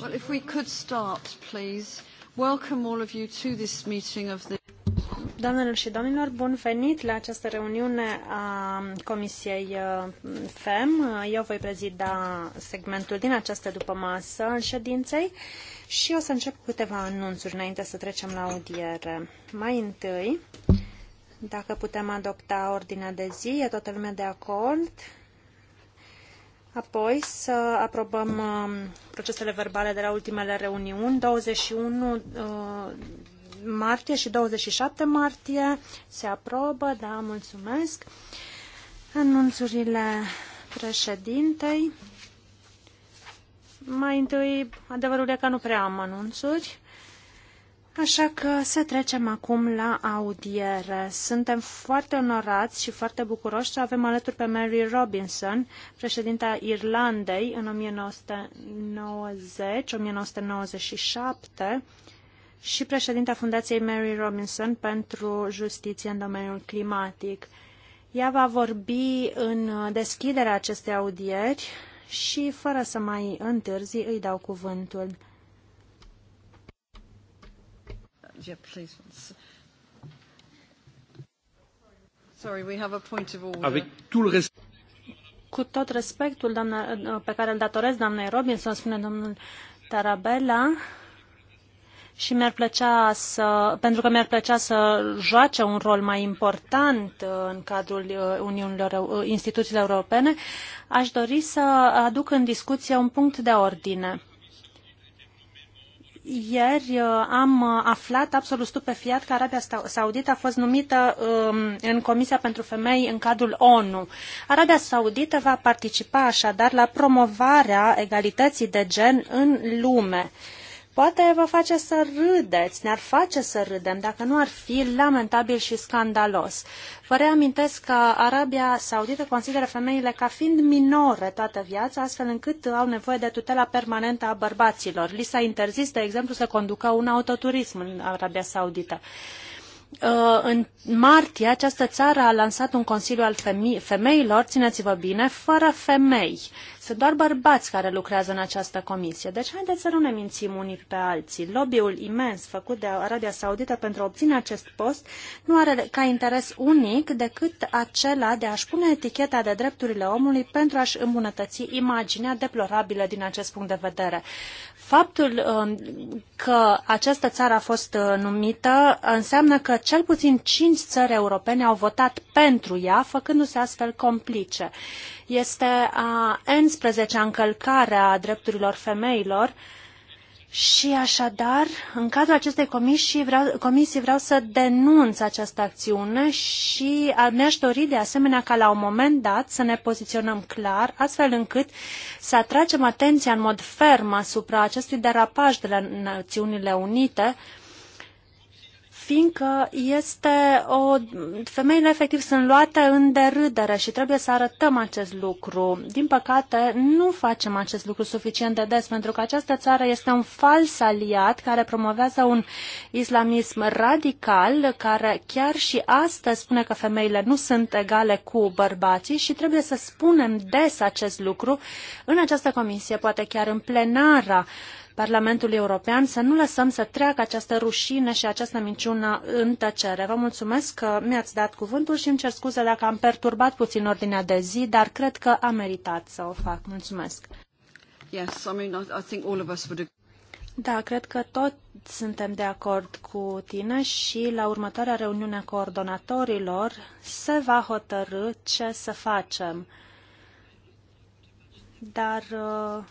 Well, if we could start, please. Welcome all of you to this meeting of the Doamnelor și domnilor, bun venit la această reuniune a Comisiei uh, FEM. Eu voi prezida segmentul din această dupămasă al ședinței și o să încep cu câteva anunțuri înainte să trecem la audiere. Mai întâi, dacă putem adopta ordinea de zi, e toată lumea de acord? Apoi să aprobăm um, procesele verbale de la ultimele reuniuni, 21 uh, martie și 27 martie. Se aprobă, da, mulțumesc. Anunțurile președintei. Mai întâi, adevărul e că nu prea am anunțuri. Așa că să trecem acum la audiere. Suntem foarte onorați și foarte bucuroși să avem alături pe Mary Robinson, președinta Irlandei în 1990-1997 și președinta Fundației Mary Robinson pentru justiție în domeniul climatic. Ea va vorbi în deschiderea acestei audieri și, fără să mai întârzi, îi dau cuvântul. Yeah, please. Sorry, we have a point of order. Cu tot respectul doamna, pe care îl datorez doamnei Robinson, spune domnul Tarabella, și mi-ar plăcea să, pentru că mi-ar plăcea să joace un rol mai important uh, în cadrul uh, Uniunilor, uh, instituțiilor europene, aș dori să aduc în discuție un punct de ordine. Ieri uh, am uh, aflat absolut stupefiat că Arabia Saudită a fost numită um, în Comisia pentru Femei în cadrul ONU. Arabia Saudită va participa așadar la promovarea egalității de gen în lume. Poate vă face să râdeți, ne-ar face să râdem, dacă nu ar fi lamentabil și scandalos. Vă reamintesc că Arabia Saudită consideră femeile ca fiind minore toată viața, astfel încât au nevoie de tutela permanentă a bărbaților. Li s-a interzis, de exemplu, să conducă un autoturism în Arabia Saudită uh, în martie această țară a lansat un consiliu al femeilor, țineți-vă bine, fără femei. Sunt doar bărbați care lucrează în această comisie. Deci haideți să nu ne mințim unii pe alții. Lobby-ul imens făcut de Arabia Saudită pentru a obține acest post nu are ca interes unic decât acela de a-și pune eticheta de drepturile omului pentru a-și îmbunătăți imaginea deplorabilă din acest punct de vedere. Faptul um, că această țară a fost uh, numită înseamnă că cel puțin cinci țări europene au votat pentru ea, făcându-se astfel complice. Este a 11-a încălcare a drepturilor femeilor și așadar, în cadrul acestei comisii vreau, comisii vreau să denunț această acțiune și mi-aș dori de asemenea ca la un moment dat să ne poziționăm clar, astfel încât să atragem atenția în mod ferm asupra acestui derapaj de la Națiunile Unite, uh, fiindcă este o... femeile efectiv sunt luate în derâdere și trebuie să arătăm acest lucru. Din păcate, nu facem acest lucru suficient de des, pentru că această țară este un fals aliat care promovează un islamism radical, care chiar și astăzi spune că femeile nu sunt egale cu bărbații și trebuie să spunem des acest lucru în această comisie, poate chiar în plenara uh, Parlamentului European să nu lăsăm să treacă această rușine și această minciună în tăcere. Vă mulțumesc că mi-ați dat cuvântul și îmi cer scuze dacă am perturbat puțin ordinea de zi, dar cred că a meritat să o fac. Mulțumesc. Yes, I mean, I think all of us would... Da, cred că tot suntem de acord cu tine și la următoarea reuniune a coordonatorilor se va hotărâ ce să facem. Dar uh,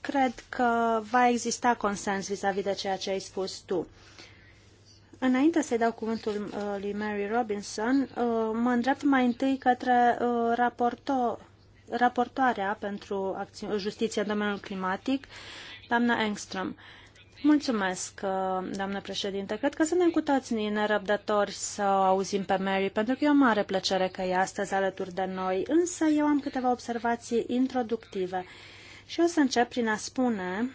cred că va exista consens vis-a-vis -vis de ceea ce ai spus tu. Înainte să-i dau cuvântul uh, lui Mary Robinson, uh, mă îndrept mai întâi către uh, raporto, raportoarea pentru justiția în domeniul climatic, doamna Engström. Mulțumesc, doamnă președinte. Cred că suntem cu toți nerăbdători să o auzim pe Mary, pentru că e o mare plăcere că e astăzi alături de noi, însă eu am câteva observații introductive. Și o să încep prin a spune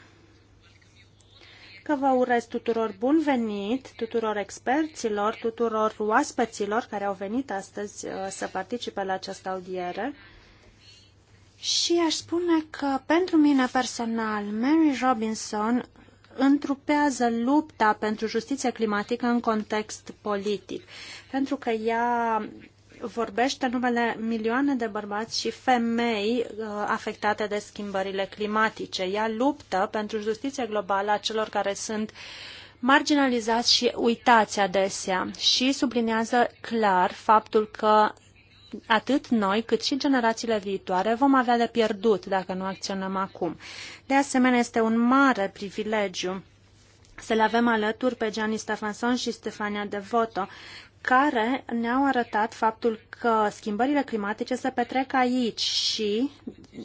că vă urez tuturor bun venit, tuturor experților, tuturor oaspeților care au venit astăzi uh, să participe la această audiere. Și aș spune că pentru mine personal, Mary Robinson întrupează lupta pentru justiție climatică în context politic, pentru că ea vorbește numele milioane de bărbați și femei uh, afectate de schimbările climatice. Ea luptă pentru justiția globală a celor care sunt marginalizați și uitați adesea și subliniază clar faptul că atât noi cât și generațiile viitoare vom avea de pierdut dacă nu acționăm acum. De asemenea, este un mare privilegiu să le avem alături pe Gianni Stefanson și Stefania Devoto, care ne-au arătat faptul că schimbările climatice se petrec aici și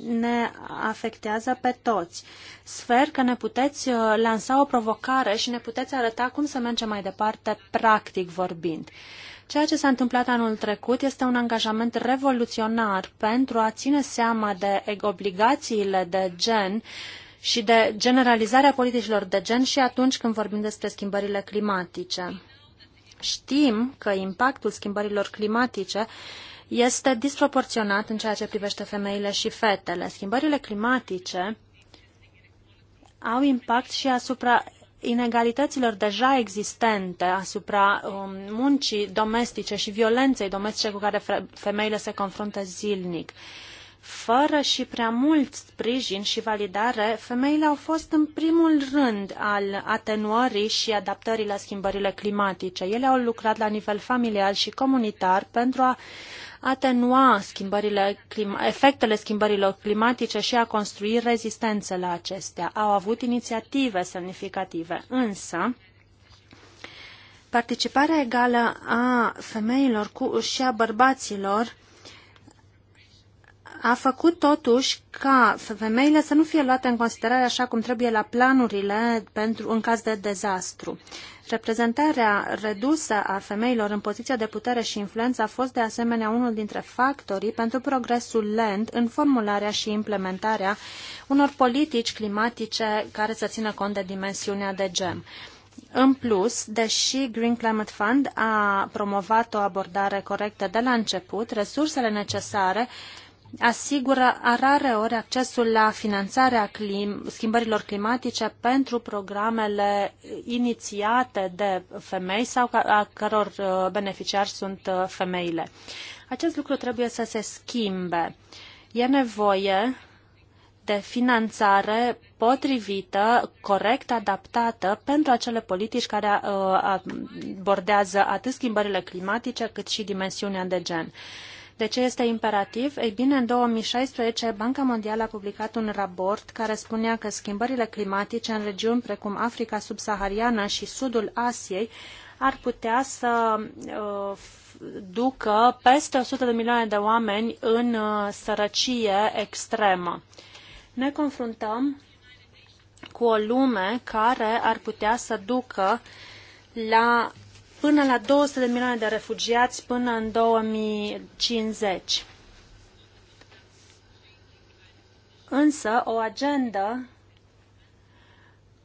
ne afectează pe toți. Sper că ne puteți uh, lansa o provocare și ne puteți arăta cum să mergem mai departe, practic vorbind. Ceea ce s-a întâmplat anul trecut este un angajament revoluționar pentru a ține seama de obligațiile de gen și de generalizarea politicilor de gen și atunci când vorbim despre schimbările climatice. Știm că impactul schimbărilor climatice este disproporționat în ceea ce privește femeile și fetele. Schimbările climatice au impact și asupra inegalităților deja existente asupra um, muncii domestice și violenței domestice cu care femeile se confruntă zilnic. Uh, fără și prea mult sprijin și validare, femeile au fost în primul rând al atenuării și adaptării la schimbările climatice. Ele au lucrat la nivel familial și comunitar pentru a atenua schimbările, efectele schimbărilor climatice și a construi rezistență la acestea. Au avut inițiative semnificative, însă participarea egală a femeilor cu, și a bărbaților a făcut totuși ca femeile să nu fie luate în considerare așa cum trebuie la planurile pentru, în caz de dezastru. Reprezentarea redusă a femeilor în poziția de putere și influență a fost de asemenea unul dintre factorii pentru progresul lent în formularea și implementarea unor politici climatice care să țină cont de dimensiunea de gem. În plus, deși Green Climate Fund a promovat o abordare corectă de la început, resursele necesare asigură rareori accesul la finanțarea clim, schimbărilor climatice pentru programele inițiate de femei sau a căror uh, beneficiari sunt uh, femeile. Acest lucru trebuie să se schimbe. E nevoie de finanțare potrivită, corect adaptată pentru acele politici care uh, abordează atât schimbările climatice cât și dimensiunea de gen. De ce este imperativ? Ei bine, în 2016 Banca Mondială a publicat un raport care spunea că schimbările climatice în regiuni precum Africa subsahariană și sudul Asiei ar putea să uh, ducă peste 100 de milioane de oameni în uh, sărăcie extremă. Ne confruntăm cu o lume care ar putea să ducă la până la 200 de milioane de refugiați până în 2050. Însă, o agendă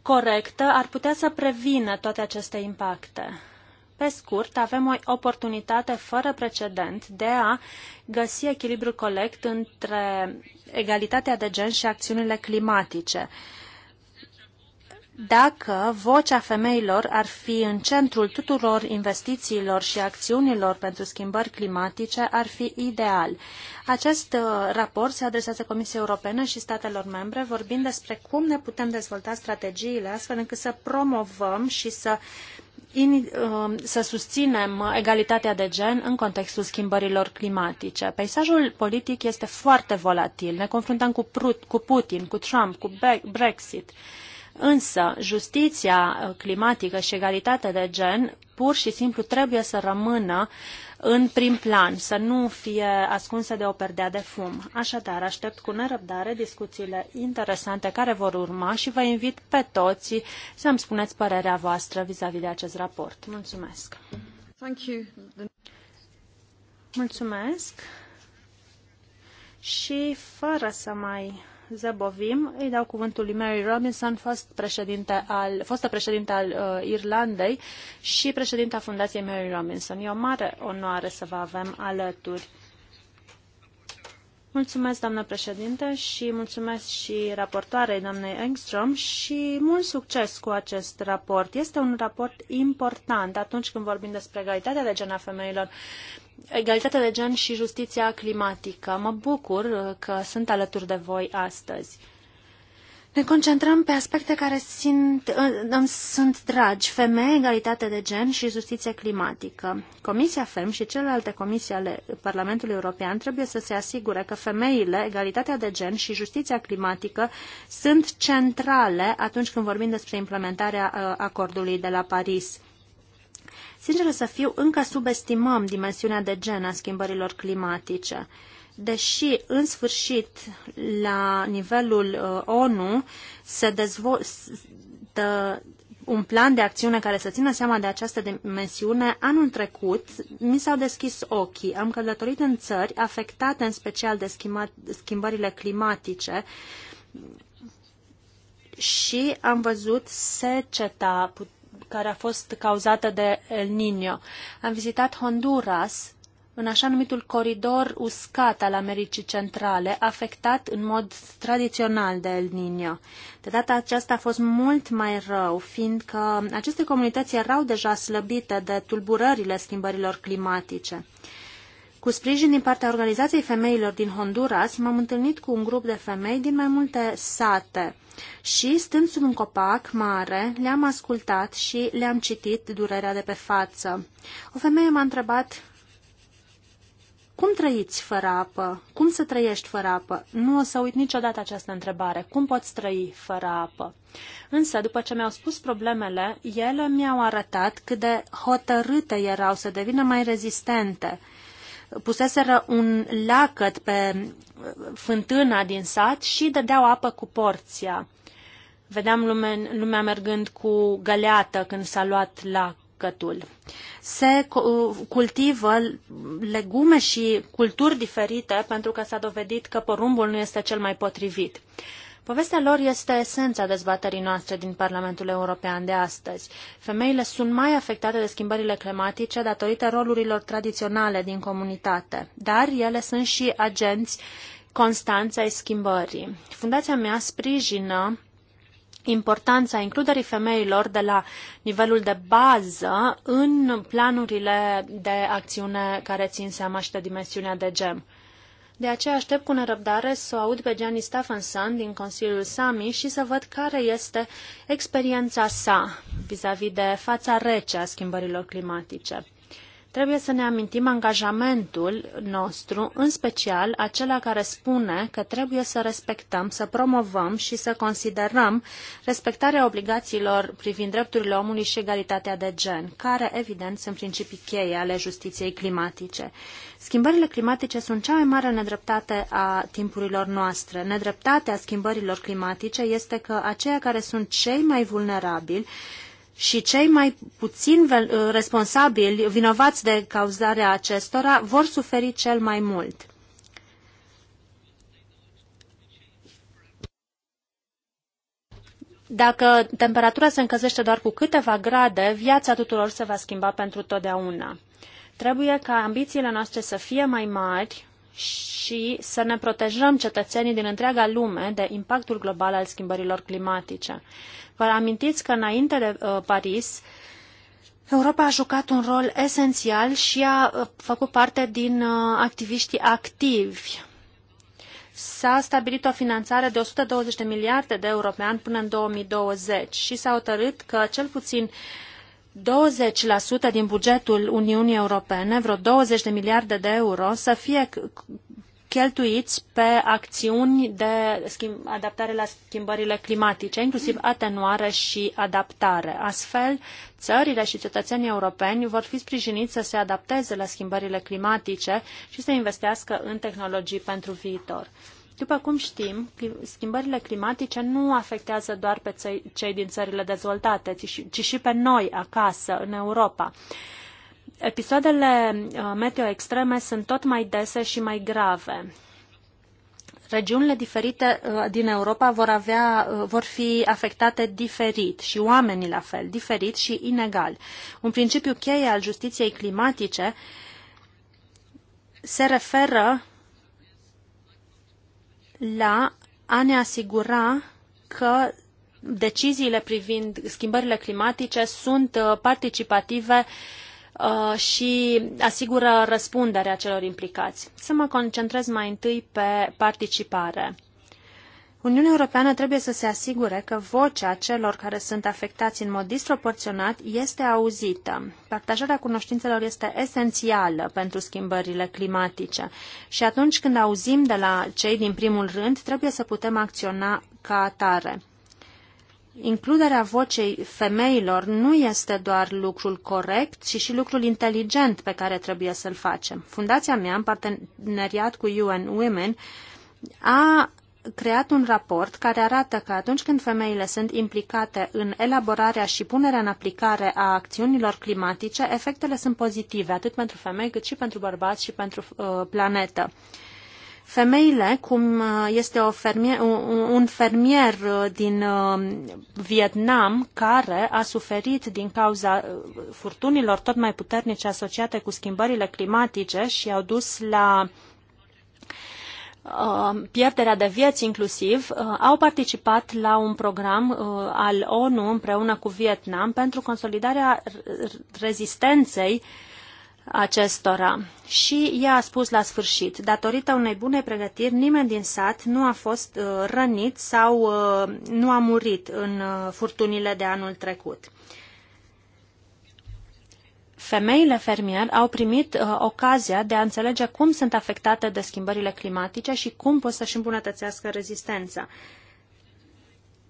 corectă ar putea să prevină toate aceste impacte. Pe scurt, avem o oportunitate fără precedent de a găsi echilibrul corect între egalitatea de gen și acțiunile climatice dacă vocea femeilor ar fi în centrul tuturor investițiilor și acțiunilor pentru schimbări climatice, ar fi ideal. Acest uh, raport se adresează Comisiei Europene și statelor membre, vorbind despre cum ne putem dezvolta strategiile astfel încât să promovăm și să, in, uh, să susținem egalitatea de gen în contextul schimbărilor climatice. Peisajul politic este foarte volatil. Ne confruntăm cu, Putin, cu Trump, cu Brexit. Însă, justiția uh, climatică și egalitatea de gen pur și simplu trebuie să rămână în prim plan, să nu fie ascunse de o perdea de fum. Așadar, aștept cu nerăbdare discuțiile interesante care vor urma și vă invit pe toți să-mi spuneți părerea voastră vis-a-vis -vis de acest raport. Mulțumesc! Thank you. Mulțumesc! Și fără să mai zăbovim, îi dau cuvântul lui Mary Robinson, fost președinte al, fostă președinte al uh, Irlandei și președinta Fundației Mary Robinson. E o mare onoare să vă avem alături. Mulțumesc, doamnă președinte, și mulțumesc și raportoarei doamnei Engstrom și mult succes cu acest raport. Este un raport important atunci când vorbim despre egalitatea de gen a femeilor egalitatea de gen și justiția climatică. Mă bucur uh, că sunt alături de voi astăzi. Ne concentrăm pe aspecte care sunt, uh, îmi sunt dragi, femei, egalitate de gen și justiția climatică. Comisia FEM și celelalte comisii ale Parlamentului European trebuie să se asigure că femeile, egalitatea de gen și justiția climatică sunt centrale atunci când vorbim despre implementarea uh, acordului de la Paris. Sincer să fiu, încă subestimăm dimensiunea de gen a schimbărilor climatice. Deși, în sfârșit, la nivelul uh, ONU se dezvoltă un plan de acțiune care să țină seama de această dimensiune, anul trecut mi s-au deschis ochii. Am călătorit în țări afectate în special de schimbările climatice și am văzut seceta Put- care a fost cauzată de El Niño. Am vizitat Honduras, în așa numitul coridor uscat al Americii Centrale, afectat în mod tradițional de El Niño. De data aceasta a fost mult mai rău, fiindcă aceste comunități erau deja slăbite de tulburările schimbărilor climatice. Cu sprijin din partea Organizației Femeilor din Honduras, m-am întâlnit cu un grup de femei din mai multe sate și, stând sub un copac mare, le-am ascultat și le-am citit durerea de pe față. O femeie m-a întrebat cum trăiți fără apă? Cum să trăiești fără apă? Nu o să uit niciodată această întrebare. Cum poți trăi fără apă? Însă, după ce mi-au spus problemele, ele mi-au arătat cât de hotărâte erau să devină mai rezistente puseseră un lacăt pe fântâna din sat și dădeau apă cu porția. Vedeam lume, lumea mergând cu găleată când s-a luat lacătul. Se cultivă legume și culturi diferite pentru că s-a dovedit că porumbul nu este cel mai potrivit. Povestea lor este esența dezbaterii noastre din Parlamentul European de astăzi. Femeile sunt mai afectate de schimbările climatice datorită rolurilor tradiționale din comunitate, dar ele sunt și agenți constanți ai schimbării. Fundația mea sprijină importanța includerii femeilor de la nivelul de bază în planurile de acțiune care țin seama și de dimensiunea de gem. De aceea aștept cu nerăbdare să o aud pe Gianni Stephenson din Consiliul Sami și să văd care este experiența sa vis-a-vis -vis de fața rece a schimbărilor climatice. Trebuie să ne amintim angajamentul nostru, în special acela care spune că trebuie să respectăm, să promovăm și să considerăm respectarea obligațiilor privind drepturile omului și egalitatea de gen, care, evident, sunt principii cheie ale justiției climatice. Schimbările climatice sunt cea mai mare nedreptate a timpurilor noastre. Nedreptatea schimbărilor climatice este că aceia care sunt cei mai vulnerabili și cei mai puțin uh, responsabili, vinovați de cauzarea acestora, vor suferi cel mai mult. Dacă temperatura se încălzește doar cu câteva grade, viața tuturor se va schimba pentru totdeauna. Trebuie ca ambițiile noastre să fie mai mari și să ne protejăm cetățenii din întreaga lume de impactul global al schimbărilor climatice. Vă amintiți că înainte de uh, Paris, Europa a jucat un rol esențial și a uh, făcut parte din uh, activiștii activi. S-a stabilit o finanțare de 120 de miliarde de euro pe an până în 2020 și s-a hotărât că cel puțin uh, 20% din bugetul Uniunii Europene, vreo 20 de miliarde de euro, să fie cheltuiți pe acțiuni de schimb, adaptare la schimbările climatice, inclusiv atenuare și adaptare. Astfel, țările și cetățenii europeni vor fi sprijiniți să se adapteze la schimbările climatice și să investească în tehnologii pentru viitor. După cum știm, schimbările climatice nu afectează doar pe cei din țările dezvoltate, ci și pe noi acasă, în Europa. Episoadele uh, meteo extreme sunt tot mai dese și mai grave. Regiunile diferite uh, din Europa vor, avea, uh, vor fi afectate diferit și oamenii la fel, diferit și inegal. Un principiu cheie al justiției climatice se referă la a ne asigura că deciziile privind schimbările climatice sunt uh, participative uh, și asigură răspunderea celor implicați. Să mă concentrez mai întâi pe participare. Uniunea Europeană trebuie să se asigure că vocea celor care sunt afectați în mod disproporționat este auzită. Partajarea cunoștințelor este esențială pentru schimbările climatice și atunci când auzim de la cei din primul rând, trebuie să putem acționa ca atare. Includerea vocei femeilor nu este doar lucrul corect, ci și lucrul inteligent pe care trebuie să-l facem. Fundația mea, în parteneriat cu UN Women, a creat un raport care arată că atunci când femeile sunt implicate în elaborarea și punerea în aplicare a acțiunilor climatice, efectele sunt pozitive, atât pentru femei cât și pentru bărbați și pentru uh, planetă. Femeile, cum uh, este o fermier, un fermier uh, din uh, Vietnam care a suferit din cauza furtunilor tot mai puternice asociate cu schimbările climatice și au dus la uh, Uh, pierderea de vieți inclusiv, uh, au participat la un program uh, al ONU împreună cu Vietnam pentru consolidarea rezistenței acestora. Și ea a spus la sfârșit, datorită unei bune pregătiri, nimeni din sat nu a fost rănit sau nu a murit în furtunile de anul trecut femeile fermieri au primit uh, ocazia de a înțelege cum sunt afectate de schimbările climatice și cum pot să-și îmbunătățească rezistența.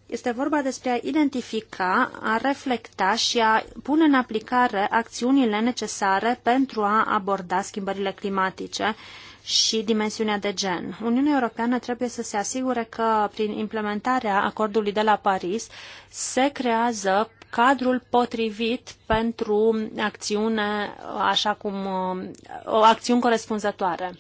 Este vorba despre a identifica, a reflecta și a pune în aplicare acțiunile necesare pentru a aborda schimbările climatice și dimensiunea de gen. Uniunea Europeană trebuie să se asigure că prin implementarea acordului de la Paris se creează cadrul potrivit pentru acțiune, așa cum o acțiune corespunzătoare.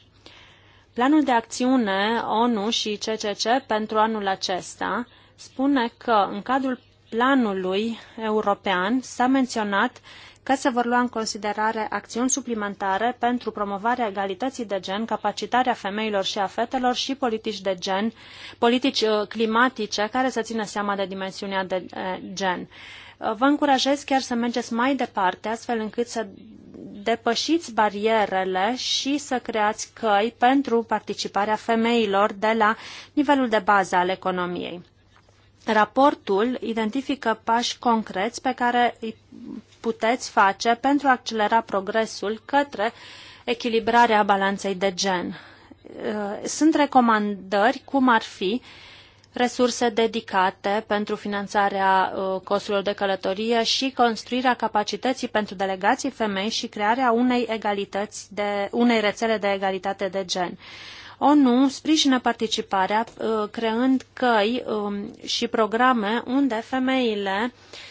Planul de acțiune ONU și CCC pentru anul acesta spune că în cadrul planului european s-a menționat că se vor lua în considerare acțiuni suplimentare pentru promovarea egalității de gen, capacitarea femeilor și a fetelor și politici de gen, politici uh, climatice care să țină seama de dimensiunea de eh, gen. Vă încurajez chiar să mergeți mai departe, astfel încât să depășiți barierele și să creați căi pentru participarea femeilor de la nivelul de bază al economiei. Raportul identifică pași concreți pe care îi puteți face pentru a accelera progresul către echilibrarea balanței de gen. Sunt recomandări cum ar fi uh, resurse dedicate pentru finanțarea uh, costurilor de călătorie și construirea capacității pentru delegații femei și crearea unei, egalități de, unei rețele de egalitate de gen. ONU sprijină participarea uh, creând căi um, și programe unde femeile uh,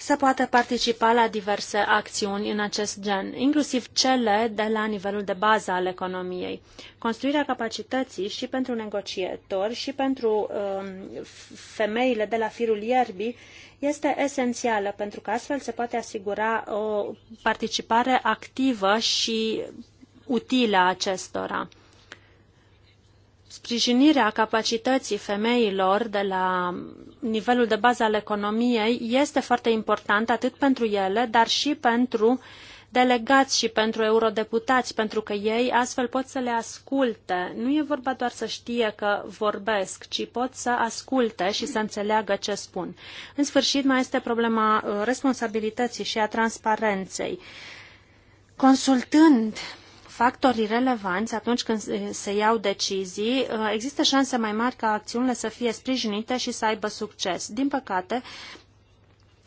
să poată participa la diverse acțiuni în acest gen, inclusiv cele de la nivelul de bază al economiei. Construirea capacității și pentru negocietori și pentru um, femeile de la firul ierbii este esențială pentru că astfel se poate asigura o participare activă și utilă acestora sprijinirea capacității femeilor de la nivelul de bază al economiei este foarte important atât pentru ele, dar și pentru delegați și pentru eurodeputați, pentru că ei astfel pot să le asculte. Nu e vorba doar să știe că vorbesc, ci pot să asculte și să înțeleagă ce spun. În sfârșit, mai este problema uh, responsabilității și a transparenței. Consultând factori relevanți atunci când se iau decizii, uh, există șanse mai mari ca acțiunile să fie sprijinite și să aibă succes. Din păcate,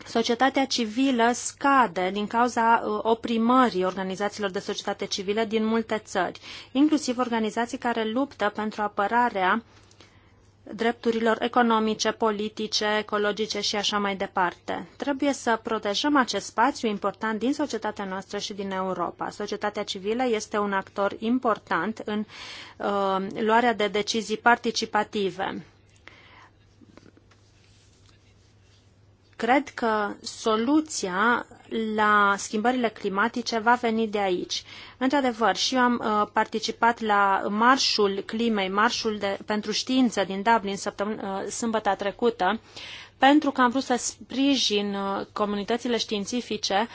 societatea civilă scade din cauza uh, oprimării organizațiilor de societate civilă din multe țări, inclusiv organizații care luptă pentru apărarea drepturilor economice, politice, ecologice și așa mai departe. Trebuie să protejăm acest spațiu important din societatea noastră și din Europa. Societatea civilă este un actor important în uh, luarea de decizii participative. Cred că soluția la schimbările climatice va veni de aici. Într-adevăr, și eu am uh, participat la Marșul Climei, Marșul de, pentru Știință din Dublin uh, sâmbătă trecută, pentru că am vrut să sprijin uh, comunitățile științifice uh,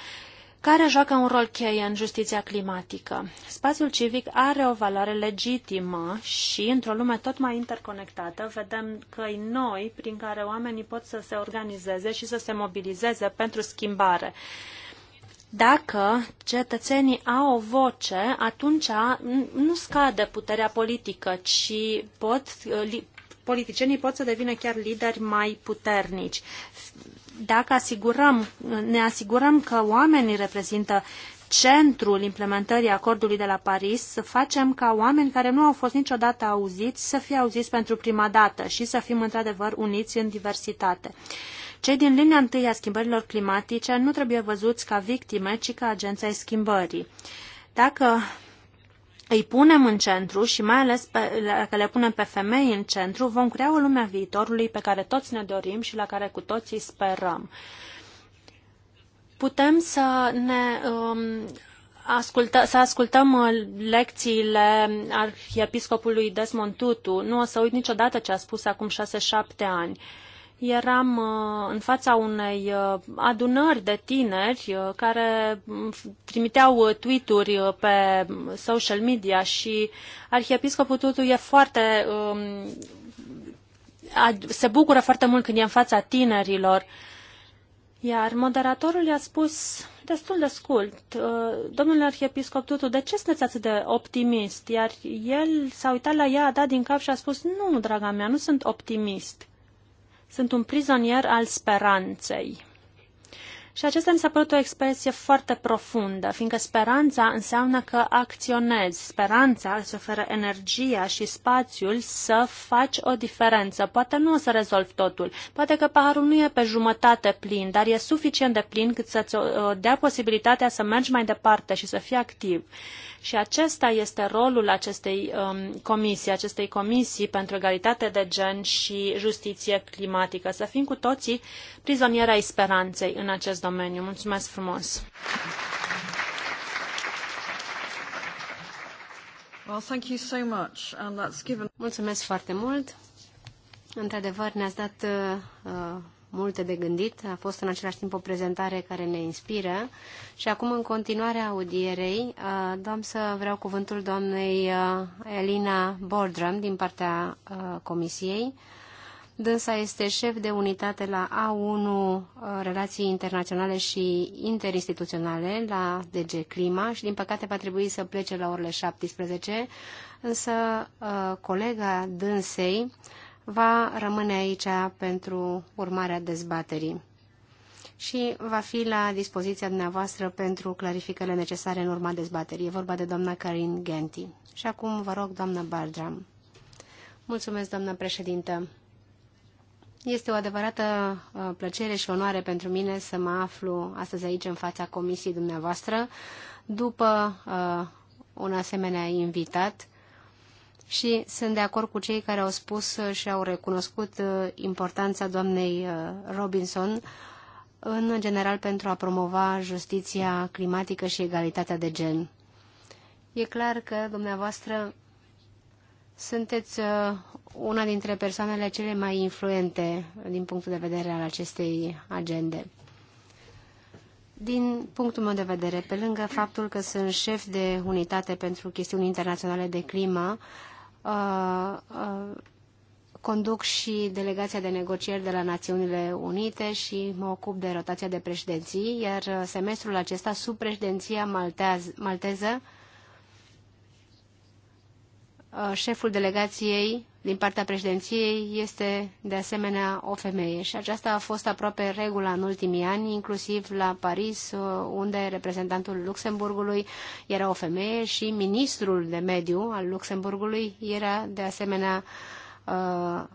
care joacă un rol cheie în justiția climatică. Spațiul civic are o valoare legitimă și, într-o lume tot mai interconectată, vedem căi noi prin care oamenii pot să se organizeze și să se mobilizeze pentru schimbare. Dacă cetățenii au o voce, atunci nu scade puterea politică, ci pot politicienii pot să devină chiar lideri mai puternici dacă asigurăm, ne asigurăm că oamenii reprezintă centrul implementării acordului de la Paris, să facem ca oameni care nu au fost niciodată auziți să fie auziți pentru prima dată și să fim într-adevăr uniți în diversitate. Cei din linia întâi a schimbărilor climatice nu trebuie văzuți ca victime, ci ca agenții ai schimbării. Dacă îi punem în centru și mai ales pe, dacă le punem pe femei în centru, vom crea o lume a viitorului pe care toți ne dorim și la care cu toții sperăm. Putem să ne um, ascultă, să ascultăm uh, lecțiile arhiepiscopului Desmond Tutu. Nu o să uit niciodată ce a spus acum 6-7 ani. Uh, eram uh, în fața unei uh, adunări de tineri uh, care trimiteau tweet-uri pe social media și arhiepiscopul Tutu e foarte um, se bucură foarte mult când e în fața tinerilor. Iar moderatorul i-a spus destul de scurt, domnule arhiepiscop Tutu, de ce sunteți atât de optimist? Iar el s-a uitat la ea, a dat din cap și a spus, nu, draga mea, nu sunt optimist. Sunt un prizonier al speranței. Și acesta mi s-a părut o expresie foarte profundă, fiindcă speranța înseamnă că acționezi. Speranța îți oferă energia și spațiul să faci o diferență. Poate nu o să rezolvi totul. Poate că paharul nu e pe jumătate plin, dar e suficient de plin cât să-ți dea posibilitatea să mergi mai departe și să fii activ. Și acesta este rolul acestei um, comisii, acestei comisii pentru egalitate de gen și justiție climatică. Să fim cu toții prizonieri ai speranței în acest domeniu. Mulțumesc frumos! Well, thank you so much. And that's given... Mulțumesc foarte mult! Într-adevăr, ne-ați dat uh, uh multe de gândit. A fost în același timp o prezentare care ne inspiră. Și acum, în continuarea audierei, uh, doam să vreau cuvântul doamnei uh, Elina Bordram din partea uh, Comisiei. Dânsa este șef de unitate la A1 Relații Internaționale și Interinstituționale la DG Clima și din păcate va trebui să plece la orele 17, însă colega dânsei va rămâne aici pentru urmarea dezbaterii și va fi la dispoziția dumneavoastră pentru clarificările necesare în urma dezbaterii. E vorba de doamna Karin Genti. Și acum vă rog, doamna Bardram. Mulțumesc, doamna președintă. Este o adevărată uh, plăcere și onoare pentru mine să mă aflu astăzi aici în fața comisiei dumneavoastră după uh, un asemenea invitat și sunt de acord cu cei care au spus uh, și au recunoscut uh, importanța doamnei uh, Robinson, în general pentru a promova justiția climatică și egalitatea de gen. E clar că dumneavoastră sunteți una dintre persoanele cele mai influente din punctul de vedere al acestei agende. Din punctul meu de vedere, pe lângă faptul că sunt șef de unitate pentru chestiuni internaționale de climă, Uh, uh, conduc și delegația de negocieri de la Națiunile Unite și mă ocup de rotația de președinții, iar semestrul acesta sub președinția malteză șeful delegației din partea președinției este de asemenea o femeie și aceasta a fost aproape regula în ultimii ani, inclusiv la Paris, unde reprezentantul Luxemburgului era o femeie și ministrul de mediu al Luxemburgului era de asemenea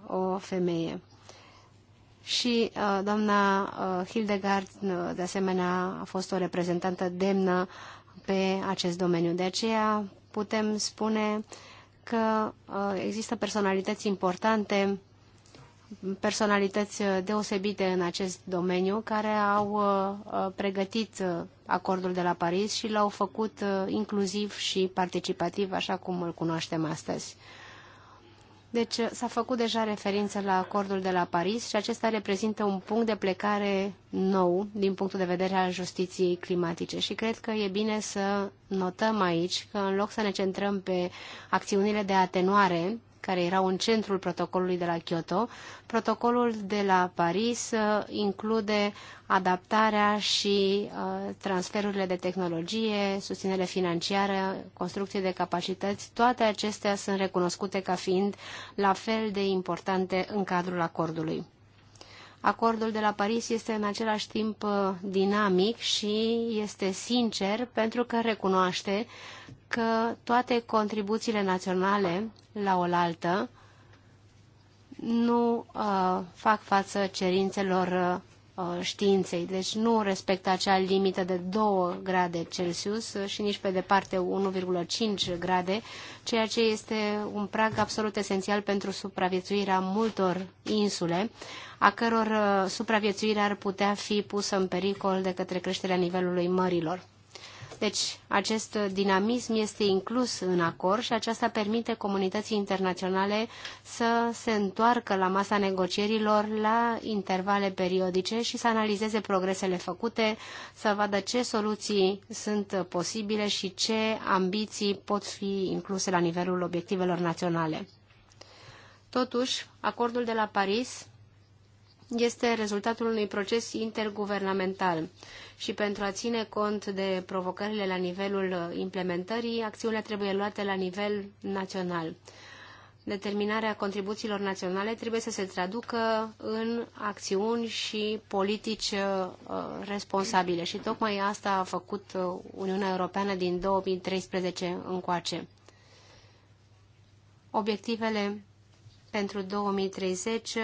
o femeie. Și doamna Hildegard, de asemenea, a fost o reprezentantă demnă pe acest domeniu. De aceea putem spune uh, că uh, există personalități importante, personalități uh, deosebite în acest domeniu, care au uh, pregătit acordul de la Paris și l-au făcut inclusiv și participativ, așa cum îl cunoaștem astăzi. Deci uh, s-a făcut deja referință la acordul de la Paris și acesta reprezintă un punct de plecare nou din punctul de vedere al justiției climatice și cred că e bine să notăm aici că în loc să ne centrăm pe acțiunile de atenuare care erau în centrul protocolului de la Kyoto. Protocolul de la Paris uh, include adaptarea și uh, transferurile de tehnologie, susținere financiară, construcție de capacități. Toate acestea sunt recunoscute ca fiind la fel de importante în cadrul acordului. Acordul de la Paris este în același timp uh, dinamic și este sincer pentru că recunoaște că toate contribuțiile naționale la oaltă nu uh, fac față cerințelor uh, științei, deci nu respectă acea limită de 2 grade Celsius și nici pe departe 1,5 grade, ceea ce este un prag absolut esențial pentru supraviețuirea multor insule, a căror uh, supraviețuire ar putea fi pusă în pericol de către creșterea nivelului mărilor. Deci, acest dinamism este inclus în acord și aceasta permite comunității internaționale să se întoarcă la masa negocierilor la intervale periodice și să analizeze progresele făcute, să vadă ce soluții sunt posibile și ce ambiții pot fi incluse la nivelul obiectivelor naționale. Totuși, acordul de la Paris este rezultatul unui proces interguvernamental și pentru a ține cont de provocările la nivelul implementării, acțiunile trebuie luate la nivel național. Determinarea contribuțiilor naționale trebuie să se traducă în acțiuni și politici uh, responsabile și tocmai asta a făcut uh, Uniunea Europeană din 2013 încoace. Obiectivele pentru 2030 uh,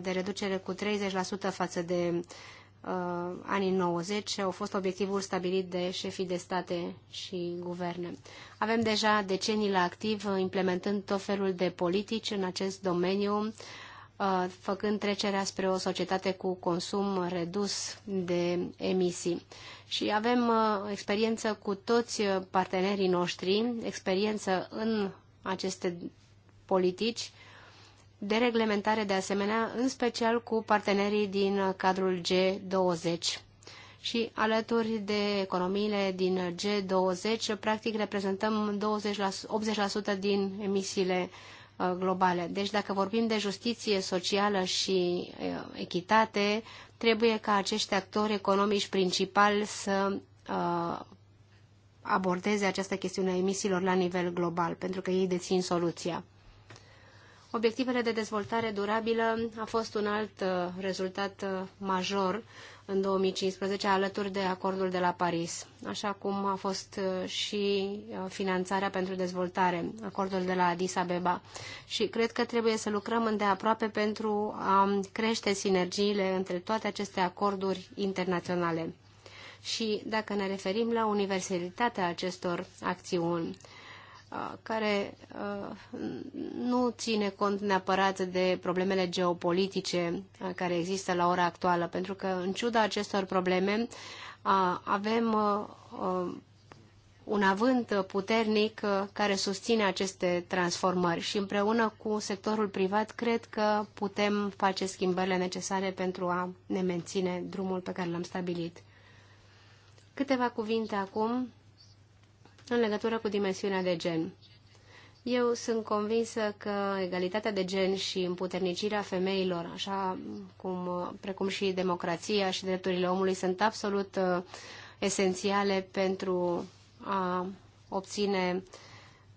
de reducere cu 30% față de uh, anii 90 au fost obiectivul stabilit de șefii de state și guverne. Avem deja decenii la activ uh, implementând tot felul de politici în acest domeniu, făcând trecerea spre o societate cu consum redus de emisii. Și avem experiență cu toți partenerii noștri, experiență în aceste politici de reglementare de asemenea, în special cu partenerii din cadrul G20 și alături de economiile din G20, practic reprezentăm 20 la, 80% din emisiile uh, globale. Deci dacă vorbim de justiție socială și uh, echitate, trebuie ca acești actori economici principali să uh, abordeze această chestiune a emisiilor la nivel global, pentru că ei dețin soluția. Obiectivele de dezvoltare durabilă a fost un alt uh, rezultat uh, major în 2015 alături de acordul de la Paris, așa cum a fost uh, și finanțarea pentru dezvoltare, acordul de la Addis Abeba. Și cred că trebuie să lucrăm îndeaproape pentru a crește sinergiile între toate aceste acorduri internaționale. Și dacă ne referim la universalitatea acestor acțiuni, care nu ține cont neapărat de problemele geopolitice care există la ora actuală, pentru că în ciuda acestor probleme avem un avânt puternic care susține aceste transformări și împreună cu sectorul privat cred că putem face schimbările necesare pentru a ne menține drumul pe care l-am stabilit. Câteva cuvinte acum în legătură cu dimensiunea de gen. Eu sunt convinsă că egalitatea de gen și împuternicirea femeilor, așa cum, precum și democrația și drepturile omului, sunt absolut uh, esențiale pentru a obține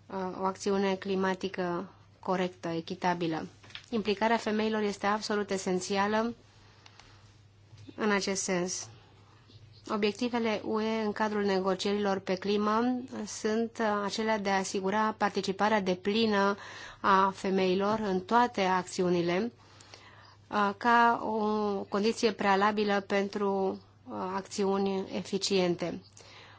uh, o acțiune climatică corectă, echitabilă. Implicarea femeilor este absolut esențială în acest sens. Obiectivele UE în cadrul negocierilor pe climă sunt uh, acelea de a asigura participarea deplină a femeilor în toate acțiunile uh, ca o condiție prealabilă pentru uh, acțiuni eficiente.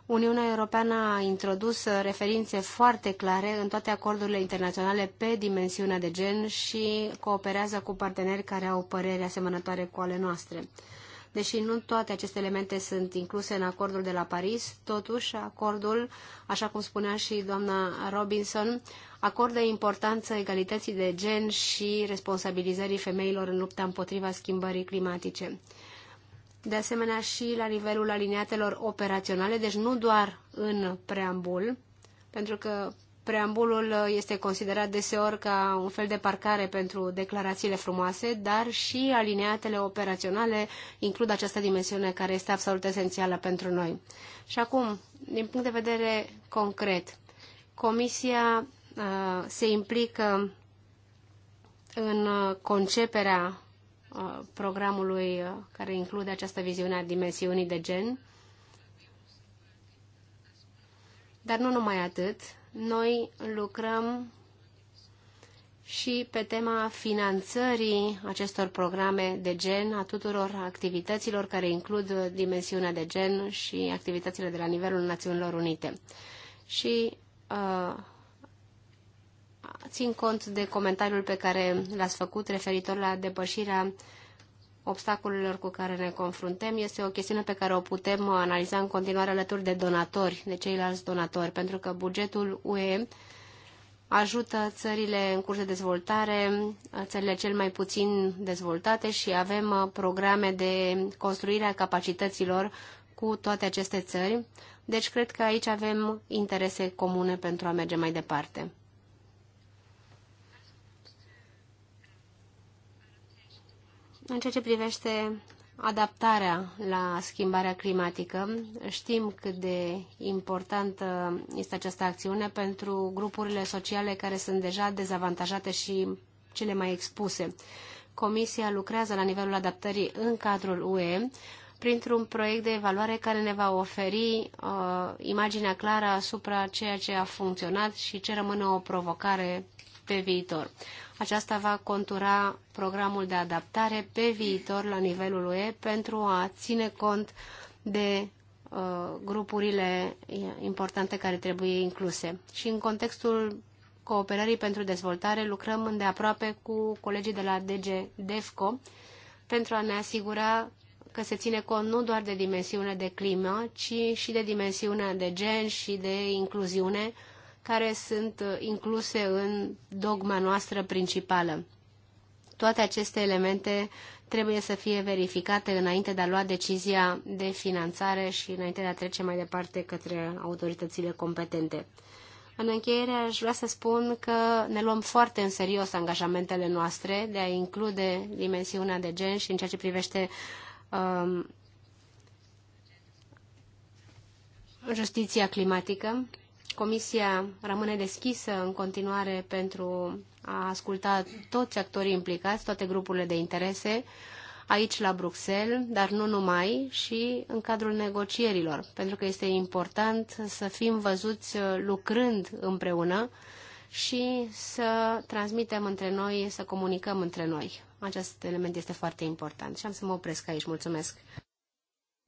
Uniunea Europeană a introdus referințe foarte clare în toate acordurile internaționale pe dimensiunea de gen și cooperează cu parteneri care au păreri asemănătoare cu ale noastre. Deși nu toate aceste elemente sunt incluse în acordul de la Paris, totuși acordul, așa cum spunea și doamna Robinson, acordă importanță egalității de gen și responsabilizării femeilor în lupta împotriva schimbării climatice. De asemenea și la nivelul aliniatelor operaționale, deci nu doar în preambul, pentru că Preambulul uh, este considerat deseori ca un fel de parcare pentru declarațiile frumoase, dar și aliniatele operaționale includ această dimensiune care este absolut esențială pentru noi. Și acum, din punct de vedere concret, Comisia uh, se implică în uh, conceperea programului care include această viziune a dimensiunii de gen, dar nu numai atât, noi lucrăm și pe tema finanțării acestor programe de gen, a tuturor activităților care includ dimensiunea de gen și activitățile de la nivelul Națiunilor Unite. Și uh, țin cont de comentariul pe care l-ați făcut referitor la depășirea obstacolelor cu care ne confruntăm este o chestiune pe care o putem analiza în continuare alături de donatori, de ceilalți donatori, pentru că bugetul UE ajută țările în curs de dezvoltare, țările cel mai puțin dezvoltate și avem programe de construire a capacităților cu toate aceste țări. Deci cred că aici avem interese comune pentru a merge mai departe. În ceea ce privește adaptarea la schimbarea climatică, știm cât de importantă este această acțiune pentru grupurile sociale care sunt deja dezavantajate și cele mai expuse. Comisia lucrează la nivelul adaptării în cadrul UE printr-un proiect de evaluare care ne va oferi uh, imaginea clară asupra ceea ce a funcționat și ce rămâne o provocare pe viitor. Aceasta va contura programul de adaptare pe viitor la nivelul UE pentru a ține cont de uh, grupurile importante care trebuie incluse. Și în contextul cooperării pentru dezvoltare lucrăm îndeaproape cu colegii de la DG DEFCO pentru a ne asigura că se ține cont nu doar de dimensiunea de climă, ci și de dimensiunea de gen și de incluziune, care sunt uh, incluse în dogma noastră principală. Toate aceste elemente trebuie să fie verificate înainte de a lua decizia de finanțare și înainte de a trece mai departe către autoritățile competente. În încheiere aș vrea să spun că ne luăm foarte în serios angajamentele noastre de a include dimensiunea de gen și în ceea ce privește um, justiția climatică Comisia rămâne deschisă în continuare pentru a asculta toți actorii implicați, toate grupurile de interese, aici la Bruxelles, dar nu numai, și în cadrul negocierilor, pentru că este important să fim văzuți uh, lucrând împreună și să transmitem între noi, să comunicăm între noi. Acest element este foarte important și am să mă opresc aici. Mulțumesc!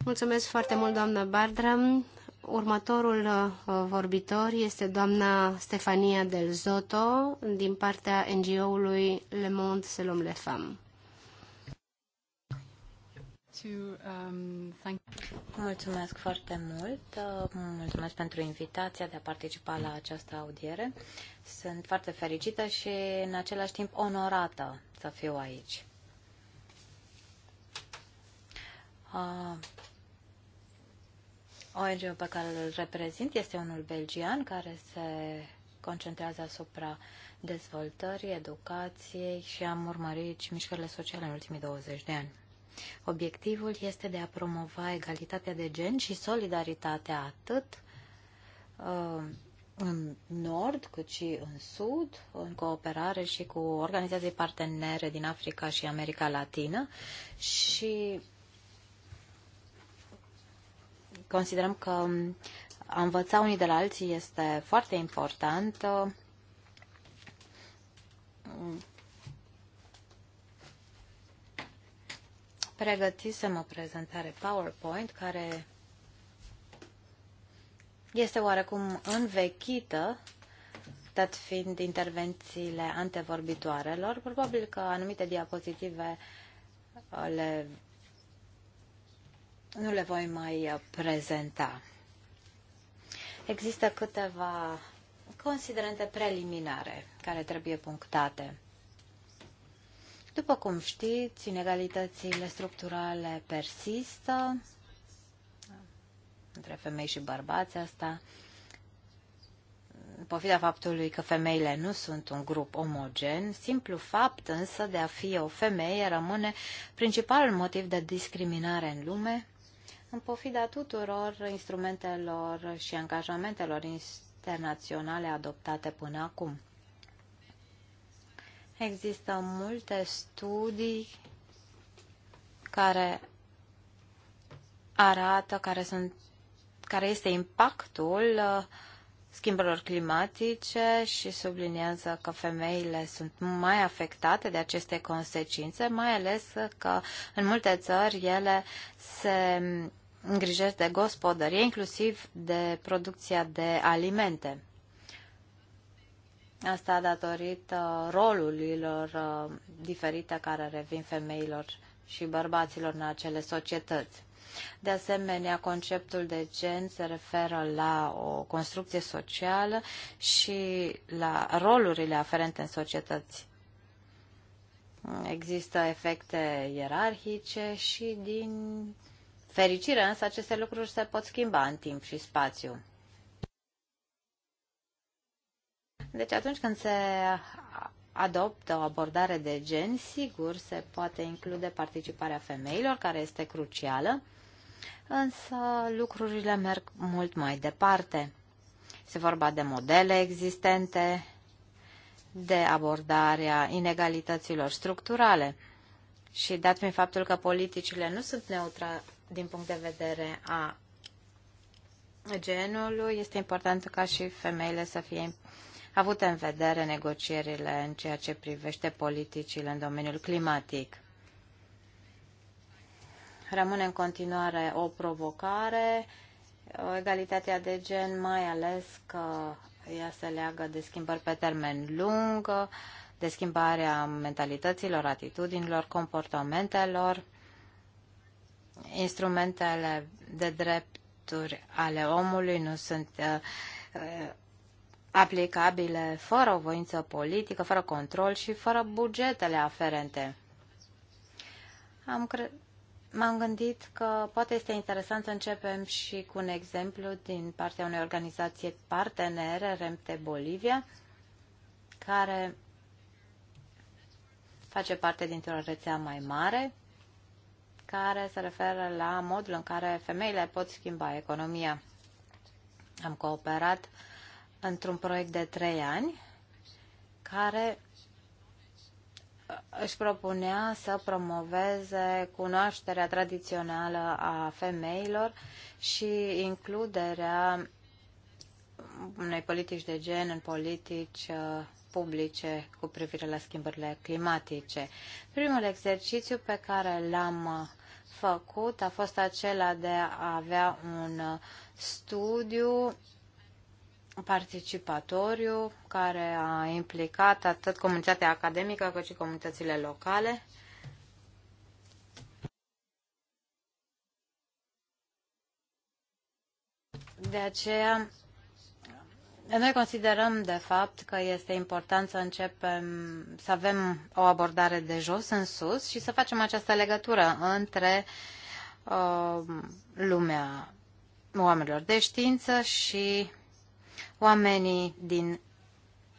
Mulțumesc foarte mult, doamnă Bardram. Următorul uh, vorbitor este doamna Stefania Del Zoto din partea NGO-ului Le Monde Selom Le Femme. Um, mulțumesc foarte mult. Uh, mulțumesc pentru invitația de a participa la această audiere. Sunt foarte fericită și în același timp onorată să fiu aici. Uh, ONG-ul pe care îl reprezint este unul belgian care se concentrează asupra dezvoltării, educației și am urmărit și mișcările sociale în ultimii 20 de ani. Obiectivul este de a promova egalitatea de gen și solidaritatea atât uh, în nord cât și în sud, în cooperare și cu organizații partenere din Africa și America Latină și considerăm că a învăța unii de la alții este foarte important. Pregătisem o prezentare PowerPoint care este oarecum învechită, dat fiind intervențiile antevorbitoarelor. Probabil că anumite diapozitive le nu le voi mai prezenta. Există câteva considerente preliminare care trebuie punctate. După cum știți, inegalitățile structurale persistă între femei și bărbați asta, pofida faptului că femeile nu sunt un grup omogen, simplu fapt însă de a fi o femeie rămâne principalul motiv de discriminare în lume, în pofida tuturor instrumentelor și angajamentelor internaționale adoptate până acum. Există multe studii care arată care, sunt, care este impactul uh, schimbărilor climatice și subliniază că femeile sunt mai afectate de aceste consecințe, mai ales că în multe țări ele se îngrijesc de gospodărie, inclusiv de producția de alimente. Asta datorită rolurilor uh, diferite care revin femeilor și bărbaților în acele societăți. De asemenea, conceptul de gen se referă la o construcție socială și la rolurile aferente în societăți. Există efecte ierarhice și din fericire, însă aceste lucruri se pot schimba în timp și spațiu. Deci atunci când se adoptă o abordare de gen, sigur se poate include participarea femeilor, care este crucială, însă lucrurile merg mult mai departe. Se vorba de modele existente, de abordarea inegalităților structurale. Și dat fiind faptul că politicile nu sunt neutre din punct de vedere a genului, este important ca și femeile să fie avute în vedere negocierile în ceea ce privește politicile în domeniul climatic rămâne în continuare o provocare, egalitatea de gen, mai ales că ea se leagă de schimbări pe termen lung, de schimbarea mentalităților, atitudinilor, comportamentelor, instrumentele de drepturi ale omului nu sunt uh, uh, aplicabile fără o voință politică, fără control și fără bugetele aferente. Am cre- M-am gândit că poate este interesant să începem și cu un exemplu din partea unei organizații partenere, Remte Bolivia, care face parte dintr-o rețea mai mare care se referă la modul în care femeile pot schimba economia. Am cooperat într-un proiect de trei ani care își propunea să promoveze cunoașterea tradițională a femeilor și includerea unei politici de gen în politici uh, publice cu privire la schimbările climatice. Primul exercițiu pe care l-am uh, făcut a fost acela de a avea un uh, studiu participatoriu care a implicat atât comunitatea academică cât și comunitățile locale. De aceea, noi considerăm, de fapt, că este important să începem să avem o abordare de jos în sus și să facem această legătură între uh, lumea oamenilor de știință și oamenii din,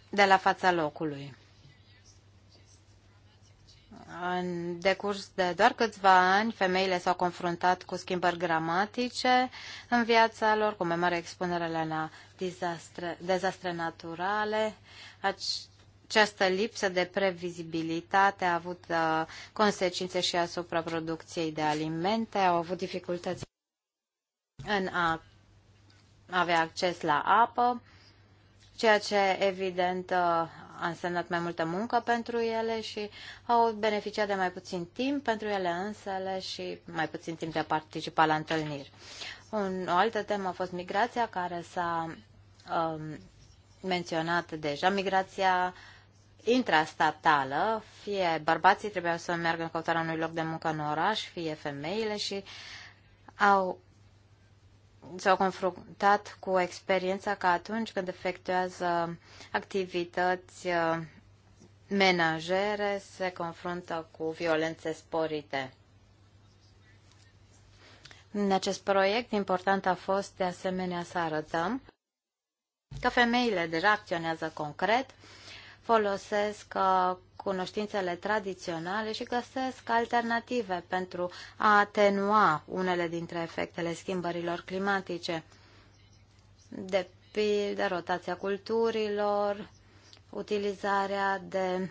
de la fața locului. În decurs de doar câțiva ani, femeile s-au confruntat cu schimbări gramatice în viața lor, cu mai mare expunere la dezastre, dezastre naturale. Această lipsă de previzibilitate a avut uh, consecințe și asupra producției de alimente, au avut dificultăți în a avea acces la apă, ceea ce evident a însemnat mai multă muncă pentru ele și au beneficiat de mai puțin timp pentru ele însele și mai puțin timp de a participa la întâlniri. Un, o altă temă a fost migrația, care s-a um, menționat deja. Migrația intrastatală, fie bărbații trebuiau să meargă în căutarea unui loc de muncă în oraș, fie femeile și au s-au confruntat cu experiența că atunci când efectuează activități uh, menajere, se confruntă cu violențe sporite. În acest proiect, important a fost de asemenea să arătăm că femeile deja acționează concret, folosesc uh, cunoștințele tradiționale și găsesc alternative pentru a atenua unele dintre efectele schimbărilor climatice, de pildă rotația culturilor, utilizarea de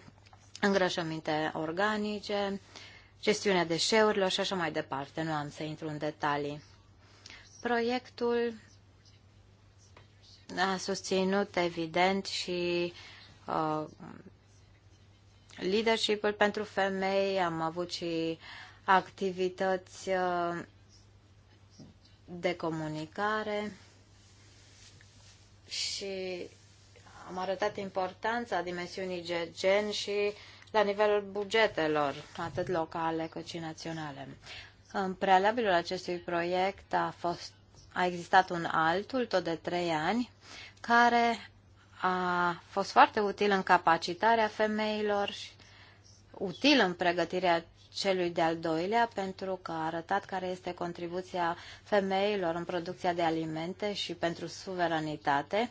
îngrășăminte organice, gestiunea deșeurilor și așa mai departe. Nu am să intru în detalii. Proiectul a susținut, evident, și uh, leadership-ul pentru femei, am avut și activități uh, de comunicare și am arătat importanța dimensiunii de gen și la nivelul bugetelor, atât locale cât și naționale. În prealabilul acestui proiect a fost a existat un altul, tot de trei ani, care a fost foarte util în capacitarea femeilor și util în pregătirea celui de-al doilea pentru că a arătat care este contribuția femeilor în producția de alimente și pentru suveranitate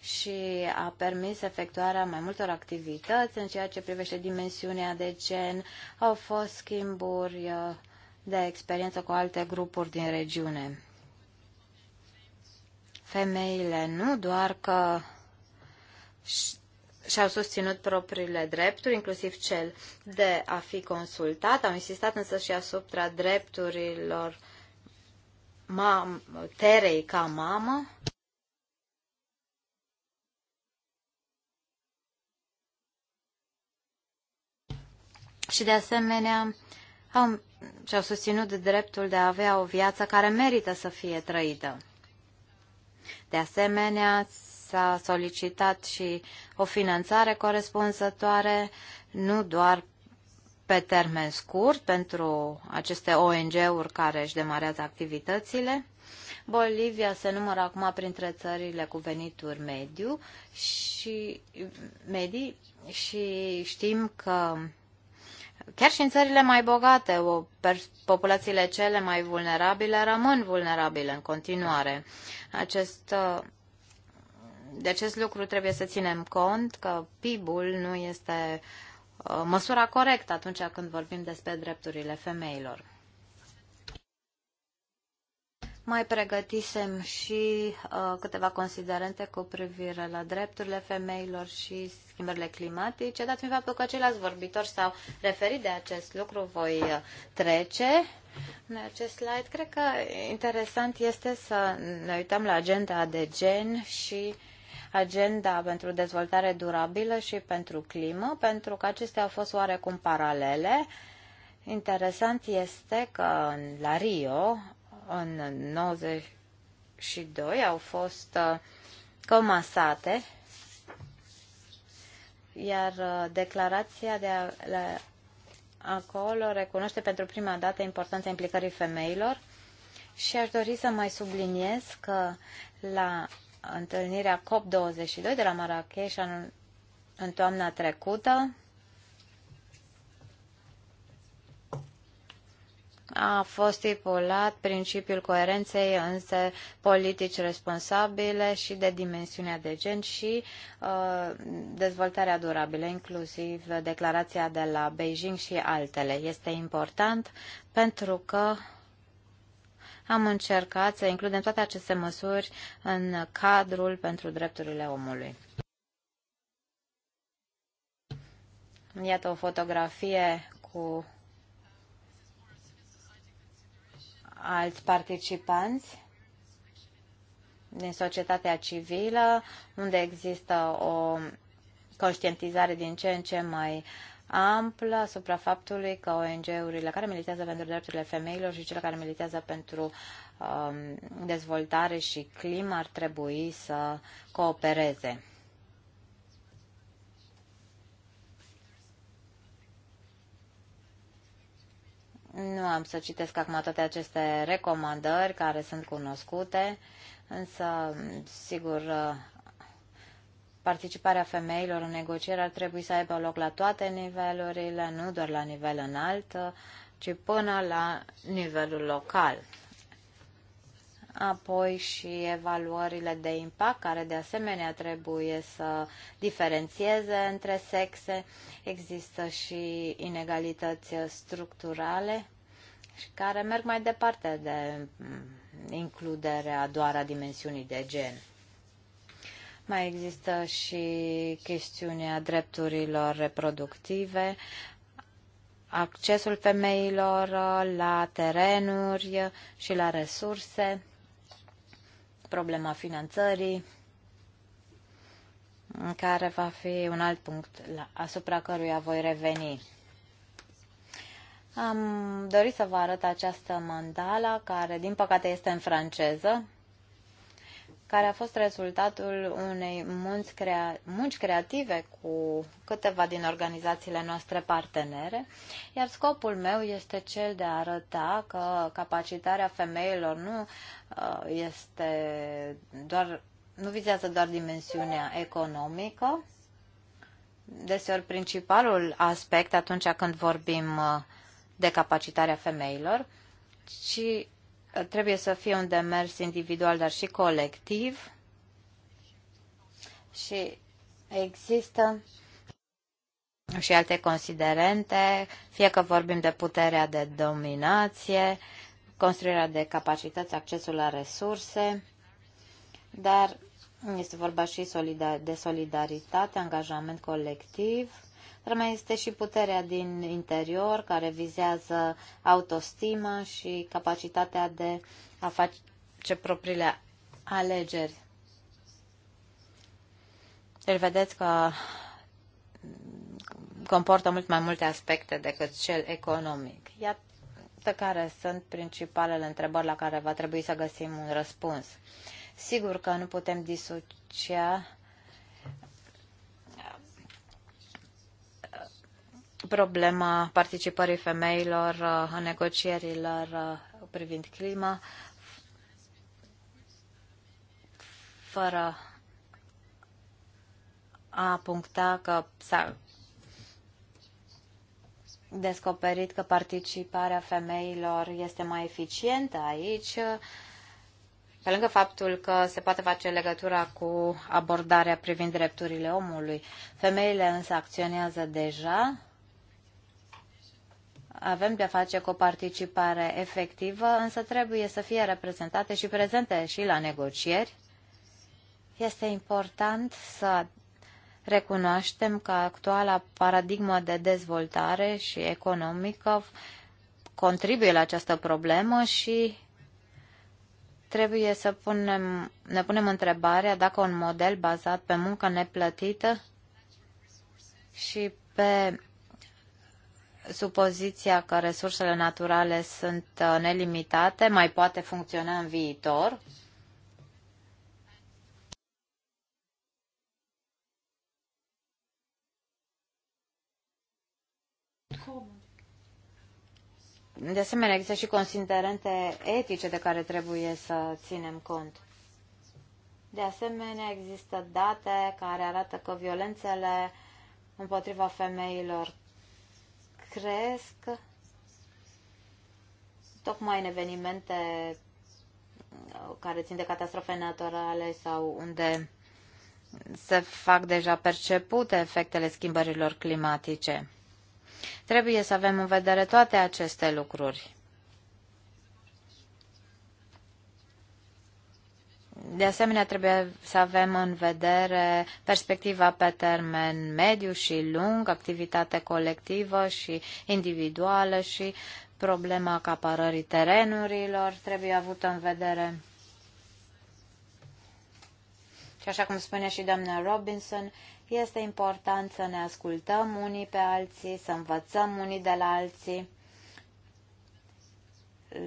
și a permis efectuarea mai multor activități în ceea ce privește dimensiunea de gen. Au fost schimburi uh, de experiență cu alte grupuri din regiune. Femeile nu doar că și-au susținut propriile drepturi, inclusiv cel de a fi consultat. Au insistat însă și asupra drepturilor mam- terei ca mamă. Și de asemenea au, și-au susținut dreptul de a avea o viață care merită să fie trăită. De asemenea, s-a solicitat și o finanțare corespunzătoare, nu doar pe termen scurt pentru aceste ONG-uri care își demarează activitățile. Bolivia se numără acum printre țările cu venituri mediu și medii și știm că chiar și în țările mai bogate, o, populațiile cele mai vulnerabile rămân vulnerabile în continuare. Acest de acest lucru trebuie să ținem cont că PIB-ul nu este uh, măsura corectă atunci când vorbim despre drepturile femeilor. Mai pregătisem și uh, câteva considerente cu privire la drepturile femeilor și schimbările climatice, dat fiind faptul că ceilalți vorbitori s-au referit de acest lucru, voi uh, trece în acest slide. Cred că interesant este să ne uităm la agenda de gen și uh, agenda pentru dezvoltare durabilă și pentru climă, pentru că acestea au fost oarecum paralele. Interesant este că la Rio, în 92, au fost uh, comasate, iar uh, declarația de a, la, acolo recunoaște pentru prima dată importanța implicării femeilor și aș dori să mai subliniez că la întâlnirea COP22 de la Marrakesh în, în toamna trecută a fost stipulat principiul coerenței între politici responsabile și de dimensiunea de gen și uh, dezvoltarea durabilă, inclusiv declarația de la Beijing și altele. Este important pentru că am încercat să includem toate aceste măsuri în cadrul pentru drepturile omului. Iată o fotografie cu alți participanți din societatea civilă, unde există o conștientizare din ce în ce mai uh, amplă asupra faptului că ONG-urile care militează pentru drepturile femeilor și cele care militează pentru um, dezvoltare și climă ar trebui să coopereze. Nu am să citesc acum toate aceste recomandări care sunt cunoscute, însă, sigur, participarea femeilor în negocieri ar trebui să aibă loc la toate nivelurile, nu doar la nivel înalt, ci până la nivelul local. Apoi și evaluările de impact, care de asemenea trebuie să diferențieze între sexe. Există și inegalități structurale și care merg mai departe de mm, includerea doar a dimensiunii de gen. Mai există și chestiunea drepturilor reproductive, accesul femeilor la terenuri și la resurse, problema finanțării, care va fi un alt punct asupra căruia voi reveni. Am dorit să vă arăt această mandala, care din păcate este în franceză, care a fost rezultatul unei munci, crea- munci creative cu câteva din organizațiile noastre partenere, iar scopul meu este cel de a arăta că capacitarea femeilor nu uh, este doar nu vizează doar dimensiunea economică. Deseori principalul aspect atunci când vorbim uh, de capacitarea femeilor, ci trebuie să fie un demers individual, dar și colectiv. Și există și alte considerente, fie că vorbim de puterea de dominație, construirea de capacități, accesul la resurse, dar este vorba și de solidaritate, angajament colectiv dar mai este și puterea din interior care vizează autostima și capacitatea de a face propriile alegeri. Îl deci, vedeți că comportă mult mai multe aspecte decât cel economic. Iată care sunt principalele întrebări la care va trebui să găsim un răspuns. Sigur că nu putem disocia problema participării femeilor în uh, negocierilor uh, privind clima, fără a puncta că s-a descoperit că participarea femeilor este mai eficientă aici, pe lângă faptul că se poate face legătura cu abordarea privind drepturile omului. Femeile însă acționează deja avem de-a face cu o participare efectivă, însă trebuie să fie reprezentate și prezente și la negocieri. Este important să recunoaștem că actuala paradigmă de dezvoltare și economică contribuie la această problemă și trebuie să punem, ne punem întrebarea dacă un model bazat pe muncă neplătită și pe supoziția că resursele naturale sunt uh, nelimitate mai poate funcționa în viitor? De asemenea, există și considerente etice de care trebuie să ținem cont. De asemenea, există date care arată că violențele împotriva femeilor cresc tocmai în evenimente care țin de catastrofe naturale sau unde se fac deja percepute efectele schimbărilor climatice. Trebuie să avem în vedere toate aceste lucruri. De asemenea, trebuie să avem în vedere perspectiva pe termen mediu și lung, activitate colectivă și individuală și problema acaparării terenurilor trebuie avută în vedere. Și așa cum spune și doamna Robinson, este important să ne ascultăm unii pe alții, să învățăm unii de la alții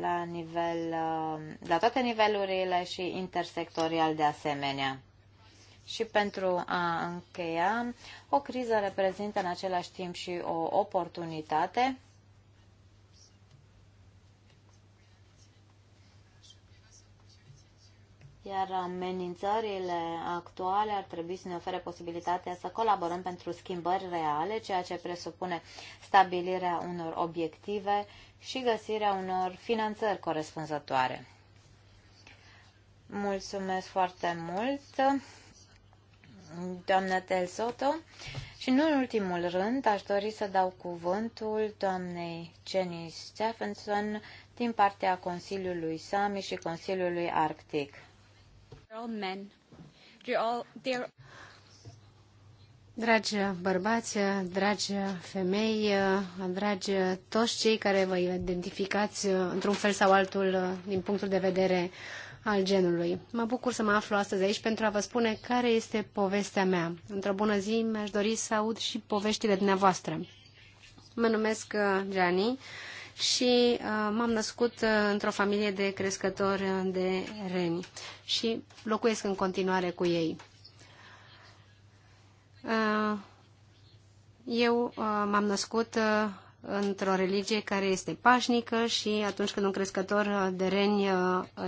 la, nivel, uh, la toate nivelurile și intersectorial de asemenea. Și pentru a încheia, o criză reprezintă în același timp și o oportunitate iar amenințările actuale ar trebui să ne ofere posibilitatea să colaborăm pentru schimbări reale, ceea ce presupune stabilirea unor obiective și găsirea unor finanțări corespunzătoare. Mulțumesc foarte mult, doamnă Soto. Și nu în ultimul rând, aș dori să dau cuvântul doamnei Jenny Stephenson din partea Consiliului Sami și Consiliului Arctic. Dragi bărbați, dragi femei, dragi toți cei care vă identificați într-un fel sau altul din punctul de vedere al genului. Mă bucur să mă aflu astăzi aici pentru a vă spune care este povestea mea. Într-o bună zi mi-aș dori să aud și poveștile dumneavoastră. Mă numesc uh, Gianni și uh, m-am născut uh, într-o familie de crescători uh, de reni și locuiesc în continuare cu ei. Eu m-am născut într-o religie care este pașnică și atunci când un crescător de reni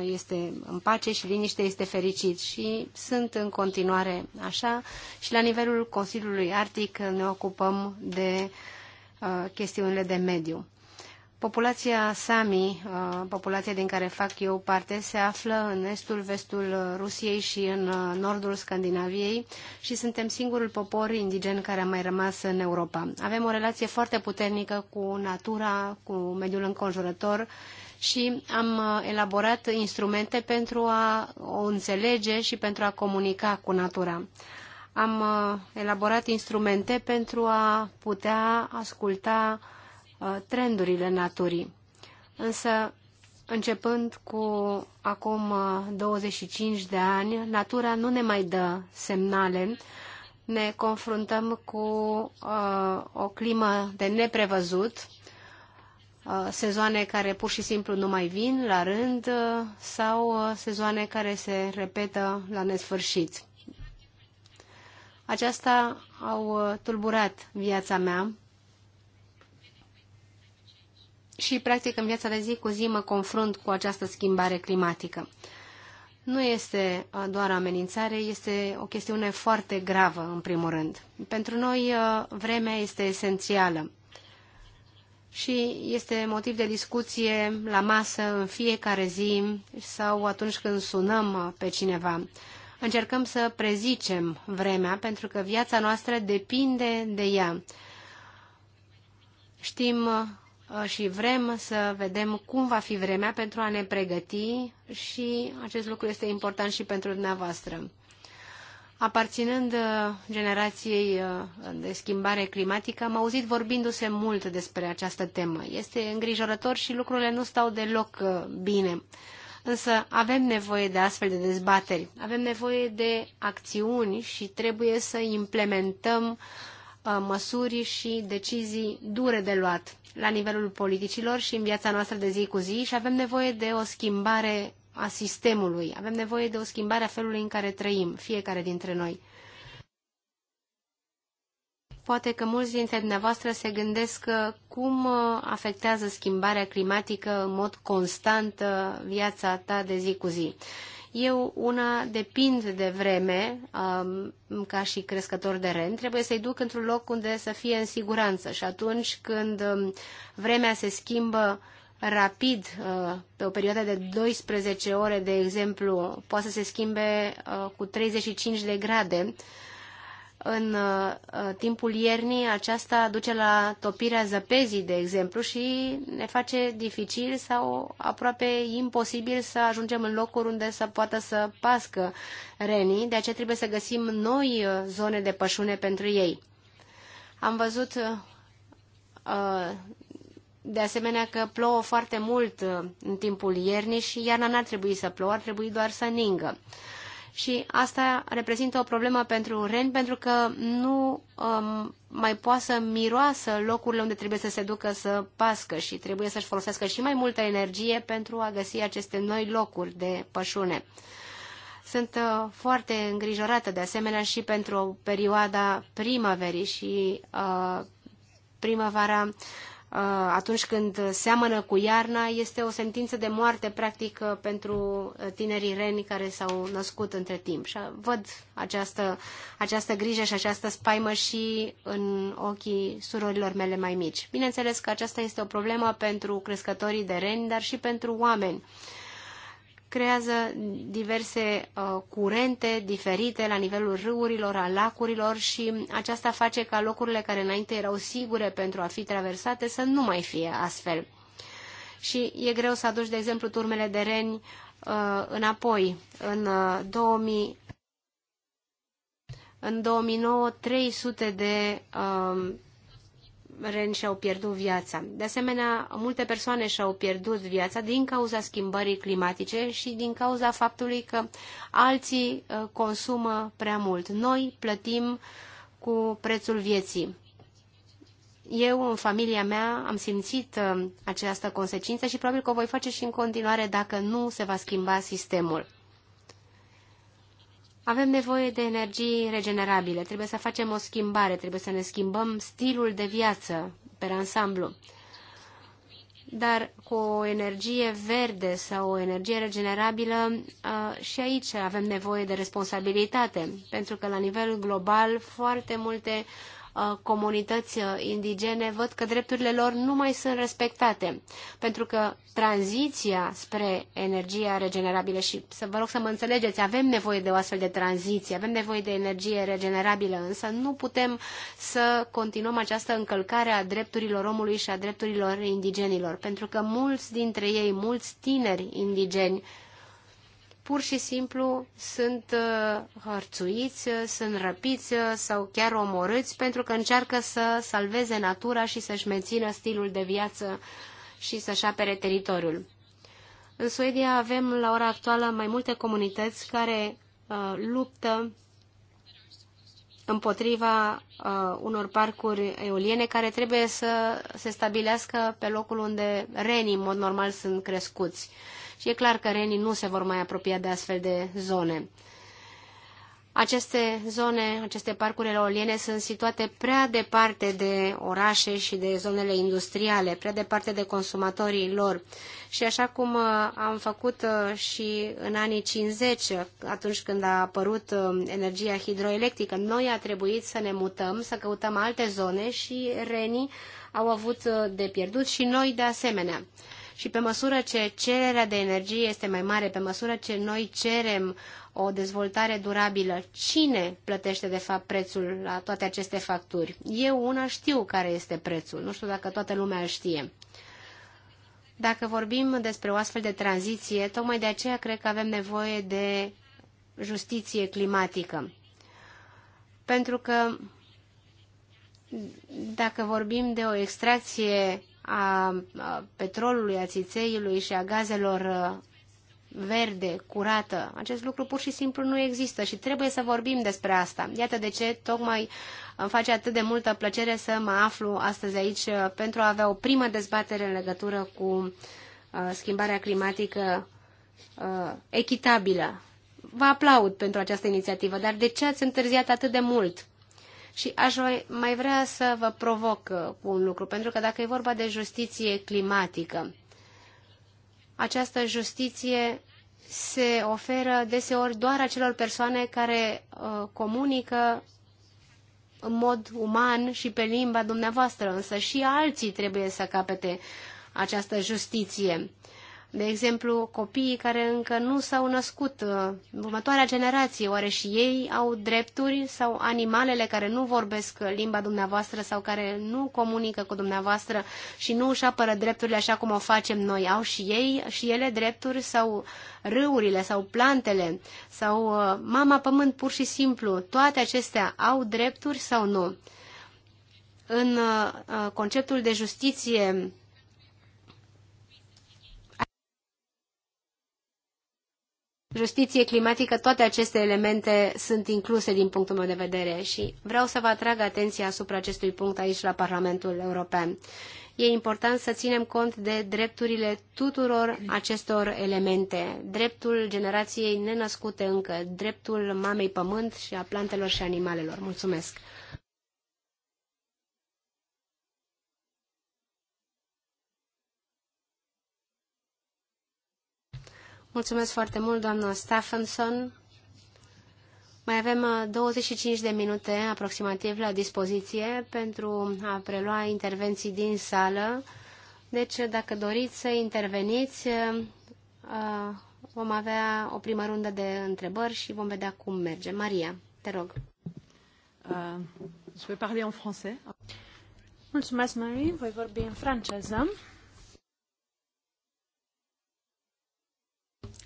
este în pace și liniște, este fericit. Și sunt în continuare așa și la nivelul Consiliului Arctic ne ocupăm de chestiunile de mediu. Populația Sami, uh, populația din care fac eu parte, se află în estul, vestul uh, Rusiei și în uh, nordul Scandinaviei și suntem singurul popor indigen care a mai rămas în Europa. Avem o relație foarte puternică cu natura, cu mediul înconjurător și am elaborat instrumente pentru a o înțelege și pentru a comunica cu natura am elaborat instrumente pentru a putea asculta Uh, trendurile naturii. Însă, începând cu acum 25 uh, de ani, natura nu ne mai dă semnale. Ne confruntăm cu uh, o climă de neprevăzut, uh, sezoane care pur și simplu nu mai vin la rând uh, sau uh, sezoane care se repetă la nesfârșit. Aceasta au uh, tulburat viața mea și, practic, în viața de zi cu zi mă confrunt cu această schimbare climatică. Nu este uh, doar o amenințare, este o chestiune foarte gravă, în primul rând. Pentru noi, uh, vremea este esențială și este motiv de discuție la masă în fiecare zi sau atunci când sunăm uh, pe cineva. Încercăm să prezicem vremea pentru că viața noastră depinde de ea. Știm Uh, și vrem să vedem cum va fi vremea pentru a ne pregăti și acest lucru este important și pentru dumneavoastră. Aparținând uh, generației uh, de schimbare climatică, am auzit vorbindu-se mult despre această temă. Este îngrijorător și lucrurile nu stau deloc bine. Însă avem nevoie de astfel de dezbateri, avem nevoie de acțiuni și trebuie să implementăm uh, măsuri și decizii dure de luat la nivelul politicilor și în viața noastră de zi cu zi și avem nevoie de o schimbare a sistemului, avem nevoie de o schimbare a felului în care trăim, fiecare dintre noi. Poate că mulți dintre dumneavoastră se gândesc cum afectează schimbarea climatică în mod constant uh, viața ta de zi cu zi. Eu, una, depind de vreme, um, ca și crescător de ren, trebuie să-i duc într-un loc unde să fie în siguranță și atunci când um, vremea se schimbă rapid, uh, pe o perioadă de 12 ore, de exemplu, poate să se schimbe uh, cu 35 de grade, uh, în uh, timpul iernii aceasta duce la topirea zăpezii, de exemplu, și ne face dificil sau aproape imposibil să ajungem în locuri unde să poată să pască renii, de aceea trebuie să găsim noi uh, zone de pășune pentru ei. Am văzut uh, de asemenea că plouă foarte mult în timpul iernii și iarna n-ar trebui să plouă, ar trebui doar să ningă și asta reprezintă o problemă pentru ren pentru că nu um, mai poate să miroasă locurile unde trebuie să se ducă să pască și trebuie să-și folosească și mai multă energie pentru a găsi aceste noi locuri de pășune. Sunt uh, foarte îngrijorată de asemenea și pentru perioada primăverii și uh, primăvara uh, Uh, atunci când seamănă cu iarna este o sentință de moarte practic uh, pentru uh, tinerii reni care s-au născut între timp. Și văd această, această grijă și această spaimă și în ochii surorilor mele mai mici. Bineînțeles că aceasta este o problemă pentru crescătorii de reni, dar și pentru oameni creează diverse uh, curente diferite la nivelul râurilor, a lacurilor și aceasta face ca locurile care înainte erau sigure pentru a fi traversate să nu mai fie astfel. Și e greu să aduci, de exemplu, turmele de reni uh, înapoi. În, uh, 2000, în 2009, 300 de uh, reni și-au pierdut viața. De asemenea, multe persoane și-au pierdut viața din cauza schimbării climatice și din cauza faptului că alții uh, consumă prea mult. Noi plătim cu prețul vieții. Eu, în familia mea, am simțit uh, această consecință și probabil că o voi face și în continuare dacă nu se va schimba sistemul. Avem nevoie de energii regenerabile, trebuie să facem o schimbare, trebuie să ne schimbăm stilul de viață pe ansamblu. Dar cu o energie verde sau o energie regenerabilă, și aici avem nevoie de responsabilitate, pentru că la nivel global foarte multe uh, Uh, comunități uh, indigene văd că drepturile lor nu mai sunt respectate, pentru că tranziția spre energia regenerabilă și să vă rog să mă înțelegeți, avem nevoie de o astfel de tranziție, avem nevoie de energie regenerabilă, însă nu putem să continuăm această încălcare a drepturilor omului și a drepturilor indigenilor, pentru că mulți dintre ei, mulți tineri indigeni pur și simplu sunt uh, hărțuiți, uh, sunt răpiți uh, sau chiar omorâți pentru că încearcă să salveze natura și să-și mențină stilul de viață și să-și apere teritoriul. În Suedia avem la ora actuală mai multe comunități care uh, luptă împotriva uh, unor parcuri eoliene care trebuie să se stabilească pe locul unde renii, în mod normal, sunt crescuți. Uh, și e clar că renii nu se vor mai apropia de astfel de zone. Aceste zone, aceste parcuri eoliene sunt situate prea departe de orașe și de zonele industriale, prea departe de consumatorii lor. Și așa cum uh, am făcut uh, și în anii 50, uh, atunci când a apărut energia hidroelectrică, noi a trebuit să ne mutăm, să căutăm alte zone și renii au avut de pierdut și noi de asemenea și pe măsură ce cererea de energie este mai mare, pe măsură ce noi cerem o dezvoltare durabilă, cine plătește de fapt prețul la toate aceste facturi? Eu una știu care este prețul, nu știu dacă toată lumea îl știe. Dacă vorbim despre o astfel de tranziție, tocmai de aceea cred că avem nevoie de justiție climatică. Pentru că dacă vorbim de o extracție a petrolului, a țițeiului și a gazelor verde, curată. Acest lucru pur și simplu nu există și trebuie să vorbim despre asta. Iată de ce tocmai îmi face atât de multă plăcere să mă aflu astăzi aici pentru a avea o primă dezbatere în legătură cu schimbarea climatică echitabilă. Vă aplaud pentru această inițiativă, dar de ce ați întârziat atât de mult? Și aș mai vrea să vă provoc uh, cu un lucru, pentru că dacă e vorba de justiție climatică, această justiție se oferă deseori doar acelor persoane care uh, comunică în mod uman și pe limba dumneavoastră, însă și alții trebuie să capete această justiție. De exemplu, copiii care încă nu s-au născut, uh, următoarea generație, oare și ei au drepturi sau animalele care nu vorbesc limba dumneavoastră sau care nu comunică cu dumneavoastră și nu își apără drepturile așa cum o facem noi, au și ei și ele drepturi sau râurile sau plantele sau uh, mama pământ pur și simplu, toate acestea au drepturi sau nu? În uh, conceptul de justiție justiție climatică, toate aceste elemente sunt incluse din punctul meu de vedere și vreau să vă atrag atenția asupra acestui punct aici la Parlamentul European. E important să ținem cont de drepturile tuturor acestor elemente, dreptul generației nenăscute încă, dreptul mamei pământ și a plantelor și animalelor. Mulțumesc! Mulțumesc foarte mult, doamna Stephenson. Mai avem 25 uh, de minute aproximativ la dispoziție pentru a prelua intervenții din sală. Deci, uh, dacă doriți să interveniți, uh, vom avea o primă rundă de întrebări și vom vedea cum merge. Maria, te rog. Uh, je vais parler en français. Mulțumesc, Marie. Voi vorbi în franceză.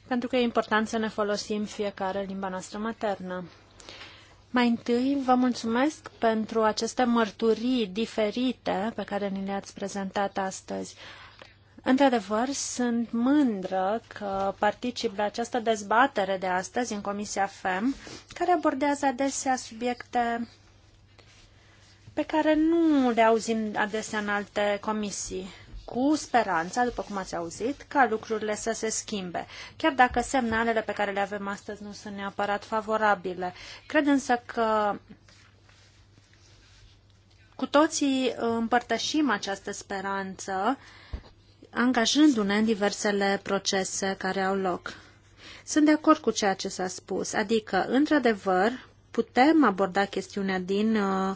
pentru că e important să ne folosim fiecare limba noastră maternă. Mai întâi, vă mulțumesc pentru aceste mărturii diferite pe care ni le-ați prezentat astăzi. Într-adevăr, sunt mândră că particip la această dezbatere de astăzi în Comisia FEM, care abordează adesea subiecte pe care nu le auzim adesea în alte comisii cu speranța, după cum ați auzit, ca lucrurile să se schimbe, chiar dacă semnalele pe care le avem astăzi nu sunt neapărat favorabile. Cred însă că cu toții împărtășim această speranță, angajându-ne în diversele procese care au loc. Sunt de acord cu ceea ce s-a spus, adică, într-adevăr, putem aborda chestiunea din uh,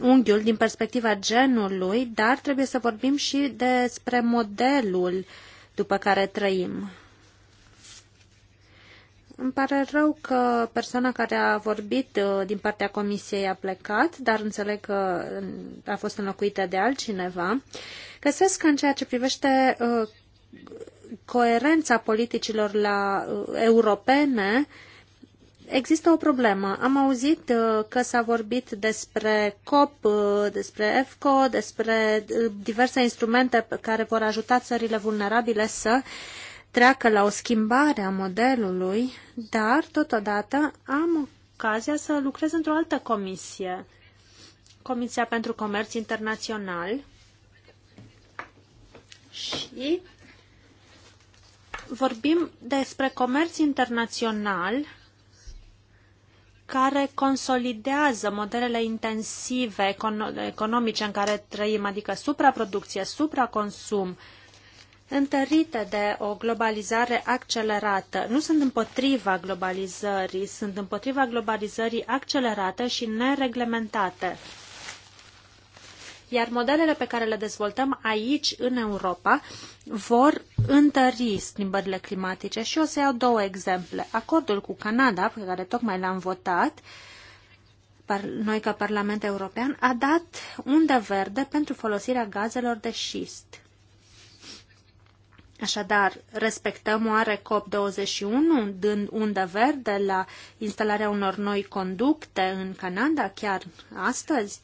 unghiul din perspectiva genului, dar trebuie să vorbim și despre modelul după care trăim. Îmi pare rău că persoana care a vorbit uh, din partea comisiei a plecat, dar înțeleg că uh, a fost înlocuită de altcineva. Găsesc că în ceea ce privește uh, coerența politicilor la europene, Există o problemă. Am auzit uh, că s-a vorbit despre COP, uh, despre EFCO, despre uh, diverse instrumente care vor ajuta țările vulnerabile să treacă la o schimbare a modelului, dar totodată am ocazia să lucrez într-o altă comisie, Comisia pentru Comerț Internațional. Și vorbim despre comerț internațional care consolidează modelele intensive economice în care trăim, adică supraproducție, supraconsum, întărite de o globalizare accelerată. Nu sunt împotriva globalizării, sunt împotriva globalizării accelerate și nereglementate iar modelele pe care le dezvoltăm aici, în Europa, vor întări schimbările climatice. Și o să iau două exemple. Acordul cu Canada, pe care tocmai l-am votat, noi ca Parlament European, a dat undă verde pentru folosirea gazelor de șist. Așadar, respectăm oare COP21, dând undă verde la instalarea unor noi conducte în Canada chiar astăzi?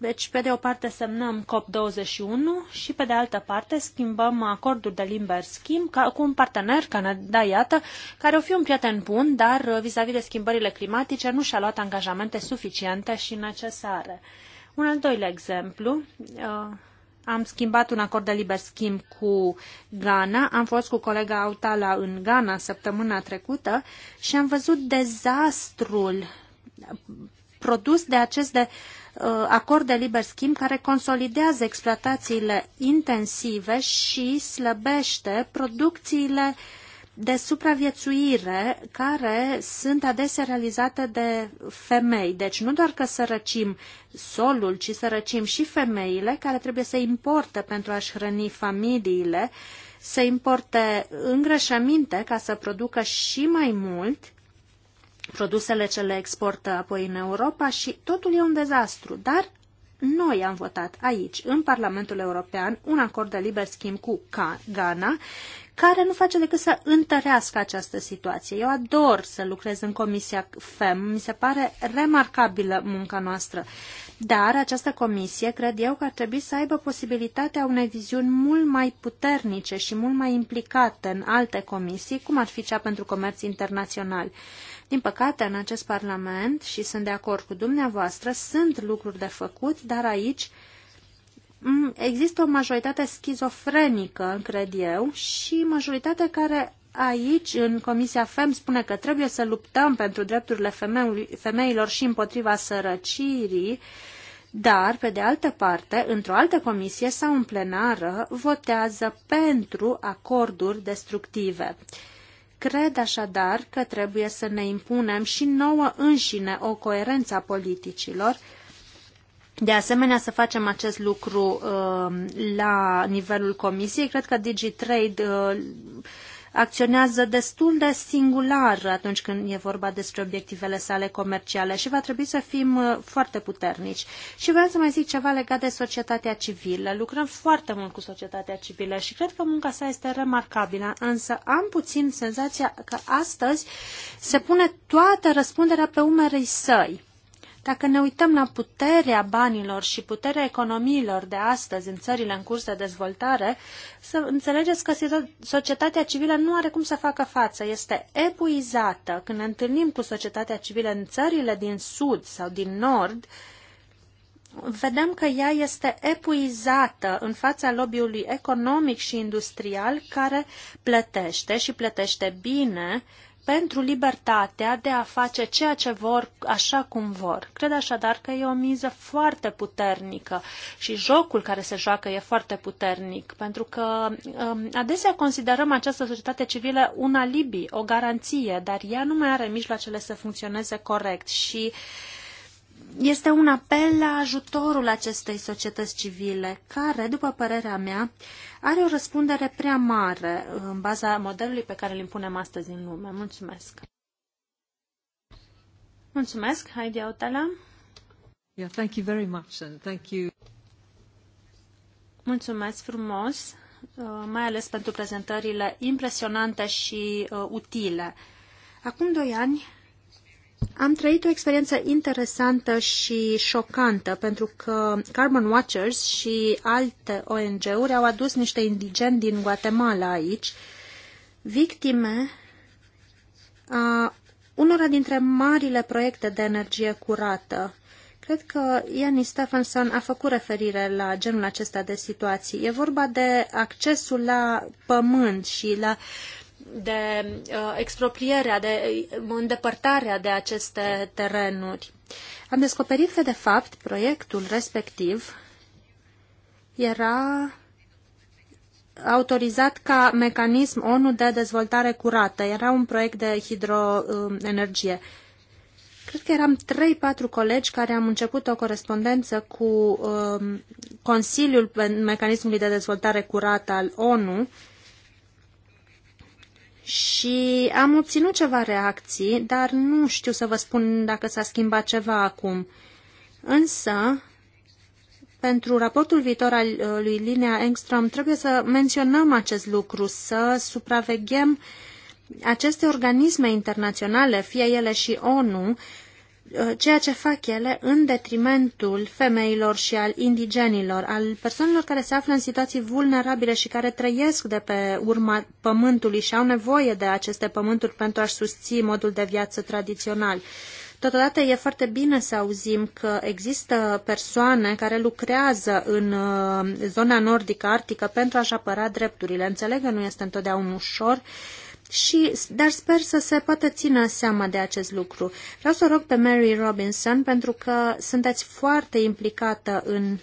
Deci, pe de o parte semnăm COP21 și pe de altă parte schimbăm acordul de liber schimb ca, cu un partener, Canada, iată, care o fi un prieten bun, dar uh, vis-a-vis -vis de schimbările climatice nu și-a luat angajamente suficiente și necesare. Un al doilea exemplu, uh, am schimbat un acord de liber schimb cu Ghana, am fost cu colega Autala în Ghana săptămâna trecută și am văzut dezastrul produs de acest de, uh, Uh, acord de liber schimb care consolidează exploatațiile intensive și slăbește producțiile de supraviețuire care sunt adesea realizate de femei. Deci nu doar că sărăcim solul, ci sărăcim și femeile care trebuie să importe pentru a-și hrăni familiile, să importe îngrășăminte ca să producă și mai mult produsele ce le exportă apoi în Europa și totul e un dezastru, dar noi am votat aici, în Parlamentul European, un acord de liber schimb cu Ghana, care nu face decât să întărească această situație. Eu ador să lucrez în Comisia FEM, mi se pare remarcabilă munca noastră. Dar această comisie cred eu că ar trebui să aibă posibilitatea unei viziuni mult mai puternice și mult mai implicate în alte comisii, cum ar fi cea pentru comerț internațional. Din păcate, în acest Parlament, și sunt de acord cu dumneavoastră, sunt lucruri de făcut, dar aici mm, există o majoritate schizofrenică, cred eu, și majoritate care aici, în Comisia FEM, spune că trebuie să luptăm pentru drepturile femeilor și împotriva sărăcirii, dar, pe de altă parte, într-o altă comisie sau în plenară, votează pentru acorduri destructive. Uh, Cred așadar că trebuie să ne impunem și nouă înșine o coerență a politicilor, de asemenea, să facem acest lucru uh, la nivelul comisiei. Cred că DigiTrade uh, acționează destul de singular atunci când e vorba despre obiectivele sale comerciale și va trebui să fim uh, foarte puternici. Și vreau să mai zic ceva legat de societatea civilă. Lucrăm foarte mult cu societatea civilă și cred că munca sa este remarcabilă, însă am puțin senzația că astăzi se pune toată răspunderea pe umerii săi. Dacă ne uităm la puterea banilor și puterea economiilor de astăzi în țările în curs de dezvoltare, să înțelegeți că societatea civilă nu are cum să facă față. Este epuizată. Când ne întâlnim cu societatea civilă în țările din sud sau din nord, vedem că ea este epuizată în fața lobby-ului economic și industrial care plătește și plătește bine uh, pentru libertatea de a face ceea ce vor așa cum vor. Cred așadar că e o miză foarte puternică și jocul care se joacă e foarte puternic, pentru că um, adesea considerăm această societate civilă un alibi, o garanție, dar ea nu mai are mijloacele să funcționeze corect și uh, este un apel la ajutorul acestei societăți civile, care, după părerea mea, are o răspundere prea mare în baza modelului pe care îl impunem astăzi în lume. Mulțumesc! Mulțumesc, Heidi Autala. Yeah, thank you very much and thank you. Mulțumesc frumos, uh, mai ales pentru prezentările impresionante și uh, utile. Acum doi ani am trăit o experiență interesantă și șocantă, pentru că Carbon Watchers și alte ONG-uri au adus niște indigeni din Guatemala aici, victime a unora dintre marile proiecte de energie curată. Cred că Ianni Stephenson a făcut referire la genul acesta de situații. E vorba de accesul la pământ și la uh, de uh, exproprierea, de uh, îndepărtarea de aceste terenuri. Am descoperit că, de fapt, proiectul respectiv era autorizat ca mecanism ONU de dezvoltare curată. Era un proiect de hidroenergie. Cred că eram 3-4 colegi care am început o corespondență cu um, Consiliul Mecanismului de Dezvoltare Curată al ONU și am obținut ceva reacții, dar nu știu să vă spun dacă s-a schimbat ceva acum. Însă, pentru raportul viitor al uh, lui Linea Engstrom trebuie să menționăm acest lucru, să supraveghem aceste organisme internaționale, fie ele și ONU, Uh, ceea ce fac ele în detrimentul femeilor și al indigenilor, al persoanelor care se află în situații vulnerabile și care trăiesc de pe urma pământului și au nevoie de aceste pământuri pentru a-și susții modul de viață tradițional. Totodată e foarte bine să auzim că există persoane care lucrează în uh, zona nordică arctică pentru a-și apăra drepturile. Înțeleg că nu este întotdeauna ușor, și, dar sper să se poată ține seama de acest lucru. Vreau să rog pe Mary Robinson, pentru că sunteți foarte implicată în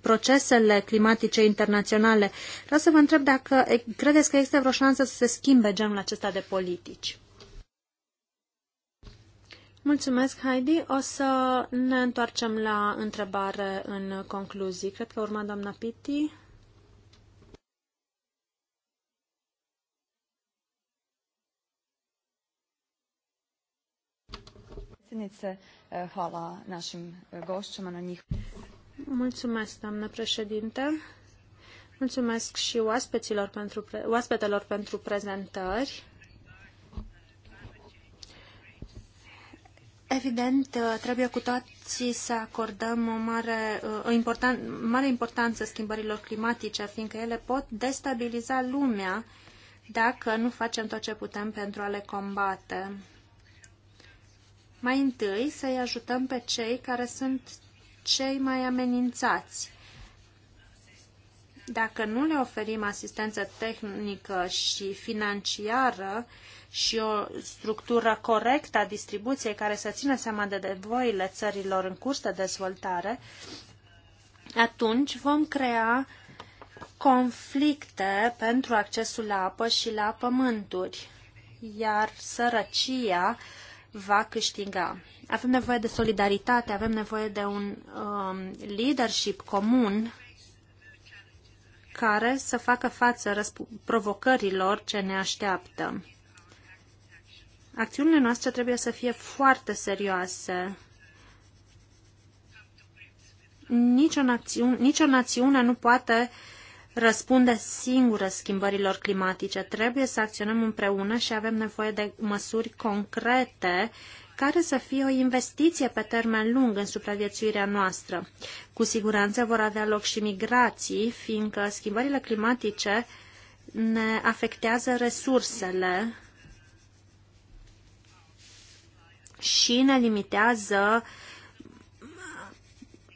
procesele climatice internaționale. Vreau să vă întreb dacă credeți că există vreo șansă să se schimbe genul acesta de politici. Mulțumesc, Heidi. O să ne întoarcem la întrebare în concluzii. Cred că urma doamna Pitti. predsjednice. Hvala našim gošćama na njih. Mulțumesc, doamnă președinte. Mulțumesc și oaspeților pentru, oaspetelor pentru prezentări. Evident, trebuie cu toții să acordăm o mare, o important, mare importanță schimbărilor climatice, fiindcă ele pot destabiliza lumea dacă nu facem tot ce putem pentru a le combate. Mai întâi să-i ajutăm pe cei care sunt cei mai amenințați. Dacă nu le oferim asistență tehnică și financiară și o structură corectă a distribuției care să țină seama de nevoile țărilor în curs de dezvoltare, atunci vom crea conflicte pentru accesul la apă și la pământuri, iar sărăcia va câștiga. Avem nevoie de solidaritate, avem nevoie de un um, leadership comun care să facă față provocărilor ce ne așteaptă. Acțiunile noastre trebuie să fie foarte serioase. Nicio, națiune, nicio națiune nu poate uh, răspunde singură schimbărilor climatice. Trebuie să acționăm împreună și avem nevoie de măsuri concrete care să fie o investiție pe termen lung în supraviețuirea noastră. Cu siguranță vor avea loc și migrații, fiindcă schimbările climatice ne afectează resursele și ne limitează uh,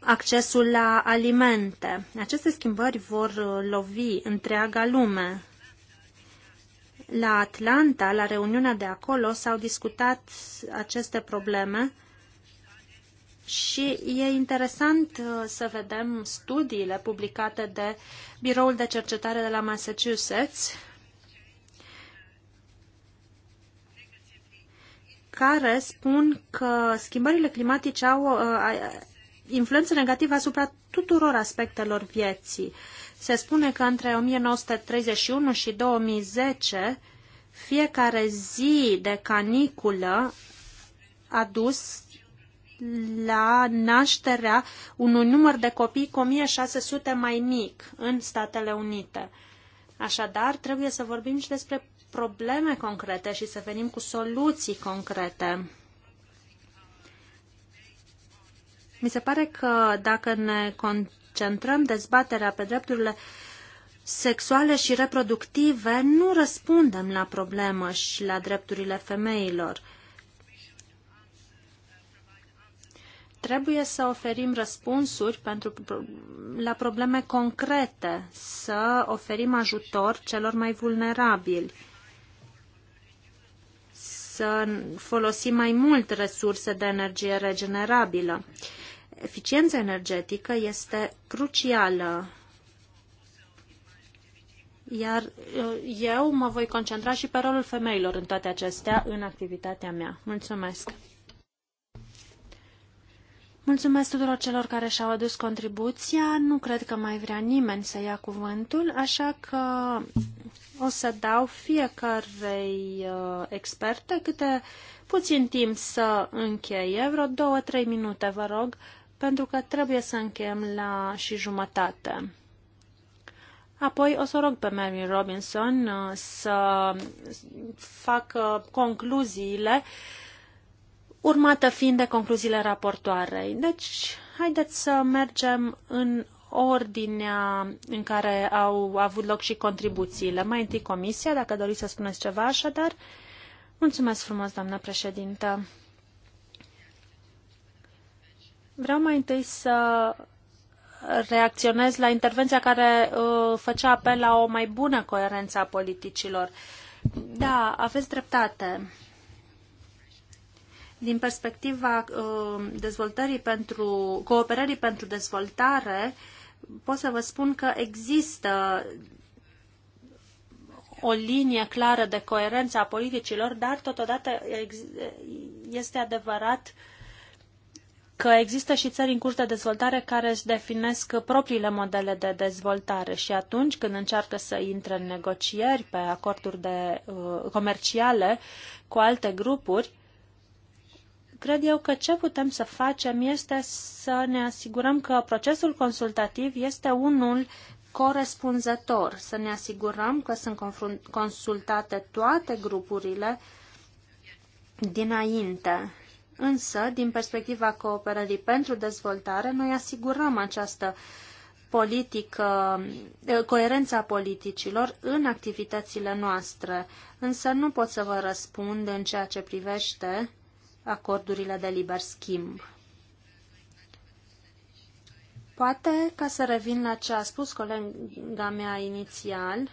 accesul la alimente. Aceste schimbări vor lovi întreaga lume. La Atlanta, la reuniunea de acolo, s-au discutat aceste probleme și e interesant uh, să vedem studiile publicate de Biroul de Cercetare de la Massachusetts, care spun că schimbările climatice au uh, influență negativă asupra tuturor aspectelor vieții. Se spune că între 1931 și 2010 fiecare zi de caniculă a dus la nașterea unui număr de copii cu 1600 mai mic în Statele Unite. Așadar, trebuie să vorbim și despre probleme concrete și să venim cu soluții concrete. Mi se pare că dacă ne concentrăm dezbaterea pe drepturile sexuale și reproductive, nu răspundem la problemă și la drepturile femeilor. trebuie să oferim răspunsuri pentru, la probleme concrete, să oferim ajutor celor mai vulnerabili, să folosim mai mult resurse de energie regenerabilă eficiența energetică este crucială. Iar uh, eu mă voi concentra și pe rolul femeilor în toate acestea în activitatea mea. Mulțumesc! Mulțumesc tuturor celor care și-au adus contribuția. Nu cred că mai vrea nimeni să ia cuvântul, așa că o să dau fiecarei uh, experte câte puțin timp să încheie, vreo două-trei minute, vă rog, pentru că trebuie să încheiem la și jumătate. Apoi o să rog pe Mary Robinson uh, să facă concluziile, urmată fiind de concluziile raportoarei. Deci, haideți să mergem în ordinea în care au avut loc și contribuțiile. Mai întâi comisia, dacă doriți să spuneți ceva, așadar. Mulțumesc frumos, doamnă președintă. Vreau mai întâi să reacționez la intervenția care uh, făcea apel la o mai bună coerență a politicilor. Da, aveți dreptate. Din perspectiva uh, dezvoltării pentru, cooperării pentru dezvoltare, pot să vă spun că există o linie clară de coerență a politicilor, dar totodată este adevărat uh, că există și țări în curs de dezvoltare care își definesc propriile modele de dezvoltare și atunci când încearcă să intre în negocieri pe acorduri de, uh, comerciale cu alte grupuri, cred eu că ce putem să facem este să ne asigurăm că procesul consultativ este unul corespunzător, să ne asigurăm că sunt consultate toate grupurile dinainte Însă, din perspectiva cooperării pentru dezvoltare, noi asigurăm această politică, eh, coerența politicilor în activitățile noastre. Însă nu pot să vă răspund în ceea ce privește acordurile de liber schimb. Poate, ca să revin la ce a spus colega mea inițial,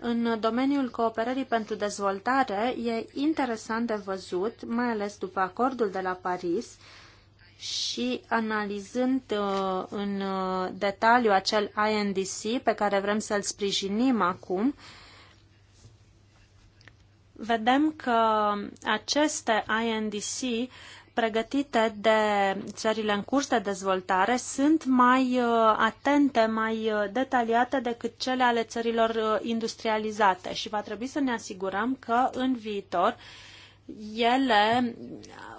în domeniul cooperării pentru dezvoltare e interesant de văzut, mai ales după acordul de la Paris și analizând uh, în uh, detaliu acel INDC pe care vrem să-l sprijinim acum, vedem că aceste INDC pregătite de țările în curs de dezvoltare sunt mai uh, atente, mai uh, detaliate decât cele ale țărilor uh, industrializate și va trebui să ne asigurăm că în viitor ele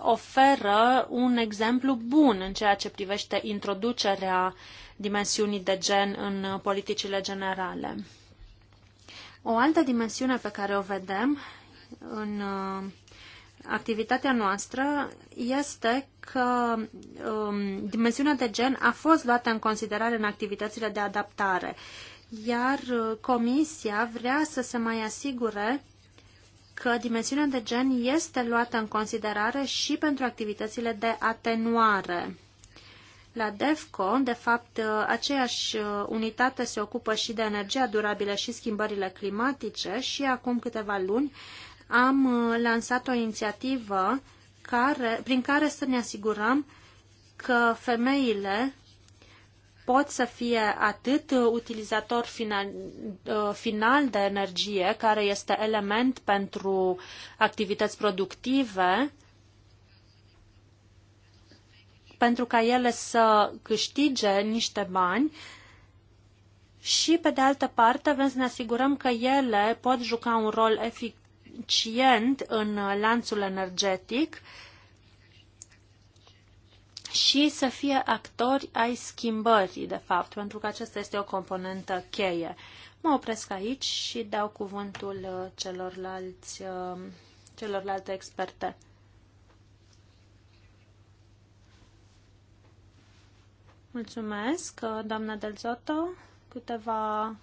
oferă un exemplu bun în ceea ce privește introducerea dimensiunii de gen în politicile generale. O altă dimensiune pe care o vedem în activitatea noastră este că um, dimensiunea de gen a fost luată în considerare în activitățile de adaptare, iar uh, Comisia vrea să se mai asigure că dimensiunea de gen este luată în considerare și pentru activitățile de atenuare. La DEFCO, de fapt, uh, aceeași uh, unitate se ocupă și de energia durabilă și schimbările climatice și acum câteva luni am uh, lansat o inițiativă care, prin care să ne asigurăm că femeile pot să fie atât uh, utilizator final, uh, final de energie, care este element pentru activități productive, pentru ca ele să câștige niște bani, și, pe de altă parte, vrem să ne asigurăm că ele pot juca un rol efic eficient în lanțul energetic și să fie actori ai schimbării, de fapt, pentru că aceasta este o componentă cheie. Mă opresc aici și dau cuvântul uh, celorlalți, uh, celorlalte experte. Mulțumesc, uh, doamna Delzotto. Câteva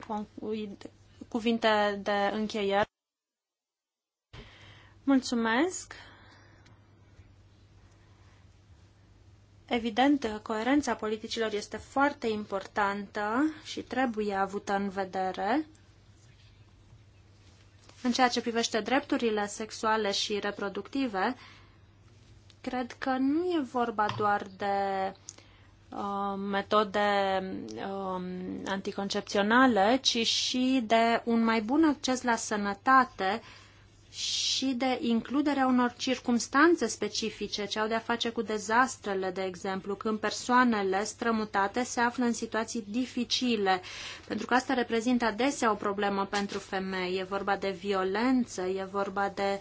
cuvinte de încheiere. Mulțumesc! Evident, coerența politicilor este foarte importantă și trebuie avută în vedere în ceea ce privește drepturile sexuale și reproductive. Cred că nu e vorba doar de uh, metode um, anticoncepționale, ci și de un mai bun acces la sănătate și de includerea unor circumstanțe specifice ce au de-a face cu dezastrele, de exemplu, când persoanele strămutate se află în situații dificile, pentru că asta reprezintă adesea o problemă pentru femei. E vorba de violență, e vorba de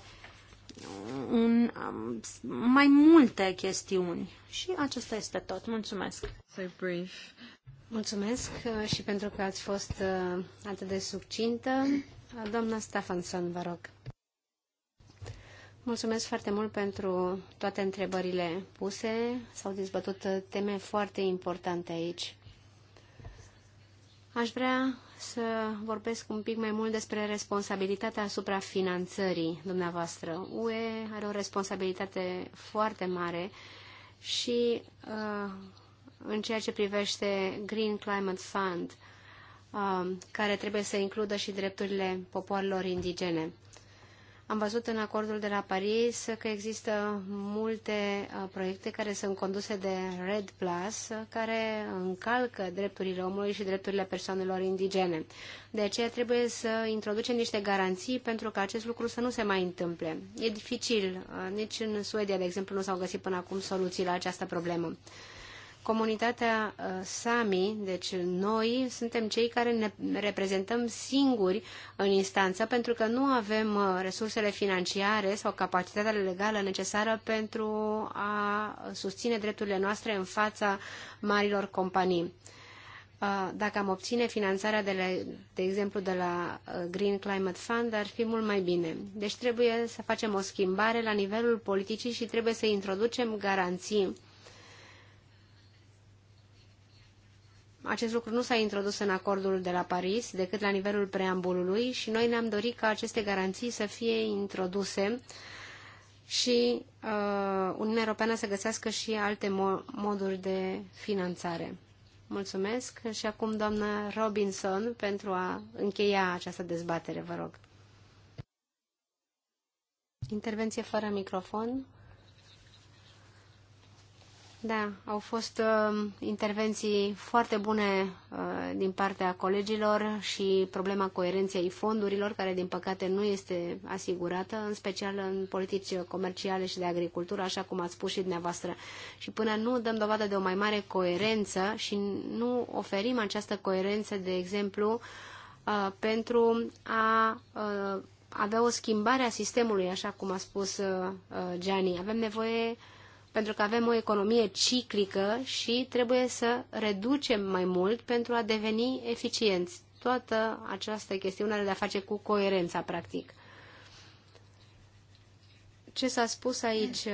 un, mai multe chestiuni. Și acesta este tot. Mulțumesc! So brief. Mulțumesc uh, și pentru că ați fost uh, atât de succintă. Uh, doamna Stefanson, vă rog. Mulțumesc foarte mult pentru toate întrebările puse. S-au dezbătut teme foarte importante aici. Aș vrea să vorbesc un pic mai mult despre responsabilitatea asupra finanțării dumneavoastră. UE are o responsabilitate foarte mare și uh, în ceea ce privește Green Climate Fund, uh, care trebuie să includă și drepturile popoarelor indigene. Am văzut în acordul de la Paris că există multe uh, proiecte care sunt conduse de Red Plus, uh, care încalcă drepturile omului și drepturile persoanelor indigene. De aceea trebuie să introducem niște garanții pentru că acest lucru să nu se mai întâmple. E dificil. Uh, nici în Suedia, de exemplu, nu s-au găsit până acum soluții la această problemă comunitatea uh, Sami, deci noi suntem cei care ne reprezentăm singuri în instanță pentru că nu avem uh, resursele financiare sau capacitatea legală necesară pentru a susține drepturile noastre în fața marilor companii. Uh, dacă am obține finanțarea, de, la, de exemplu, de la Green Climate Fund, ar fi mult mai bine. Deci trebuie să facem o schimbare la nivelul politicii și trebuie să introducem garanții Acest lucru nu s-a introdus în acordul de la Paris decât la nivelul preambulului și noi ne-am dorit ca aceste garanții să fie introduse și uh, Uniunea Europeană să găsească și alte mo- moduri de finanțare. Mulțumesc și acum doamna Robinson pentru a încheia această dezbatere, vă rog. Intervenție fără microfon. Da, au fost uh, intervenții foarte bune uh, din partea colegilor și problema coerenței fondurilor, care din păcate nu este asigurată, în special în politici comerciale și de agricultură, așa cum ați spus și dumneavoastră. Și până nu dăm dovadă de o mai mare coerență și nu oferim această coerență, de exemplu, uh, pentru a uh, avea o schimbare a sistemului, așa cum a spus uh, uh Gianni. Avem nevoie uh, pentru că avem o economie ciclică și trebuie să reducem mai mult pentru a deveni eficienți. Toată această chestiune are de-a face cu coerența, practic. Ce s-a spus aici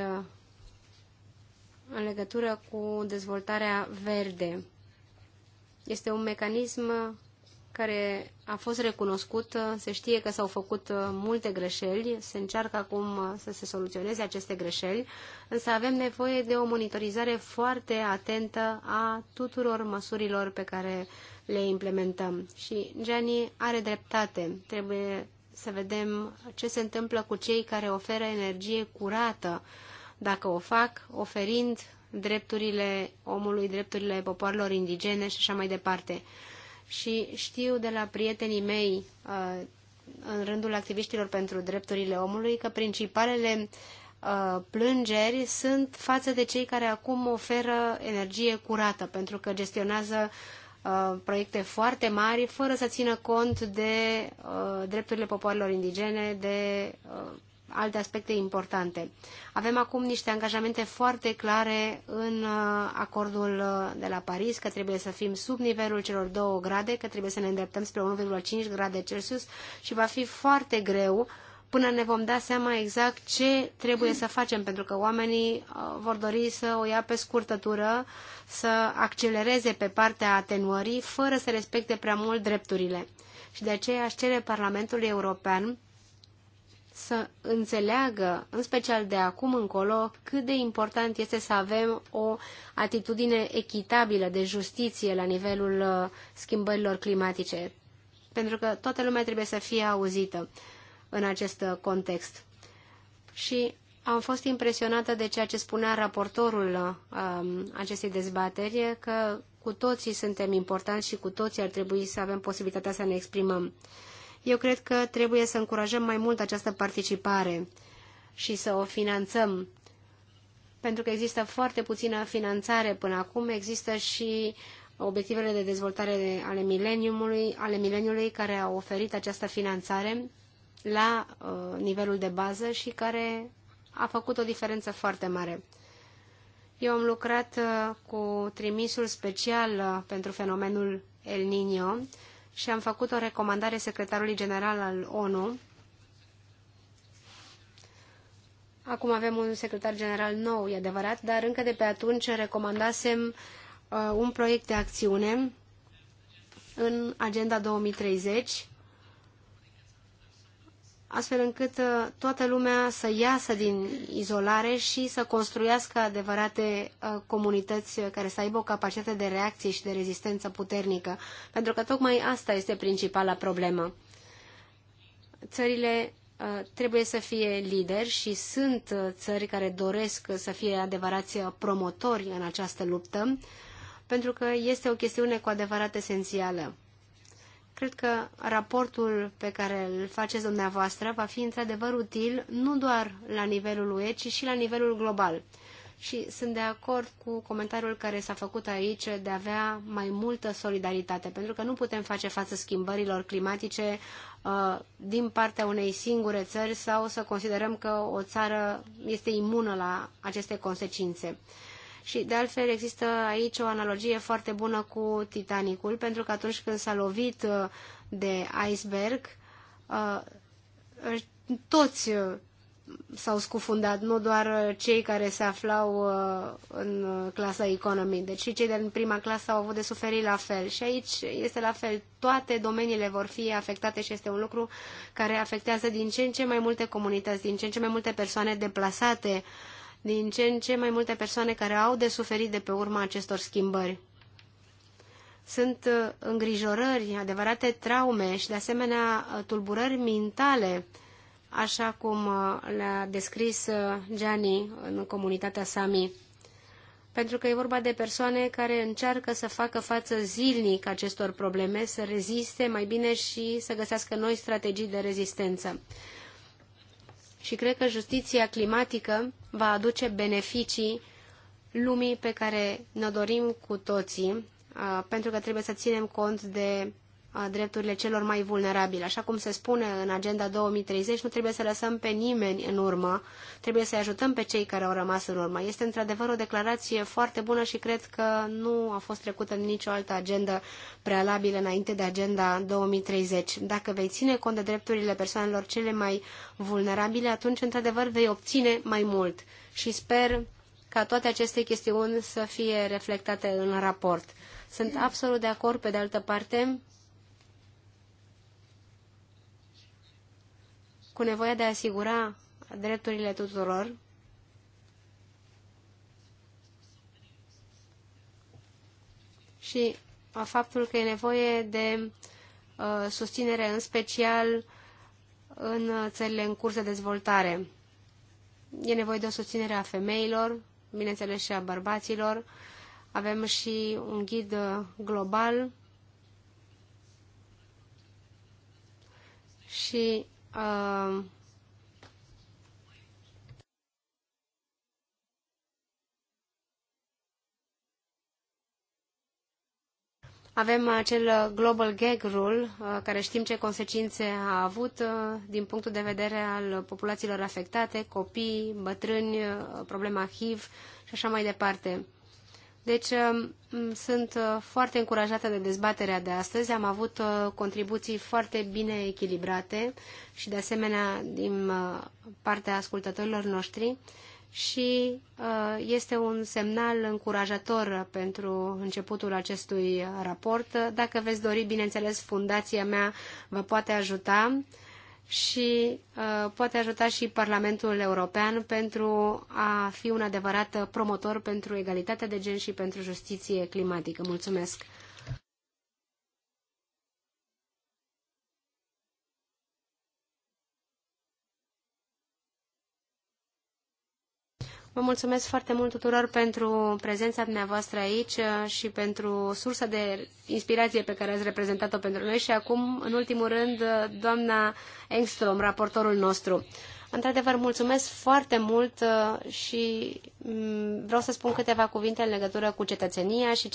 în legătură cu dezvoltarea verde? Este un mecanism care a fost recunoscut. Se știe că s-au făcut uh, multe greșeli, se încearcă acum uh, să se soluționeze aceste greșeli, însă avem nevoie de o monitorizare foarte atentă a tuturor măsurilor pe care le implementăm. Și Gianni are dreptate. Trebuie să vedem ce se întâmplă cu cei care oferă energie curată, dacă o fac oferind drepturile omului, drepturile popoarelor indigene și așa mai departe și știu de la prietenii mei uh, în rândul activiștilor pentru drepturile omului că principalele uh, plângeri sunt față de cei care acum oferă energie curată pentru că gestionează uh, proiecte foarte mari fără să țină cont de drepturile popoarelor indigene, de alte aspecte importante. Avem acum niște angajamente foarte clare în uh, acordul uh, de la Paris, că trebuie să fim sub nivelul celor 2 grade, că trebuie să ne îndreptăm spre 1,5 grade Celsius și va fi foarte greu până ne vom da seama exact ce trebuie să facem, pentru că oamenii uh, vor dori să o ia pe scurtătură, să accelereze pe partea atenuării, fără să respecte prea mult drepturile. Și de aceea aș cere Parlamentului European să înțeleagă, în special de acum încolo, cât de important este să avem o atitudine echitabilă de justiție la nivelul uh, schimbărilor climatice. Pentru că toată lumea trebuie să fie auzită în acest uh, context. Și am fost impresionată de ceea ce spunea raportorul uh, um, acestei dezbateri, că cu toții suntem importanți și cu toții ar trebui să avem posibilitatea să ne exprimăm. Eu cred că trebuie să încurajăm mai mult această participare și să o finanțăm pentru că există foarte puțină finanțare până acum, există și obiectivele de dezvoltare ale mileniului, ale mileniului care au oferit această finanțare la uh, nivelul de bază și care a făcut o diferență foarte mare. Eu am lucrat uh, cu trimisul special uh, pentru fenomenul El Niño și am făcut o recomandare secretarului general al ONU. Acum avem un secretar general nou, e adevărat, dar încă de pe atunci recomandasem uh, un proiect de acțiune în Agenda 2030 astfel încât uh, toată lumea să iasă din izolare și să construiască adevărate uh, comunități uh, care să aibă o capacitate de reacție și de rezistență puternică, pentru că tocmai asta este principala problemă. Țările trebuie să fie lideri și sunt țări care doresc să fie adevărați promotori în această luptă, pentru că este o chestiune cu adevărat esențială. Cred că raportul pe care îl faceți dumneavoastră va fi într-adevăr util nu doar la nivelul UE, ci și la nivelul global. Și sunt de acord cu comentariul care s-a făcut aici de a avea mai multă solidaritate, pentru că nu putem face față schimbărilor climatice uh, din partea unei singure țări sau să considerăm că o țară este imună la aceste consecințe. Uh, și de altfel există aici o analogie foarte bună cu Titanicul, pentru că atunci când s-a lovit uh, de iceberg, uh, toți uh, s-au scufundat, nu doar cei care se aflau în clasa economy, deci și cei din prima clasă au avut de suferit la fel. Și aici este la fel, toate domeniile vor fi afectate și este un lucru care afectează din ce în ce mai multe comunități, din ce în ce mai multe persoane deplasate uh, din ce în ce mai multe persoane care au de suferit de pe urma acestor schimbări. Sunt uh, îngrijorări, adevărate traume și, de asemenea, uh, tulburări mentale, așa cum uh, le-a descris Gianni în comunitatea Sami. Pentru că e vorba de persoane care încearcă să facă față zilnic acestor probleme, să reziste mai bine și să găsească noi strategii de rezistență și cred că justiția climatică va aduce beneficii lumii pe care ne dorim cu toții, pentru că trebuie să ținem cont de drepturile celor mai vulnerabili. Așa cum se spune în Agenda 2030, nu trebuie să lăsăm pe nimeni în urmă, trebuie să-i ajutăm pe cei care au rămas în urmă. Este într-adevăr o declarație foarte bună și cred că nu a fost trecută în nicio altă agendă prealabilă înainte de Agenda 2030. Dacă vei ține cont de drepturile persoanelor cele mai vulnerabile, atunci într-adevăr vei obține mai mult. Și sper ca toate aceste chestiuni să fie reflectate în raport. Sunt absolut de acord, pe de altă parte, cu nevoia de a asigura drepturile tuturor, și a faptul că e nevoie de uh, susținere în special în țările în curs de dezvoltare. E nevoie de o susținere a femeilor, bineînțeles și a bărbaților. Avem și un ghid uh, global și Uh, avem acel global gag rule, uh, care știm ce consecințe a avut uh, din punctul de vedere al populațiilor afectate, copii, bătrâni, problema HIV și așa mai departe. Deci um, mm, sunt uh, foarte încurajată de dezbaterea de astăzi. Am avut uh, contribuții foarte bine echilibrate și de asemenea din uh, partea ascultătorilor noștri și este un semnal încurajator pentru începutul acestui raport. Dacă veți dori, bineînțeles, fundația mea vă poate ajuta și uh, poate ajuta și Parlamentul European pentru a fi un adevărat promotor pentru egalitatea de gen și pentru justiție climatică. Mulțumesc! Vă mulțumesc foarte mult tuturor pentru prezența dumneavoastră aici uh, și pentru sursa de inspirație pe care ați reprezentat-o pentru noi și acum, în ultimul rând, uh, doamna Engstrom, raportorul nostru. Într-adevăr, mulțumesc foarte mult uh, și mm, vreau să spun câteva cuvinte în legătură cu cetățenia și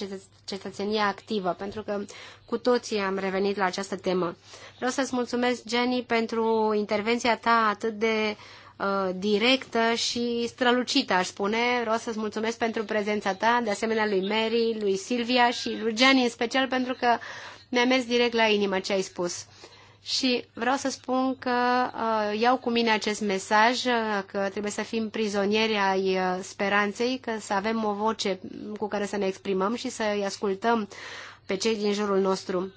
cetățenia activă, pentru că cu toții am revenit la această temă. Vreau să-ți mulțumesc, Jenny, pentru intervenția ta atât de uh, Uh, directă și strălucită, aș spune. Vreau să-ți mulțumesc pentru prezența ta, de asemenea lui Mary, lui Silvia și lui Gianni în special, pentru că mi-a mers direct la inimă ce ai spus. Și vreau să spun că uh, iau cu mine acest mesaj, uh, că trebuie să fim prizonieri ai uh, speranței, că să avem o voce cu care să ne exprimăm și să-i ascultăm pe cei din jurul nostru.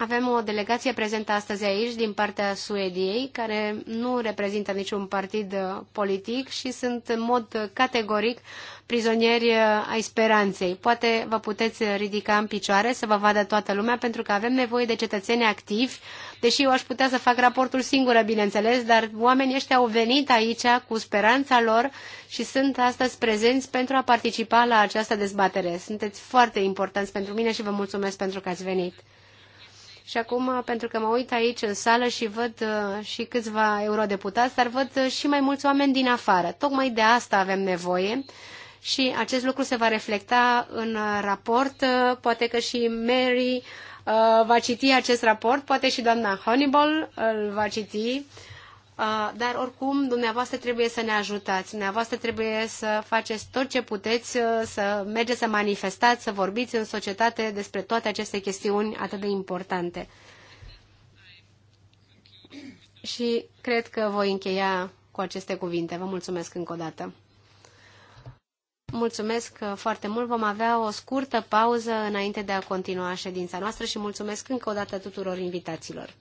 Avem o delegație prezentă astăzi aici din partea Suediei, care nu reprezintă niciun partid uh, politic și sunt în mod categoric prizonieri uh, ai speranței. Poate vă puteți ridica în picioare să vă vadă toată lumea, pentru că avem nevoie de cetățeni activi, deși eu aș putea să fac raportul singură, bineînțeles, dar oamenii ăștia au venit aici cu speranța lor și sunt astăzi prezenți pentru a participa la această dezbatere. Sunteți foarte importanți pentru mine și vă mulțumesc pentru că ați venit. Și acum, pentru că mă uit aici în sală și văd uh, și câțiva eurodeputați, dar văd uh, și mai mulți oameni din afară. Tocmai de asta avem nevoie și acest lucru se va reflecta în raport. Uh, poate că și Mary va citi acest raport, poate și doamna Honeyball îl va citi Uh, dar oricum dumneavoastră trebuie să ne ajutați, dumneavoastră trebuie să faceți tot ce puteți, uh, să mergeți să manifestați, să vorbiți în societate despre toate aceste chestiuni atât de importante. Și cred că voi încheia cu aceste cuvinte. Vă mulțumesc încă o dată. Mulțumesc uh, foarte mult. Vom avea o scurtă pauză înainte de a continua ședința noastră și mulțumesc încă o dată tuturor invitaților.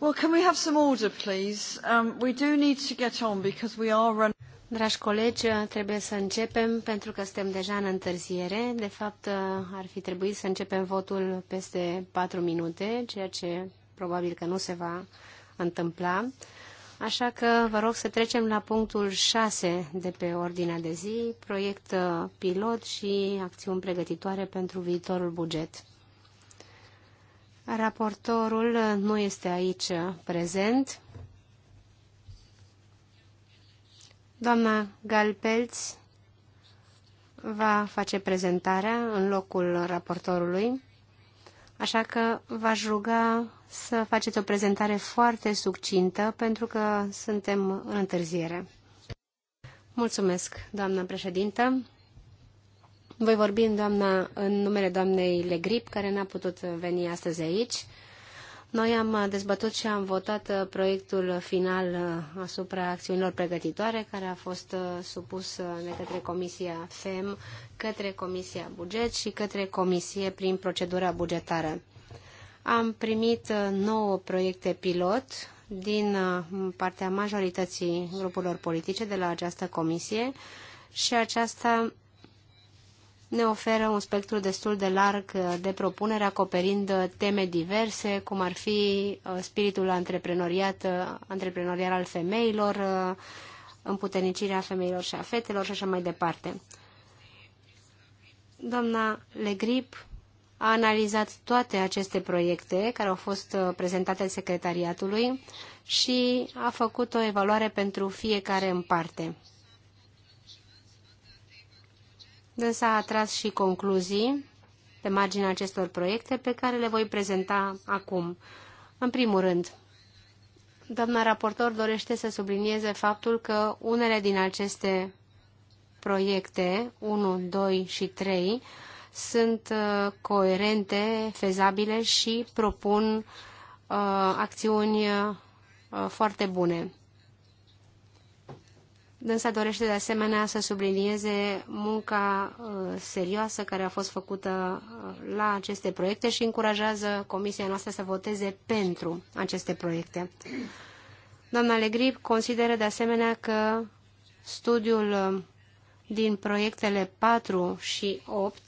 Well, can we have some order, please? Um, we do need to get on because we are Dragi colegi, trebuie să începem pentru că suntem deja în întârziere. De fapt, uh, ar fi trebuit să începem votul peste patru minute, ceea ce probabil că nu se va întâmpla. Așa că vă rog să trecem la punctul 6 de pe ordinea de zi, proiect uh, pilot și acțiuni pregătitoare pentru viitorul buget. Raportorul nu este aici prezent. Doamna Galpelț va face prezentarea în locul raportorului, așa că v-aș ruga să faceți o prezentare foarte succintă, pentru că suntem în întârziere. Mulțumesc, doamnă președintă. Voi vorbi în, doamna, în numele doamnei Legrip, care n-a putut veni astăzi aici. Noi am dezbătut și am votat uh, proiectul final uh, asupra acțiunilor pregătitoare, care a fost uh, supus de către Comisia FEM, către Comisia Buget și către Comisie prin procedura bugetară. Am primit nouă proiecte pilot din partea majorității grupurilor politice de la această comisie și aceasta ne oferă un spectru destul de larg uh, de propunere, acoperind uh, teme diverse, cum ar fi uh, spiritul antreprenoriat, antreprenorial al femeilor, împuternicirea femeilor și a fetelor și așa mai departe. Doamna Legrip a analizat toate aceste proiecte care au fost prezentate secretariatului și a făcut o evaluare pentru fiecare în parte. Dânsa a atras și concluzii pe marginea acestor proiecte pe care le voi prezenta acum. În primul rând, doamna raportor dorește să sublinieze faptul că unele din aceste proiecte, 1, 2 și 3, sunt uh, coerente, fezabile și propun uh, acțiuni uh, foarte bune. Dânsa dorește de asemenea să sublinieze munca uh, serioasă care a fost făcută uh, la aceste proiecte și încurajează comisia noastră să voteze pentru aceste proiecte. Doamna Legrip consideră de asemenea că studiul uh, din proiectele 4 și 8,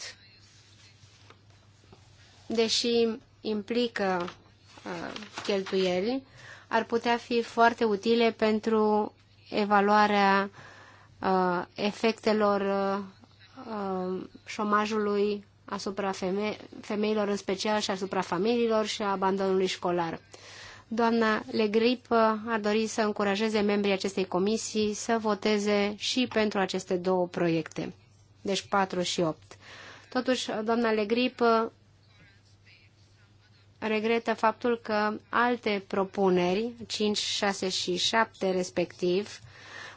deși implică cheltuieli, ar putea fi foarte utile pentru evaluarea uh, efectelor uh, uh, șomajului asupra feme femeilor în special și asupra familiilor și a abandonului școlar. Doamna Legrip uh, ar dori să încurajeze membrii acestei comisii să voteze și pentru aceste două proiecte, deci 4 și 8. Totuși, doamna Legrip uh, regretă faptul că alte propuneri, 5, 6 și 7 respectiv,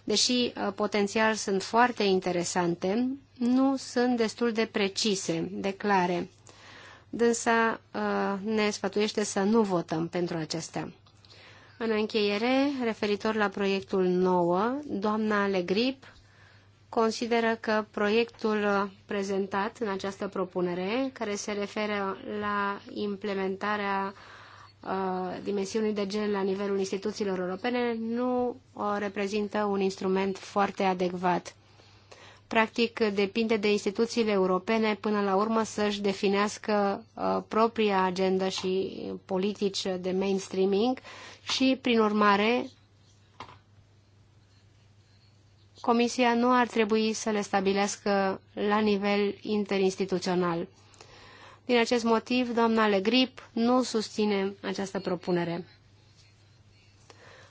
deși uh, potențial sunt foarte interesante, nu sunt destul de precise, de clare. Dânsa uh, ne sfătuiește să nu votăm pentru acestea. În încheiere, referitor la proiectul 9, doamna Legrip consideră că proiectul prezentat în această propunere, care se referă la implementarea uh, dimensiunii de gen la nivelul instituțiilor europene nu uh, reprezintă un instrument foarte adecvat. Practic, depinde de instituțiile europene până la urmă să-și definească uh, propria agenda și politici de mainstreaming și, prin urmare, Comisia nu ar trebui să le stabilească la nivel interinstituțional. Din acest motiv, doamna Legrip nu susține această propunere.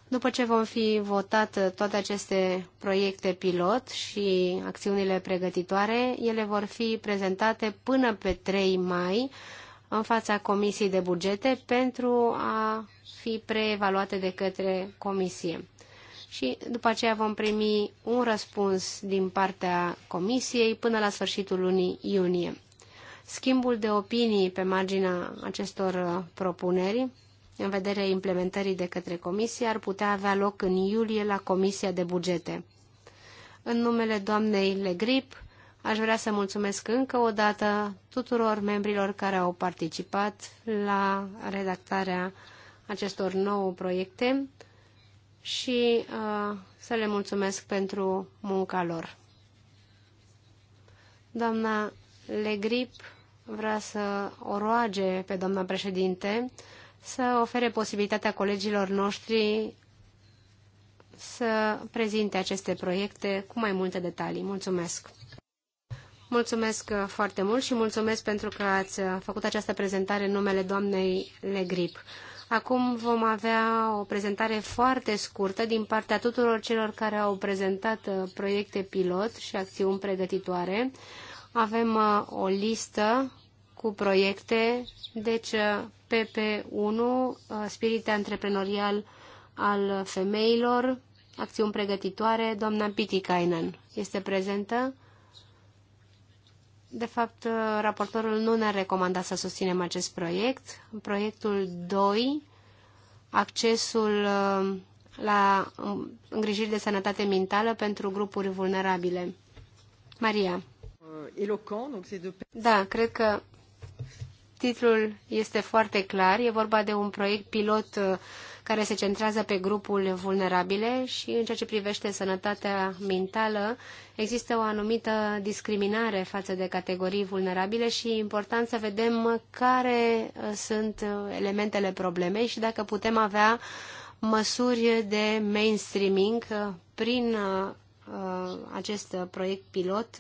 După ce vom fi votat toate aceste proiecte pilot și acțiunile pregătitoare, ele vor fi prezentate până pe 3 mai în fața Comisiei de Bugete pentru a fi preevaluate de către Comisie și după aceea vom primi un răspuns din partea Comisiei până la sfârșitul lunii iunie. Schimbul de opinii pe marginea acestor uh, propuneri în vederea implementării de către Comisie ar putea avea loc în iulie la Comisia de Bugete. În numele doamnei Legrip, aș vrea să mulțumesc încă o dată tuturor membrilor care au participat la redactarea acestor nouă proiecte și uh, să le mulțumesc pentru munca lor. Doamna Legrip vrea să o roage pe doamna președinte să ofere posibilitatea colegilor noștri să prezinte aceste proiecte cu mai multe detalii. Mulțumesc! Mulțumesc uh, foarte mult și mulțumesc pentru că ați uh, făcut această prezentare în numele doamnei Legrip. Acum vom avea o prezentare foarte scurtă din partea tuturor celor care au prezentat uh, proiecte pilot și acțiuni pregătitoare. Avem uh, o listă cu proiecte, deci uh, PP1, Spirit Antreprenorial al Femeilor, acțiuni pregătitoare, doamna Kainan este prezentă. De fapt, uh, raportorul nu ne-a recomandat să susținem acest proiect. Proiectul 2, accesul uh, la um, îngrijiri de sănătate mentală pentru grupuri vulnerabile. Maria. Uh, da, cred că titlul este foarte clar. E vorba de un proiect pilot care se centrează pe grupul vulnerabile și în ceea ce privește sănătatea mentală există o anumită discriminare față de categorii vulnerabile și e important să vedem care uh, sunt uh, elementele problemei și dacă putem avea măsuri de mainstreaming uh, prin acest proiect pilot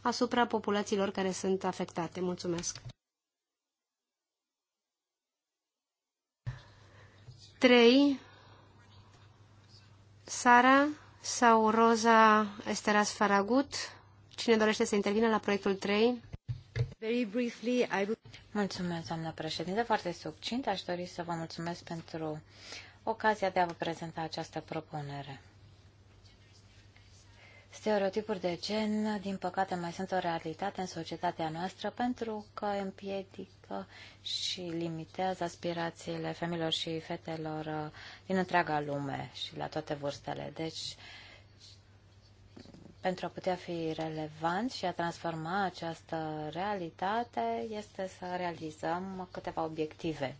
asupra populațiilor care sunt afectate. Mulțumesc! 3. Sara sau Rosa Esteras Faragut. Cine dorește să intervină la proiectul 3? Very briefly, I would... Mulțumesc, doamnă președinte. Foarte succint. Aș dori să vă mulțumesc pentru ocazia de a vă prezenta această propunere. Stereotipuri de gen, din păcate, mai sunt o realitate în societatea noastră pentru că împiedică și limitează aspirațiile femeilor și fetelor uh, din întreaga lume și la toate vârstele. Deci, pentru a putea fi relevant și a transforma această realitate, este să realizăm câteva obiective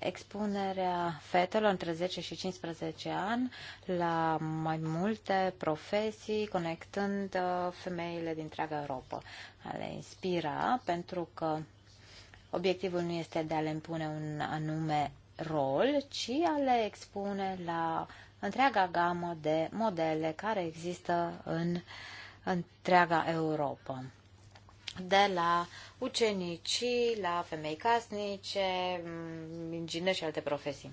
expunerea fetelor între 10 și 15 ani la mai multe profesii, conectând uh, femeile din întreaga Europa. A le inspira pentru că obiectivul nu este de a le impune un anume rol, ci a le expune la întreaga gamă de modele care există în întreaga Europa de la ucenicii, la femei casnice, mm, ingineri și alte profesii.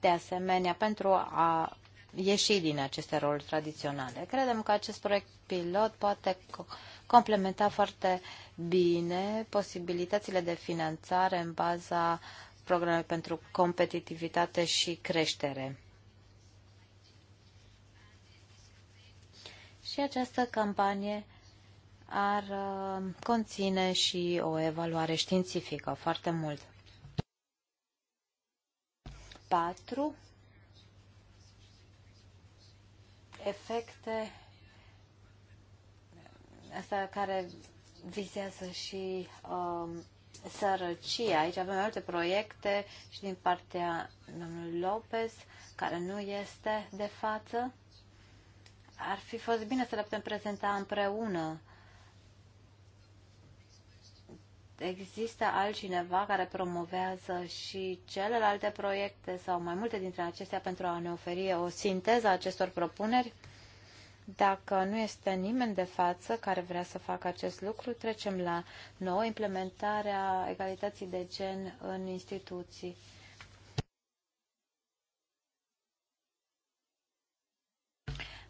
De asemenea, pentru a ieși din aceste roluri tradiționale, credem că acest proiect pilot poate complementa foarte bine posibilitățile de finanțare în baza programului pentru competitivitate și creștere. Și această campanie ar uh, conține și o evaluare științifică foarte mult. 4. Efecte asta care vizează și um, sărăcia. Aici avem alte proiecte și din partea domnului Lopez, care nu este de față. Ar fi fost bine să le putem prezenta împreună există altcineva care promovează și celelalte proiecte sau mai multe dintre acestea pentru a ne oferi o sinteză a acestor propuneri? Dacă nu este nimeni de față care vrea să facă acest lucru, trecem la nouă implementarea egalității de gen în instituții.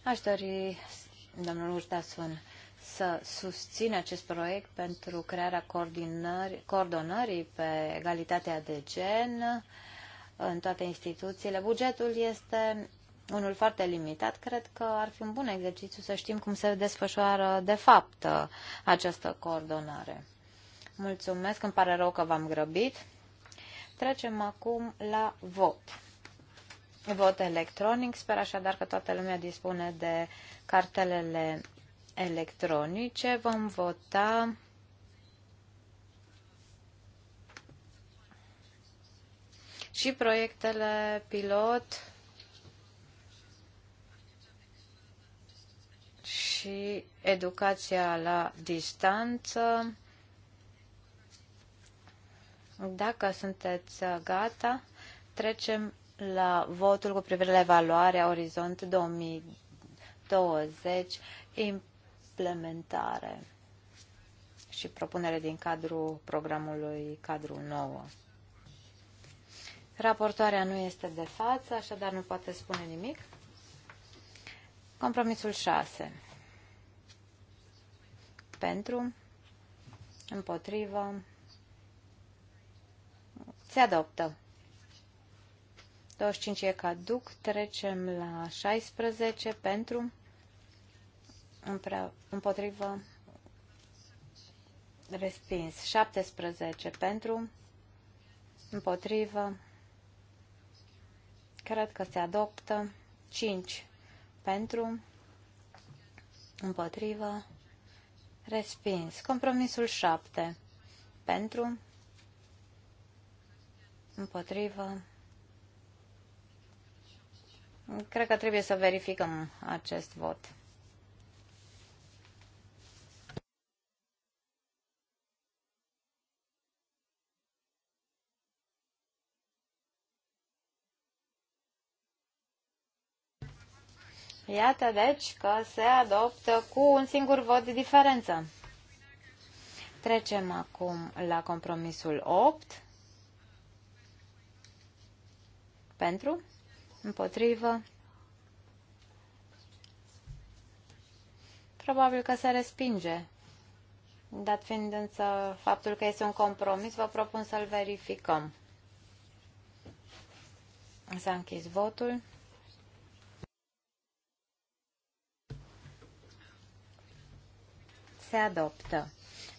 Aș dori, domnul Urtasun, să susțină acest proiect pentru crearea coordonării pe egalitatea de gen în toate instituțiile. Bugetul este unul foarte limitat. Cred că ar fi un bun exercițiu să știm cum se desfășoară de fapt această coordonare. Mulțumesc, îmi pare rău că v-am grăbit. Trecem acum la vot. Vot electronic. Sper așadar că toată lumea dispune de cartelele electronice. Vom vota și proiectele pilot și educația la distanță. Dacă sunteți gata, trecem la votul cu privire la evaluarea Orizont 2020, implementare și propunere din cadrul programului cadru 9. Raportoarea nu este de față, așadar nu poate spune nimic. Compromisul 6. Pentru, împotrivă, se adoptă. 25 e caduc, trecem la 16 pentru, împotrivă, respins. 17 pentru, împotrivă, cred că se adoptă. 5 pentru, împotrivă, respins. Compromisul 7 pentru, împotrivă, Cred că trebuie să verificăm acest vot. Iată deci că se adoptă cu un singur vot de diferență. Trecem acum la compromisul 8. Pentru? Împotrivă? Probabil că se respinge. Dat fiind însă faptul că este un compromis, vă propun să-l verificăm. S-a închis votul. se adoptă.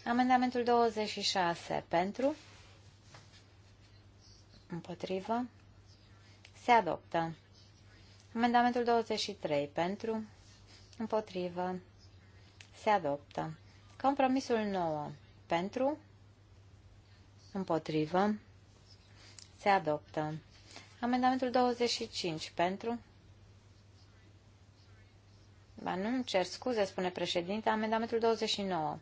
Amendamentul 26 pentru, împotrivă, se adoptă. Amendamentul 23 pentru, împotrivă, se adoptă. Compromisul 9 pentru, împotrivă, se adoptă. Amendamentul 25 pentru, Ba nu, cer scuze, spune președinte, amendamentul 29.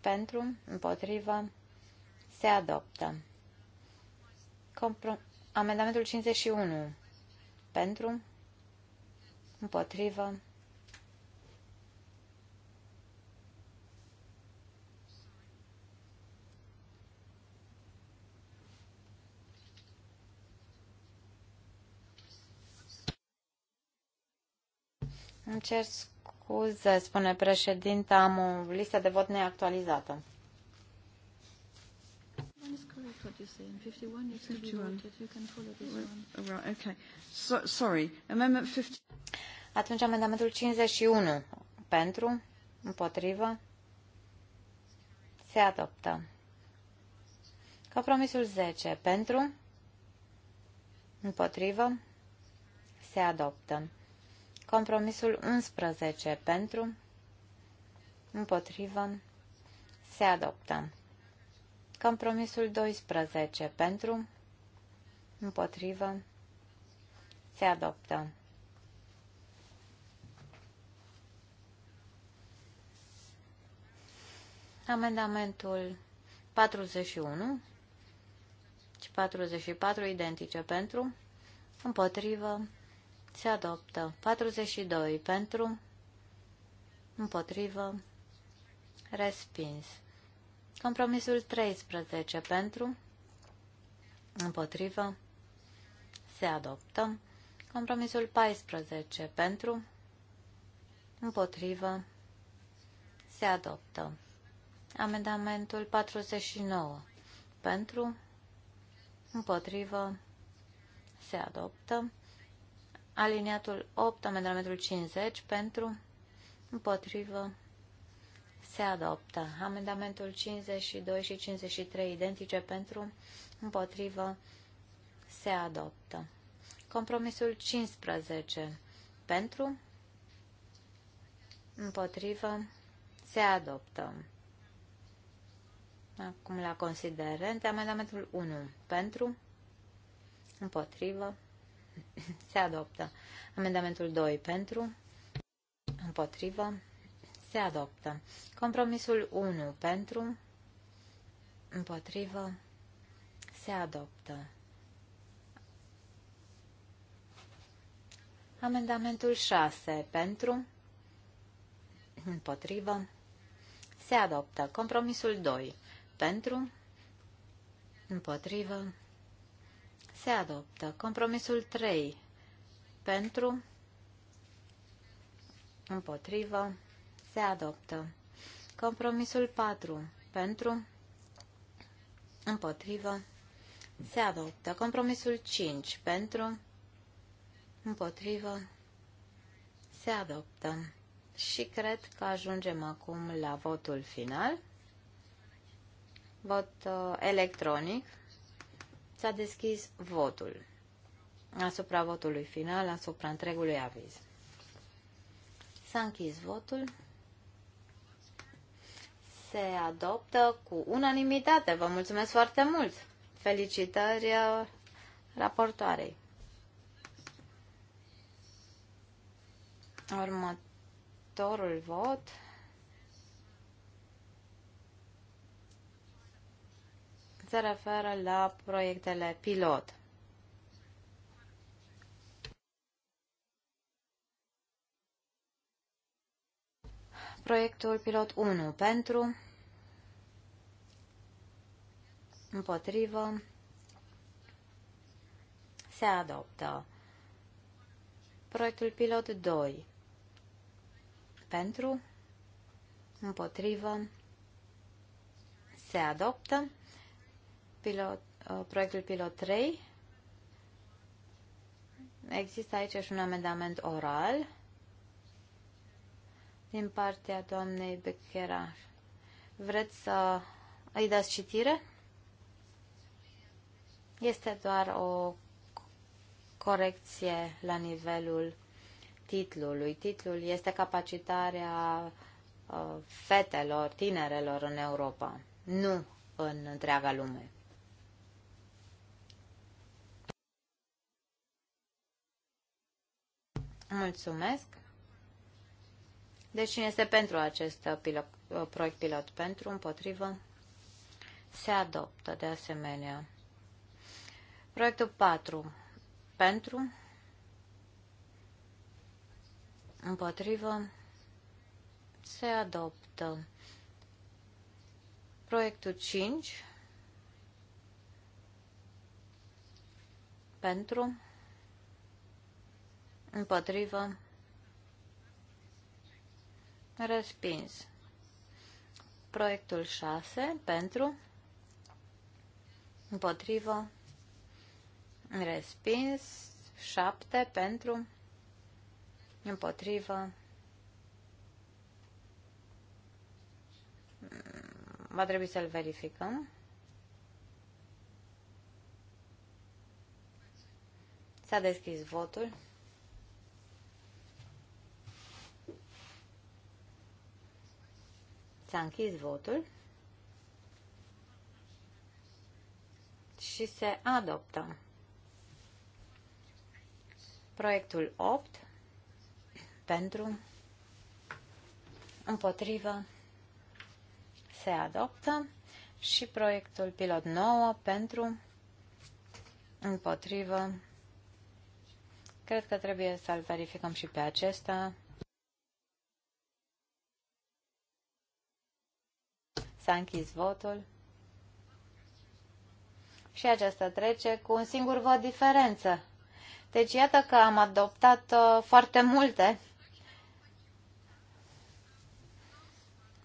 Pentru, împotrivă, se adoptă. Comprom amendamentul 51. Pentru, împotrivă, Îmi cer scuze, spune președinta, am o listă de vot neactualizată. Atunci amendamentul 51 pentru, împotrivă, se adoptă. Compromisul 10 pentru, împotrivă, se adoptă. Compromisul 11 pentru, împotrivă, se adoptă. Compromisul 12 pentru, împotrivă, se adoptă. Amendamentul 41 și 44 identice pentru, împotrivă, se adoptă. 42 pentru, împotrivă, respins. Compromisul 13 pentru, împotrivă, se adoptă. Compromisul 14 pentru, împotrivă, se adoptă. Amendamentul 49 pentru, împotrivă, se adoptă. Aliniatul 8, amendamentul 50 pentru, împotrivă, se adoptă. Amendamentul 52 și 53 identice pentru, împotrivă, se adoptă. Compromisul 15 pentru, împotrivă, se adoptă. Acum la considerente, amendamentul 1 pentru, împotrivă, se adoptă. Amendamentul 2 pentru. Împotrivă. Se adoptă. Compromisul 1 pentru. Împotrivă. Se adoptă. Amendamentul 6 pentru. Împotrivă. Se adoptă. Compromisul 2 pentru. Împotrivă se adoptă. Compromisul 3 pentru, împotrivă, se adoptă. Compromisul 4 pentru, împotrivă, se adoptă. Compromisul 5 pentru, împotrivă, se adoptă. Și cred că ajungem acum la votul final. Vot uh, electronic. S-a deschis votul asupra votului final, asupra întregului aviz. S-a închis votul. Se adoptă cu unanimitate. Vă mulțumesc foarte mult! Felicitări uh, raportoarei. Următorul vot se referă la proiectele pilot. Proiectul pilot 1 pentru, împotrivă, se adoptă. Proiectul pilot 2 pentru, împotrivă, se adoptă pilot, uh, proiectul pilot 3. Există aici și un amendament oral din partea doamnei Becchera. Vreți să îi dați citire? Este doar o corecție la nivelul titlului. Titlul este capacitarea uh, fetelor, tinerelor în Europa, nu în întreaga lume. Mulțumesc. Deci cine este pentru acest pilot, proiect pilot? Pentru, împotrivă? Se adoptă de asemenea. Proiectul 4. Pentru? Împotrivă? Se adoptă. Proiectul 5. Pentru? împotrivă, respins. Proiectul 6 pentru, împotrivă, respins, 7 pentru, împotrivă, va trebui să-l verificăm. S-a deschis votul. S-a închis votul și se adoptă. Proiectul 8 pentru împotrivă se adoptă și proiectul pilot 9 pentru împotrivă. Cred că trebuie să-l verificăm și pe acesta. S-a închis votul. Și aceasta trece cu un singur vot diferență. Deci iată că am adoptat uh, foarte multe.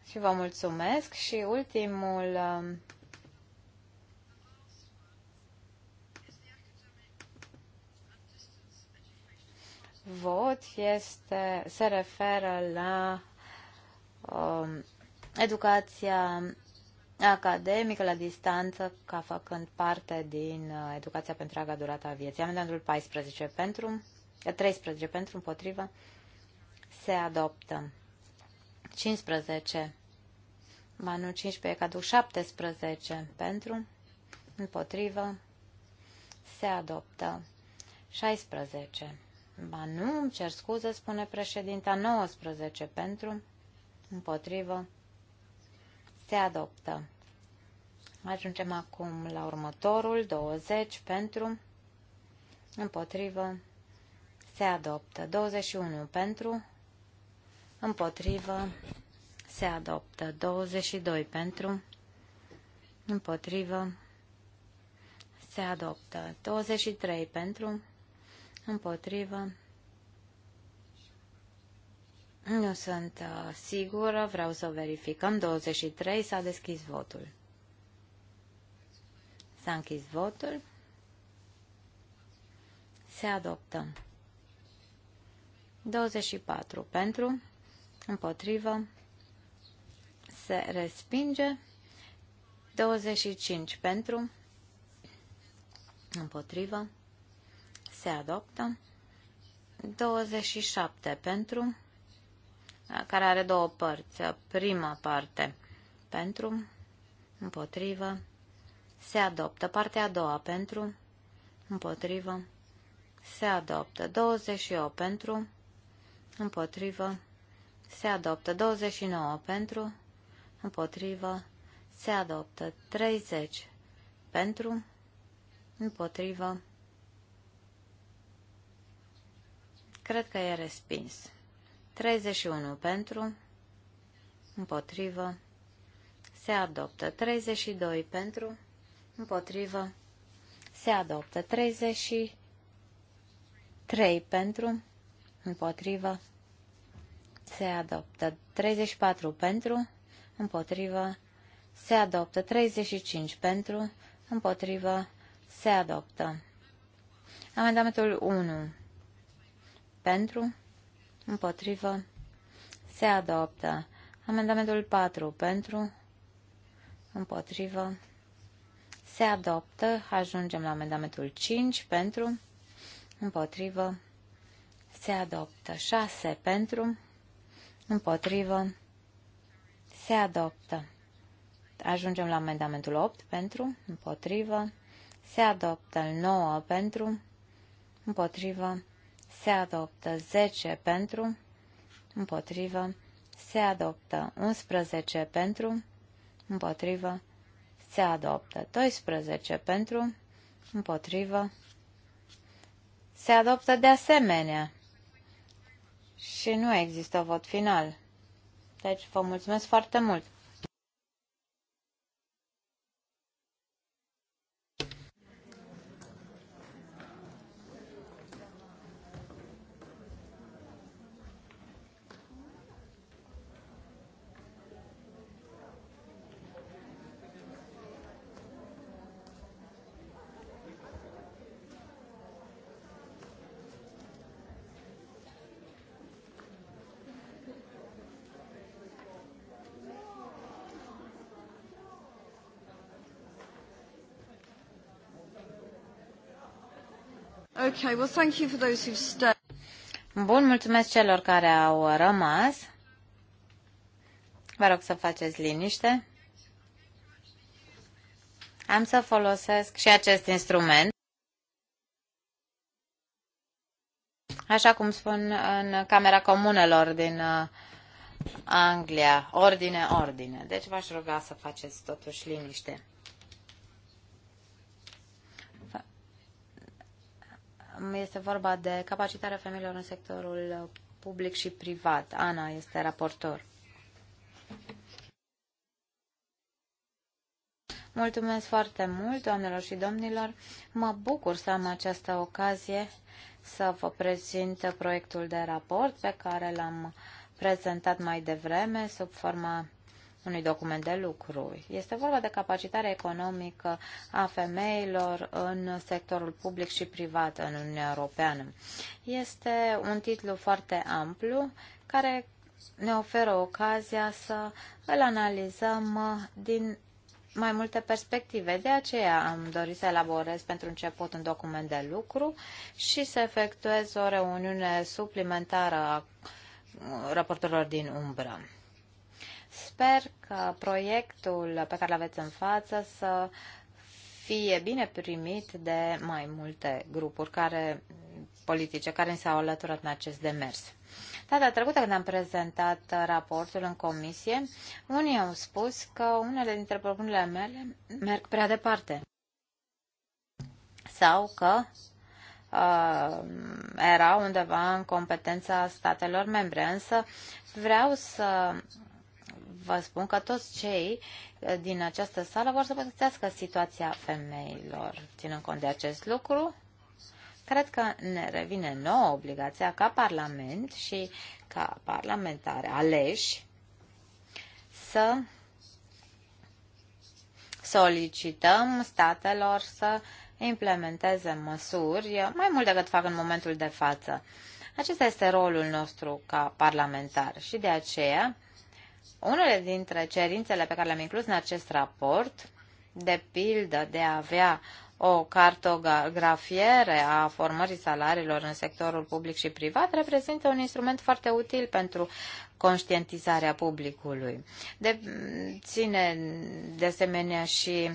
Și vă mulțumesc. Și ultimul uh, vot este, se referă la um, educația academică la distanță ca făcând parte din uh, educația pentru întreaga durată a vieții. Amendamentul 14 pentru, 13 uh, pentru împotrivă se adoptă. 15. Ba 15, caduc 17 pentru împotrivă se adoptă. 16. Ba nu, îmi cer scuze, spune președinta 19 pentru împotrivă se adoptă. Ajungem acum la următorul, 20, pentru, împotrivă, se adoptă. 21 pentru, împotrivă, se adoptă. 22 pentru, împotrivă, se adoptă. 23 pentru, împotrivă, nu sunt uh, sigură, vreau să verificăm. 23 s-a deschis votul. S-a închis votul. Se adoptă. 24 pentru, împotrivă, se respinge. 25 pentru, împotrivă, se adoptă. 27 pentru, care are două părți. Prima parte pentru, împotrivă, se adoptă. Partea a doua pentru, împotrivă, se adoptă. 28 pentru, împotrivă, se adoptă. 29 pentru, împotrivă, se adoptă. 30 pentru, împotrivă, cred că e respins. 31 pentru, împotrivă, se adoptă. 32 pentru, împotrivă, se adoptă. 33 pentru, împotrivă, se adoptă. 34 pentru, împotrivă, se adoptă. 35 pentru, împotrivă, se adoptă. Amendamentul 1 pentru, Împotrivă. Se adoptă. Amendamentul 4 pentru. Împotrivă. Se adoptă. Ajungem la amendamentul 5 pentru. Împotrivă. Se adoptă. 6 pentru. Împotrivă. Se adoptă. Ajungem la amendamentul 8 pentru. Împotrivă. Se adoptă. 9 pentru. Împotrivă se adoptă 10 pentru, împotrivă, se adoptă 11 pentru, împotrivă, se adoptă 12 pentru, împotrivă, se adoptă de asemenea și nu există vot final. Deci vă mulțumesc foarte mult! Okay, well, thank you for those who've stayed. Bun, mulțumesc celor care au rămas. Vă rog să faceți liniște. Am să folosesc și acest instrument. Așa cum spun în Camera Comunelor din uh, Anglia, ordine, ordine. Deci v-aș ruga să faceți totuși liniște. Este vorba de capacitarea femeilor în sectorul public și privat. Ana este raportor. Mulțumesc foarte mult, doamnelor și domnilor. Mă bucur să am această ocazie să vă prezint proiectul de raport pe care l-am prezentat mai devreme sub forma unui document de lucru. Este vorba de capacitarea economică a femeilor în sectorul public și privat în Uniunea Europeană. Este un titlu foarte amplu care ne oferă ocazia să îl analizăm din mai multe perspective. De aceea am dorit să elaborez pentru început un document de lucru și să efectuez o reuniune suplimentară a raportorilor din umbră. Sper că proiectul pe care l aveți în față să fie bine primit de mai multe grupuri care, politice care s-au alăturat în acest demers. Data trecută când am prezentat raportul în comisie, unii au spus că unele dintre propunerile mele merg prea departe sau că uh, era undeva în competența statelor membre. Însă vreau să vă spun că toți cei eh, din această sală vor să pățească situația femeilor. Ținând cont de acest lucru, cred că ne revine nouă obligația ca Parlament și ca parlamentare aleși să solicităm statelor să implementeze măsuri mai mult decât fac în momentul de față. Acesta este rolul nostru ca parlamentar și de aceea unele dintre cerințele pe care le-am inclus în acest raport, de pildă de a avea o cartografiere a formării salariilor în sectorul public și privat reprezintă un instrument foarte util pentru conștientizarea publicului. De, ține de asemenea și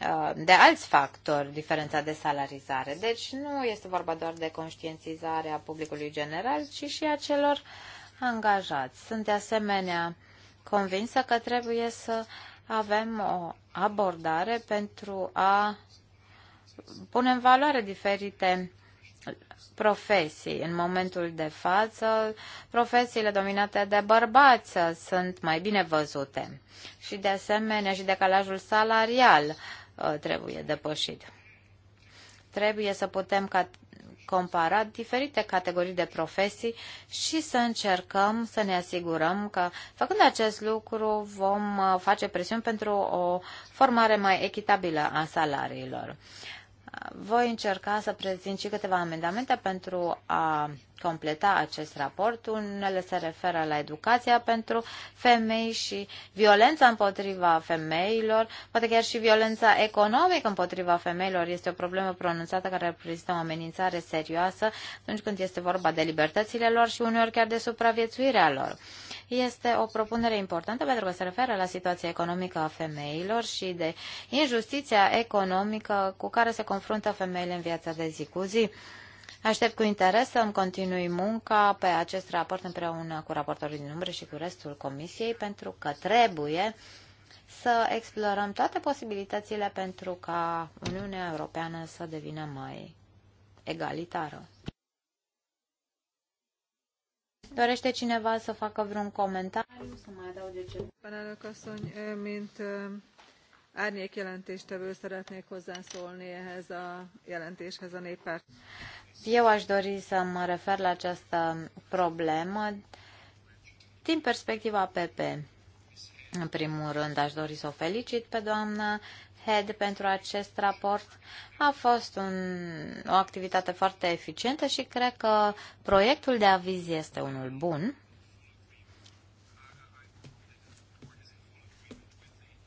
uh, de alți factori diferența de salarizare. Deci nu este vorba doar de conștientizarea publicului general, ci și a celor angajați. Sunt de asemenea convinsă că trebuie să avem o abordare pentru a pune în valoare diferite profesii. În momentul de față, profesiile dominate de bărbați sunt mai bine văzute și, de asemenea, și decalajul salarial uh, trebuie depășit. Trebuie să putem compara diferite categorii de profesii și să încercăm să ne asigurăm că, făcând acest lucru, vom uh, face presiuni pentru o formare mai echitabilă a salariilor. Voi încerca să prezint și câteva amendamente pentru a completa acest raport. Unele se referă la educația pentru femei și violența împotriva femeilor, poate chiar și violența economică împotriva femeilor este o problemă pronunțată care reprezintă o amenințare serioasă atunci când este vorba de libertățile lor și uneori chiar de supraviețuirea lor. Este o propunere importantă pentru că se referă la situația economică a femeilor și de injustiția economică cu care se confruntă femeile în viața de zi cu zi. Aștept cu interes să mi continui munca pe acest raport împreună cu raportorii din umbră și cu restul comisiei, pentru că trebuie să explorăm toate posibilitățile pentru ca Uniunea Europeană să devină mai egalitară. Dorește cineva să facă vreun comentariu, să mai adauge ceva? Elnök asszony, eh, mint eh, árnyék jelentéstevő szeretnék hozzászólni ehhez a jelentéshez a néppárt. Eu aș dori să mă refer la această problemă din perspectiva PP. În primul rând, aș dori să o felicit pe doamna Head pentru acest raport. A fost un, o activitate foarte eficientă și cred că proiectul de aviz este unul bun.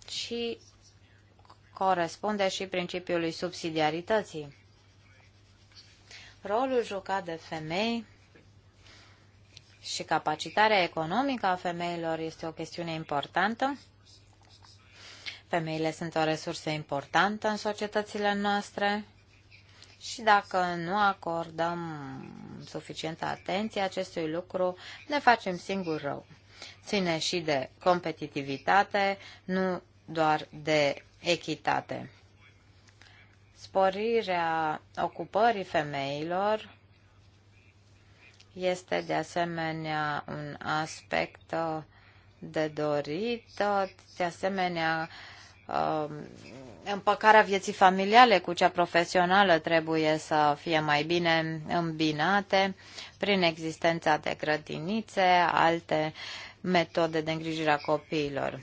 Și corespunde și principiului subsidiarității rolul jucat de femei și capacitarea economică a femeilor este o chestiune importantă. Femeile sunt o resursă importantă în societățile noastre și dacă nu acordăm suficientă atenție acestui lucru, ne facem singur rău. Ține și de competitivitate, nu doar de echitate. Sporirea ocupării femeilor este de asemenea un aspect uh, de dorit, uh, de asemenea um, împăcarea vieții familiale cu cea profesională trebuie să fie mai bine îmbinate prin existența de grădinițe, alte metode de îngrijire a copiilor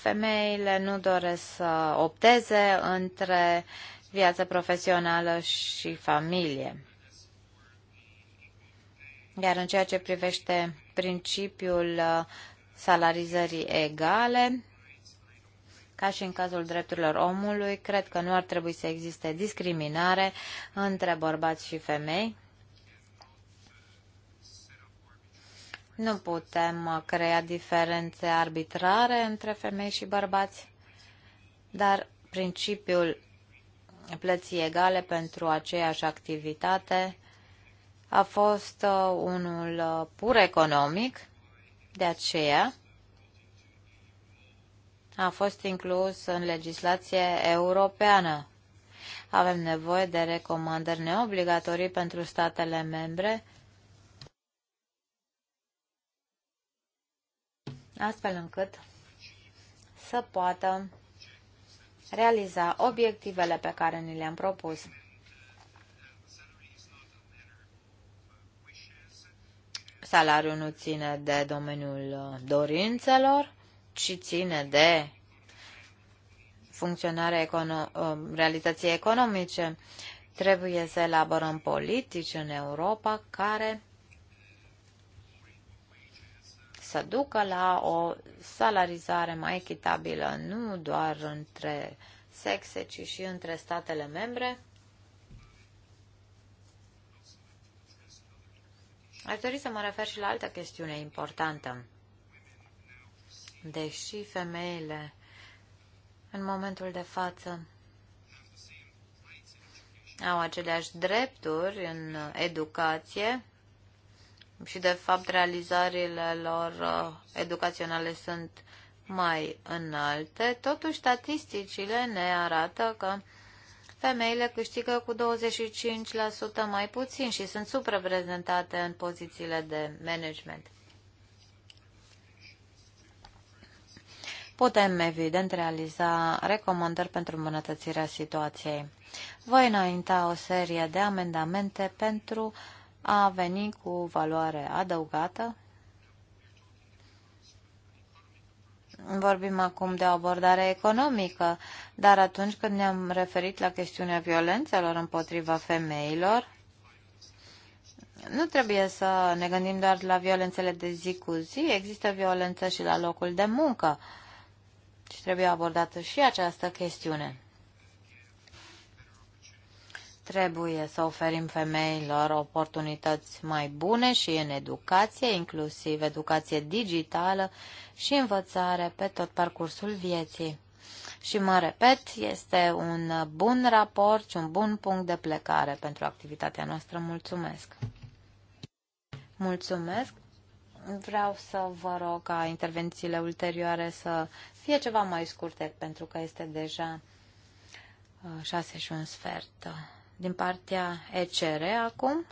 femeile nu doresc să opteze între viața profesională și familie. Iar în ceea ce privește principiul uh, salarizării egale, ca și în cazul drepturilor omului, cred că nu ar trebui să existe discriminare între bărbați și femei, Nu putem uh, crea diferențe arbitrare între femei și bărbați, dar principiul plății egale pentru aceeași activitate a fost uh, unul uh, pur economic, de aceea a fost inclus în legislație europeană. Avem nevoie de recomandări neobligatorii pentru statele membre astfel încât să poată realiza obiectivele pe care ni le-am propus. Salariul nu ține de domeniul uh, dorințelor, ci ține de funcționarea econo- uh, realității economice. Trebuie să elaborăm politici în Europa care să ducă la o salarizare mai echitabilă, nu doar între sexe, ci și între statele membre. Aș dori să mă refer și la altă chestiune importantă. Deși femeile în momentul de față au aceleași drepturi în educație, și de fapt realizările lor uh, educaționale sunt mai înalte, totuși statisticile ne arată că femeile câștigă cu 25% mai puțin și sunt supraprezentate în pozițiile de management. Putem, evident, realiza recomandări pentru îmbunătățirea situației. Voi înainta o serie de amendamente pentru uh, a veni cu valoare adăugată. Vorbim acum de o abordare economică, dar atunci când ne-am referit la chestiunea violențelor împotriva femeilor, nu trebuie să ne gândim doar la violențele de zi cu zi, există violență și la locul de muncă. Și trebuie abordată și această chestiune. Trebuie să oferim femeilor oportunități mai bune și în educație, inclusiv educație digitală și învățare pe tot parcursul vieții. Și mă repet, este un bun raport și un bun punct de plecare pentru activitatea noastră. Mulțumesc! Mulțumesc! Vreau să vă rog ca intervențiile ulterioare să fie ceva mai scurte, pentru că este deja uh, șase și un sfert din partea ECR acum.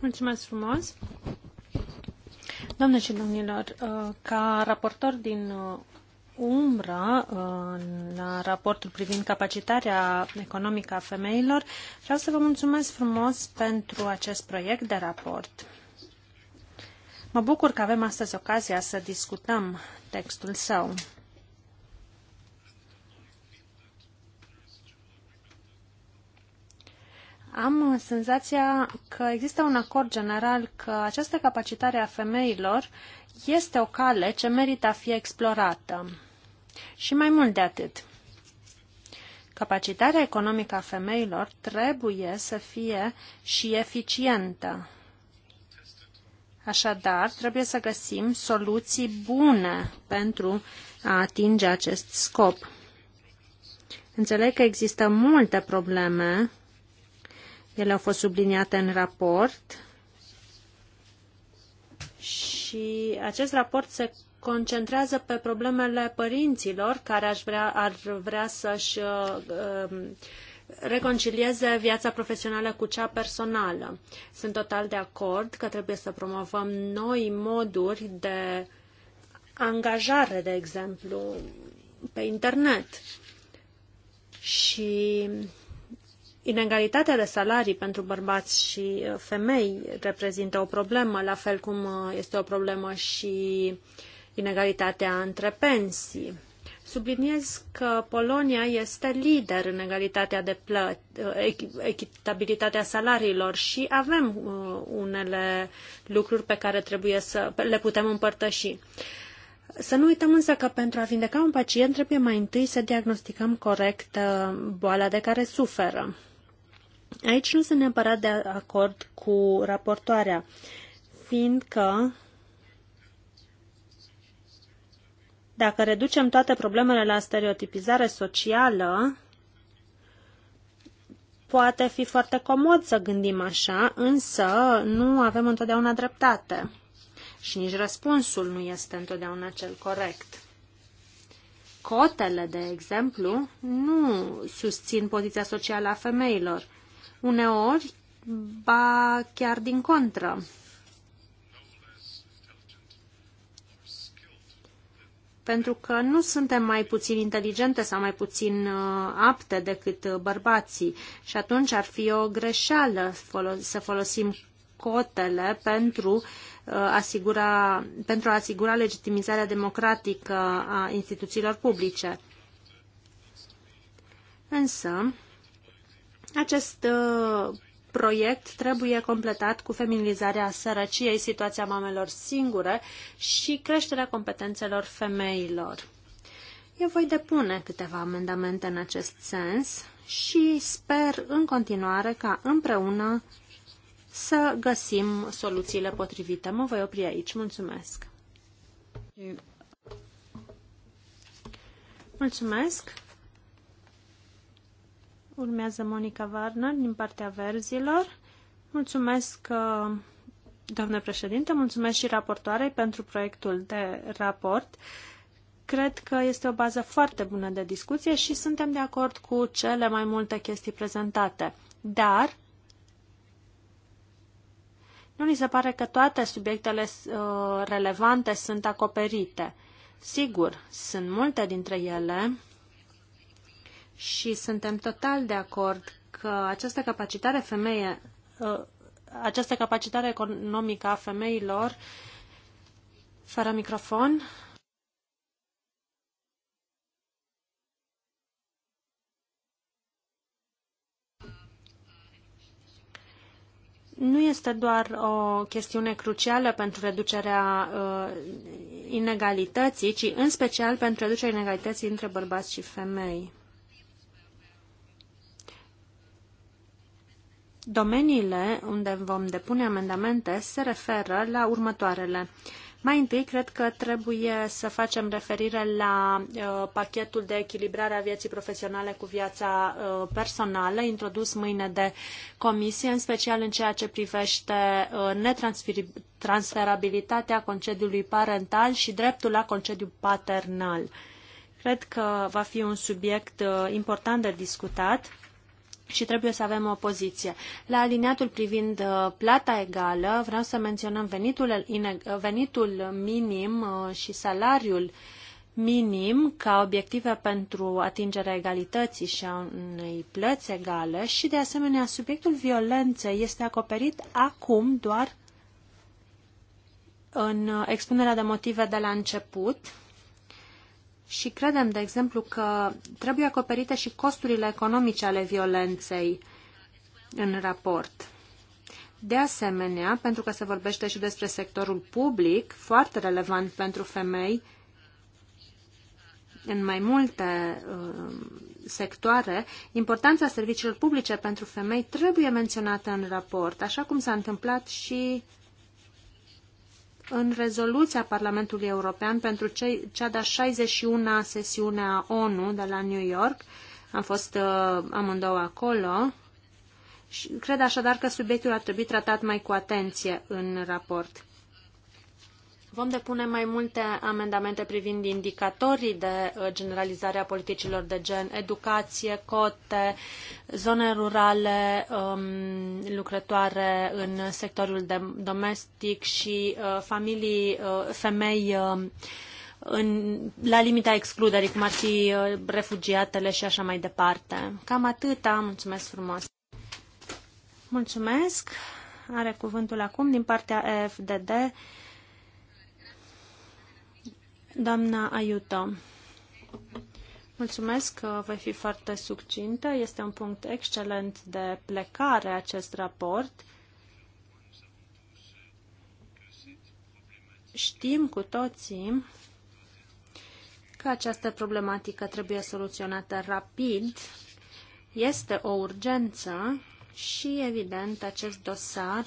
Mulțumesc frumos! Doamne și domnilor, ca raportor din umbră la raportul privind capacitarea economică a femeilor, vreau să vă mulțumesc frumos pentru acest proiect de raport. Mă bucur că avem astăzi ocazia să discutăm textul său. Am uh, senzația că există un acord general că această capacitare a femeilor este o cale ce merită a fi explorată. Și mai mult de atât, capacitatea economică a femeilor trebuie să fie și eficientă. Așadar, trebuie să găsim soluții bune pentru a atinge acest scop. Înțeleg că există multe probleme ele au fost subliniate în raport și acest raport se concentrează pe problemele părinților care aș vrea, ar vrea să-și uh, um, reconcilieze viața profesională cu cea personală. Sunt total de acord că trebuie să promovăm noi moduri de angajare, de exemplu, pe internet. Și Inegalitatea de salarii pentru bărbați și uh, femei reprezintă o problemă, la fel cum uh, este o problemă și inegalitatea între pensii. Subliniez că Polonia este lider în egalitatea de plăți, uh, echitabilitatea salariilor și avem unele lucruri pe care trebuie să le putem împărtăși. Să nu uităm însă că pentru a vindeca un pacient trebuie mai întâi să diagnosticăm corect boala de care suferă. Aici nu sunt neapărat de acord cu raportoarea, fiindcă dacă reducem toate problemele la stereotipizare socială, poate fi foarte comod să gândim așa, însă nu avem întotdeauna dreptate și nici răspunsul nu este întotdeauna cel corect. Cotele, de exemplu, nu susțin poziția socială a femeilor. Uneori, ba chiar din contră. Pentru că nu suntem mai puțin inteligente sau mai puțin uh, apte decât uh, bărbații și atunci ar fi o greșeală să folosim cotele pentru, uh, asigura, pentru a asigura legitimizarea democratică a instituțiilor publice. Însă, acest uh, proiect trebuie completat cu feminizarea sărăciei, situația mamelor singure și creșterea competențelor femeilor. Eu voi depune câteva amendamente în acest sens și sper în continuare ca împreună să găsim soluțiile potrivite. Mă voi opri aici. Mulțumesc! Mulțumesc! Urmează Monica Warner din partea verzilor. Mulțumesc, uh, doamnă președinte, mulțumesc și raportoarei pentru proiectul de raport. Cred că este o bază foarte bună de discuție și suntem de acord cu cele mai multe chestii prezentate. Dar nu ni se pare că toate subiectele uh, relevante sunt acoperite. Sigur, sunt multe dintre ele și suntem total de acord că această capacitate femeie, ă, această capacitate economică a femeilor fără microfon nu este doar o chestiune crucială pentru reducerea uh, inegalității, ci în special pentru reducerea inegalității între bărbați și femei. Domeniile unde vom depune amendamente se referă la următoarele. Mai întâi, cred că trebuie să facem referire la uh, pachetul de echilibrare a vieții profesionale cu viața uh, personală, introdus mâine de comisie, în special în ceea ce privește uh, netransferabilitatea concediului parental și dreptul la concediu paternal. Cred că va fi un subiect uh, important de discutat și trebuie să avem o poziție. La aliniatul privind uh, plata egală, vreau să menționăm venitul, venitul minim uh, și salariul minim ca obiective pentru atingerea egalității și a unei plăți egale și, de asemenea, subiectul violenței este acoperit acum doar în uh, expunerea de motive de la început, și credem, de exemplu, că trebuie acoperite și costurile economice ale violenței în raport. De asemenea, pentru că se vorbește și despre sectorul public, foarte relevant pentru femei, în mai multe uh, sectoare, importanța serviciilor publice pentru femei trebuie menționată în raport, așa cum s-a întâmplat și uh, în rezoluția Parlamentului European pentru cea de-a 61-a sesiune a ONU de la New York. Am fost uh, amândouă acolo. Și cred așadar că subiectul ar trebui tratat mai cu atenție în raport. Vom depune mai multe amendamente privind indicatorii de uh, generalizare a politicilor de gen, educație, cote, zone rurale, um, lucrătoare în sectorul domestic și uh, familii, uh, femei în, la limita excluderii, cum ar fi refugiatele și așa mai departe. Cam atâta. Mulțumesc frumos. Mulțumesc. Are cuvântul acum din partea EFDD Doamna Ayuto, mulțumesc că voi fi foarte succintă. Este un punct excelent de plecare acest raport. Știm cu toții că această problematică trebuie soluționată rapid, este o urgență și, evident, acest dosar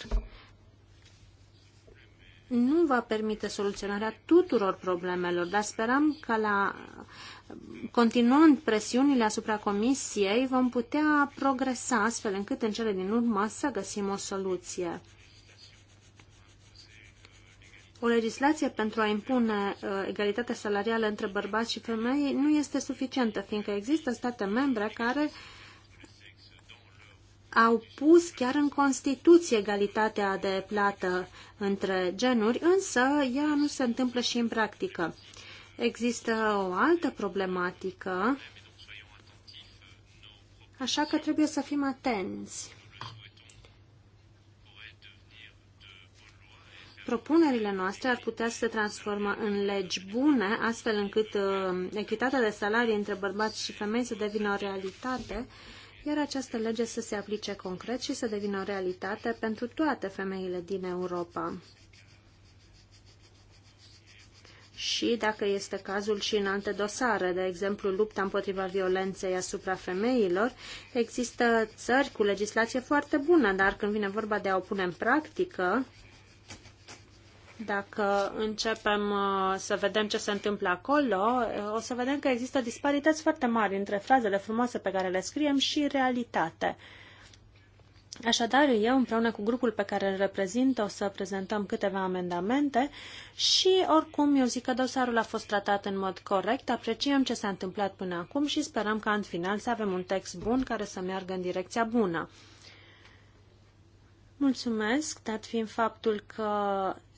nu va permite soluționarea tuturor problemelor, dar sperăm că la continuând presiunile asupra Comisiei vom putea progresa astfel încât în cele din urmă să găsim o soluție. O legislație pentru a impune uh, egalitatea salarială între bărbați și femei nu este suficientă, fiindcă există state membre care uh, au pus chiar în Constituție egalitatea de plată între genuri, însă ea nu se întâmplă și în practică. Există o altă problematică, așa că trebuie să fim atenți. Propunerile noastre ar putea să se transformă în legi bune, astfel încât uh, echitatea de salarii între bărbați și femei să devină o realitate, uh, iar această lege să se aplice concret și să devină o realitate pentru toate femeile din Europa. Și, dacă este cazul, și în alte dosare, de exemplu, lupta împotriva violenței asupra femeilor, există țări cu legislație foarte bună, dar când vine vorba de a o pune în practică, dacă începem uh, să vedem ce se întâmplă acolo, uh, o să vedem că există disparități foarte mari între frazele frumoase pe care le scriem și realitate. Așadar, eu împreună cu grupul pe care îl reprezint o să prezentăm câteva amendamente și oricum eu zic că dosarul a fost tratat în mod corect, apreciem ce s-a întâmplat până acum și sperăm ca în final să avem un text bun care să meargă în direcția bună. Mulțumesc, dat fiind faptul că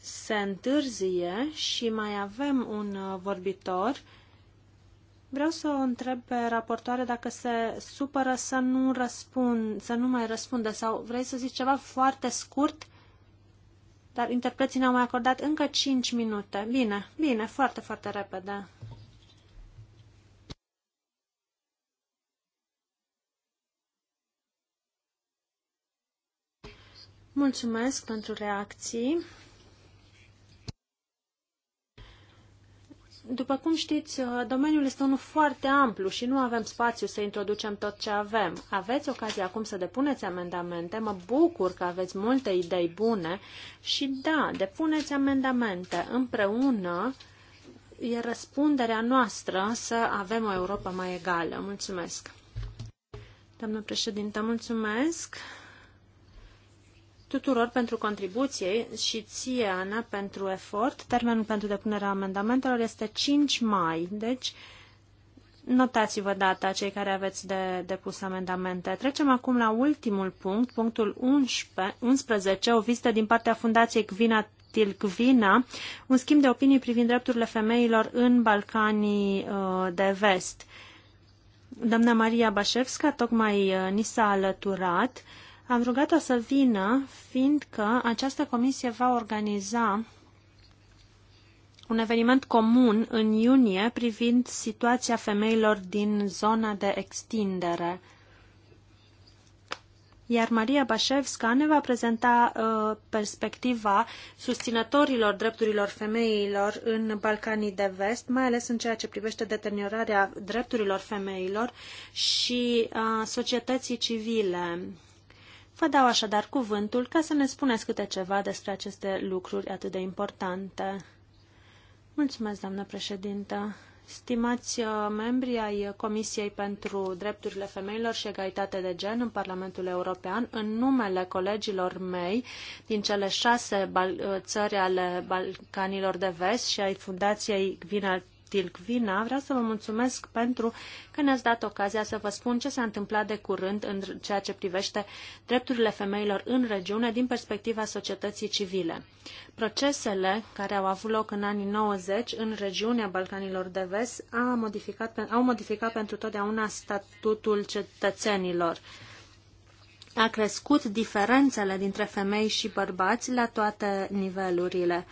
se întârzie și mai avem un uh, vorbitor. Vreau să o întreb pe raportoare dacă se supără să nu, răspund, să nu mai răspundă sau vrei să zici ceva foarte scurt, dar interpreții ne-au mai acordat încă 5 minute. Bine, bine, foarte, foarte repede. Mulțumesc pentru reacții. După cum știți, uh, domeniul este unul foarte amplu și nu avem spațiu să introducem tot ce avem. Aveți ocazia acum să depuneți amendamente. Mă bucur că aveți multe idei bune și da, depuneți amendamente împreună. E răspunderea noastră să avem o Europa mai egală. Mulțumesc. Doamnă președintă, mulțumesc tuturor pentru contribuție și ție, Ana, pentru efort. Termenul pentru depunerea amendamentelor este 5 mai, deci notați-vă data cei care aveți de depus amendamente. Trecem acum la ultimul punct, punctul 11, 11 o vizită din partea Fundației Gvina Tilgvina, un schimb de opinii privind drepturile femeilor în Balcanii uh, de Vest. Doamna Maria Bașevska tocmai uh, ni s-a alăturat. Uh, am rugat-o să vină, fiindcă această comisie va organiza un eveniment comun în iunie privind situația femeilor din zona de extindere. Iar Maria Bașevska ne va prezenta uh, perspectiva susținătorilor drepturilor femeilor în Balcanii de Vest, mai ales în ceea ce privește deteriorarea drepturilor femeilor și uh, societății civile Vă dau așadar cuvântul ca să ne spuneți câte ceva despre aceste lucruri atât de importante. Mulțumesc, doamnă președintă. Stimați uh, membri ai Comisiei pentru Drepturile Femeilor și Egalitate de Gen în Parlamentul European, în numele colegilor mei din cele șase uh, țări ale Balcanilor de Vest și ai Fundației Gvina Tilkvina, vreau să vă mulțumesc pentru că ne-ați dat ocazia să vă spun ce s-a întâmplat de curând în ceea ce privește drepturile femeilor în regiune din perspectiva societății civile. Procesele care au avut loc în anii 90 în regiunea Balcanilor de Vest au modificat, au modificat pentru totdeauna statutul cetățenilor a crescut diferențele dintre femei și bărbați la toate nivelurile.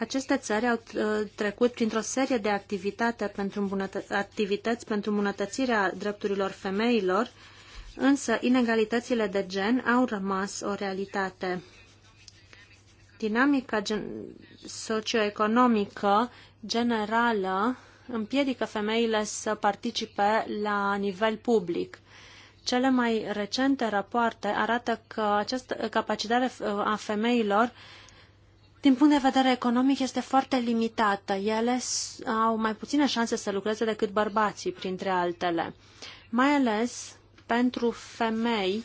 Aceste țări au uh, trecut printr-o serie de activitate pentru activități pentru îmbunătățirea drepturilor femeilor, însă inegalitățile de gen au rămas o realitate. Dinamica gen- socioeconomică generală împiedică femeile să participe la nivel public. Cele mai recente rapoarte arată că această capacitate uh, a femeilor din punct de vedere economic, este foarte limitată. Ele au mai puține șanse să lucreze decât bărbații, printre altele. Mai ales pentru femei,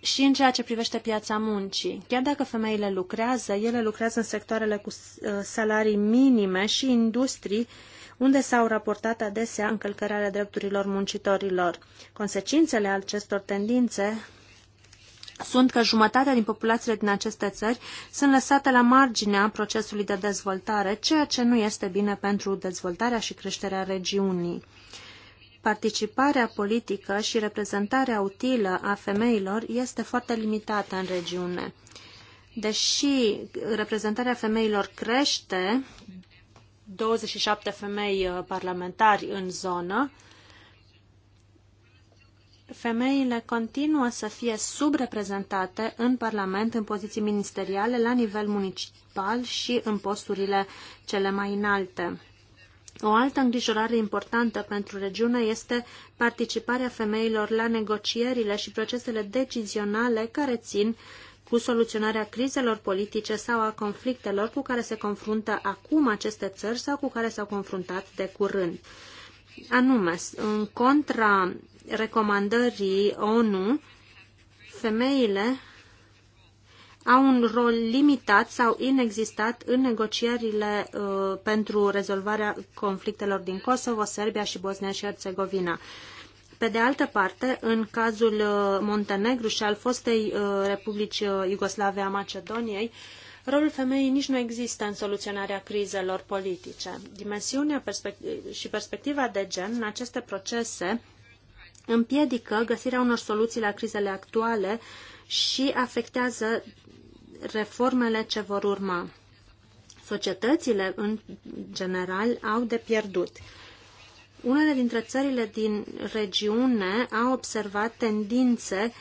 și în ceea ce privește piața muncii. Chiar dacă femeile lucrează, ele lucrează în sectoarele cu uh, salarii minime și industrii unde s-au raportat adesea încălcări ale drepturilor muncitorilor. Consecințele acestor tendințe sunt că jumătatea din populațiile din aceste țări sunt lăsate la marginea procesului de dezvoltare, ceea ce nu este bine pentru dezvoltarea și creșterea regiunii. Participarea politică și reprezentarea utilă a femeilor este foarte limitată în regiune. Deși reprezentarea femeilor crește, 27 femei uh, parlamentari în zonă, femeile continuă să fie subreprezentate în Parlament, în poziții ministeriale, la nivel municipal și în posturile cele mai înalte. O altă îngrijorare importantă pentru regiune este participarea femeilor la negocierile și procesele decizionale care țin cu soluționarea crizelor politice sau a conflictelor cu care se confruntă acum aceste țări sau cu care s-au confruntat de curând. Anume, în contra recomandării ONU, femeile au un rol limitat sau inexistat în negocierile uh, pentru rezolvarea conflictelor din Kosovo, Serbia și Bosnia și Herțegovina. Pe de altă parte, în cazul uh, Montenegru și al fostei uh, Republici uh, Iugoslave a Macedoniei, rolul femeii nici nu există în soluționarea crizelor politice. Dimensiunea perspect și perspectiva de gen în aceste procese împiedică găsirea unor soluții la crizele actuale și afectează reformele ce vor urma. Societățile, în general, au de pierdut. Unele dintre țările din regiune au observat tendințe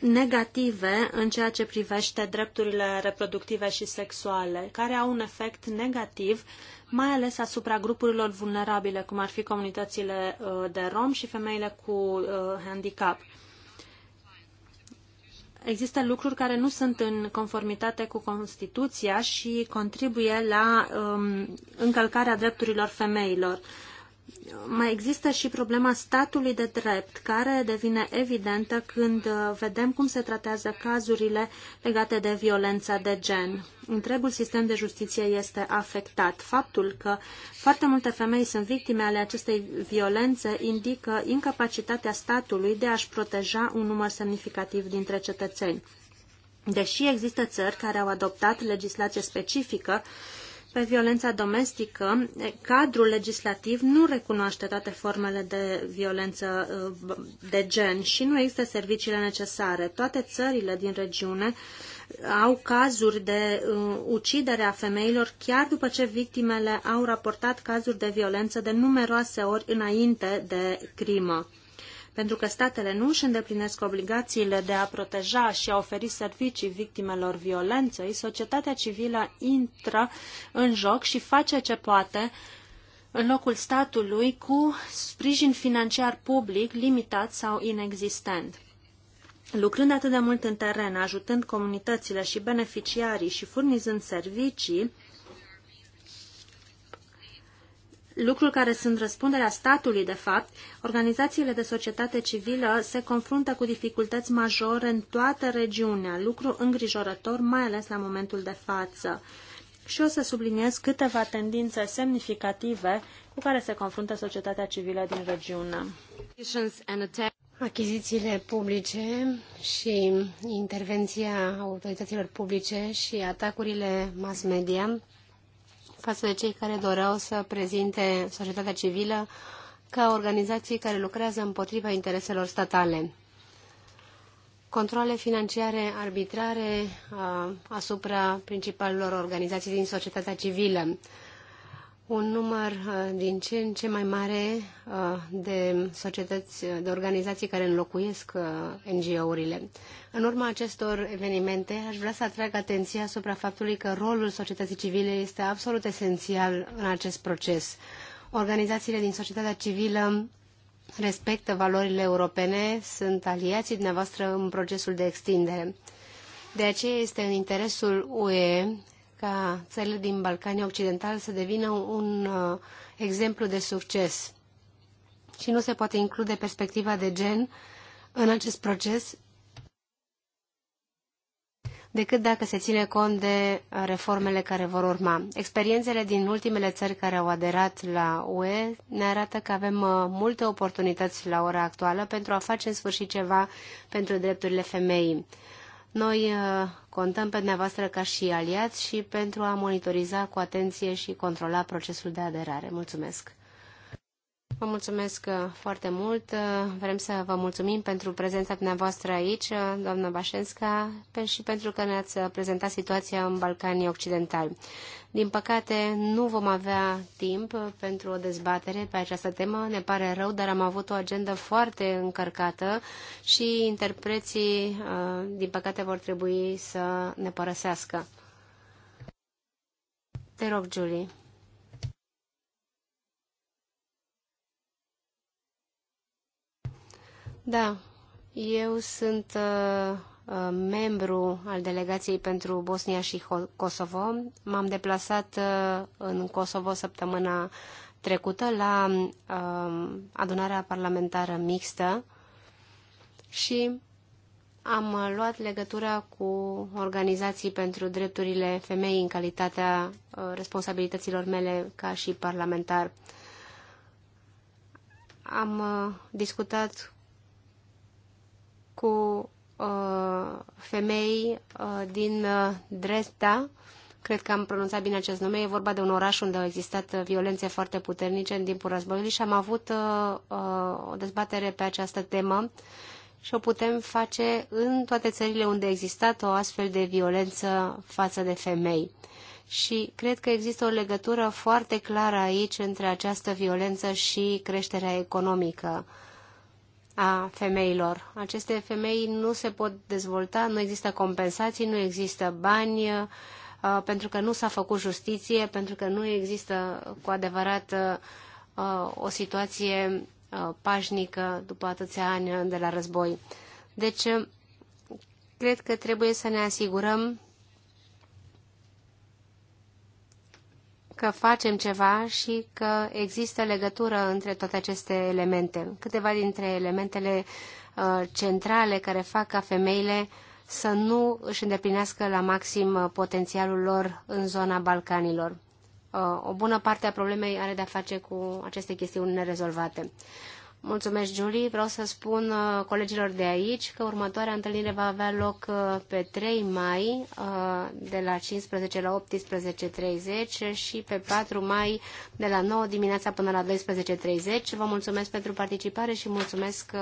negative în ceea ce privește drepturile reproductive și sexuale, care au un efect negativ uh, mai ales asupra grupurilor vulnerabile, cum ar fi comunitățile uh, de rom și femeile cu uh, handicap. Există lucruri care nu sunt în conformitate cu Constituția și contribuie la um, încălcarea drepturilor femeilor. Uh, mai există și problema statului de drept, care devine evidentă când uh, vedem cum se tratează cazurile legate de violența de gen. Întregul sistem de justiție este afectat. Faptul că foarte multe femei sunt victime ale acestei violențe indică incapacitatea statului de a-și proteja un număr semnificativ dintre cetățeni. Deși există țări care au adoptat legislație specifică pe violența domestică, cadrul legislativ nu recunoaște toate formele de violență de gen și nu există serviciile necesare. Toate țările din regiune au cazuri de uh, ucidere a femeilor chiar după ce victimele au raportat cazuri de violență de numeroase ori înainte de crimă pentru că statele nu își îndeplinesc obligațiile de a proteja și a oferi servicii victimelor violenței, societatea civilă intră în joc și face ce poate în locul statului cu sprijin financiar public limitat sau inexistent. Lucrând atât de mult în teren, ajutând comunitățile și beneficiarii și furnizând servicii, lucruri care sunt răspunderea statului, de fapt, organizațiile de societate civilă se confruntă cu dificultăți majore în toată regiunea, lucru îngrijorător, mai ales la momentul de față. Și o să subliniez câteva tendințe semnificative cu care se confruntă societatea civilă din regiune. Achizițiile publice și intervenția autorităților publice și atacurile mass media față de cei care doreau să prezinte societatea civilă ca organizații care lucrează împotriva intereselor statale. Controle financiare arbitrare asupra principalelor organizații din societatea civilă un număr uh, din ce în ce mai mare uh, de societăți, uh, de organizații care înlocuiesc NGO-urile. În urma acestor evenimente, aș vrea să atrag atenția asupra faptului că rolul societății civile este absolut esențial în acest proces. Organizațiile din societatea civilă respectă valorile europene, sunt aliații dumneavoastră în procesul de extindere. De aceea este în interesul UE ca țările din Balcanii Occidentali să devină un uh, exemplu de succes. Și nu se poate include perspectiva de gen în acest proces decât dacă se ține cont de uh, reformele care vor urma. Experiențele din ultimele țări care au aderat la UE ne arată că avem uh, multe oportunități la ora actuală pentru a face în sfârșit ceva pentru drepturile femeii. Noi uh, contăm pe dumneavoastră ca și aliați și pentru a monitoriza cu atenție și controla procesul de aderare. Mulțumesc! Vă mulțumesc uh, foarte mult. Uh, vrem să vă mulțumim pentru prezența dumneavoastră aici, uh, doamna Bașenska, și pentru că ne-ați prezentat situația în Balcanii Occidentali. Din păcate, nu vom avea timp pentru o dezbatere pe această temă. Ne pare rău, dar am avut o agendă foarte încărcată și interpreții, din păcate, vor trebui să ne părăsească. Te rog, Julie. Da, eu sunt uh, uh, membru al delegației pentru Bosnia și Kosovo. M-am deplasat uh, în Kosovo săptămâna trecută la uh, adunarea parlamentară mixtă și am luat legătura cu organizații pentru drepturile femeii în calitatea uh, responsabilităților mele ca și parlamentar. Am uh, discutat cu uh, femei uh, din uh, Dresda, cred că am pronunțat bine acest nume, e vorba de un oraș unde au existat uh, violențe foarte puternice în timpul războiului și am avut uh, uh, o dezbatere pe această temă și o putem face în toate țările unde a existat o astfel de violență față de femei. Și cred că există o legătură foarte clară aici între această violență și creșterea economică a femeilor. Aceste femei nu se pot dezvolta, nu există compensații, nu există bani, uh, pentru că nu s-a făcut justiție, pentru că nu există cu adevărat uh, o situație uh, pașnică după atâția ani de la război. Deci, cred că trebuie să ne asigurăm că facem ceva și că există legătură între toate aceste elemente. Câteva dintre elementele uh, centrale care fac ca femeile să nu își îndeplinească la maxim uh, potențialul lor în zona Balcanilor. Uh, o bună parte a problemei are de-a face cu aceste chestiuni nerezolvate. Mulțumesc, Julie. Vreau să spun uh, colegilor de aici că următoarea întâlnire va avea loc uh, pe 3 uh, mai de la 15 la 18.30 și pe 4 mai de la 9 dimineața până la 12.30. Vă mulțumesc pentru participare și mulțumesc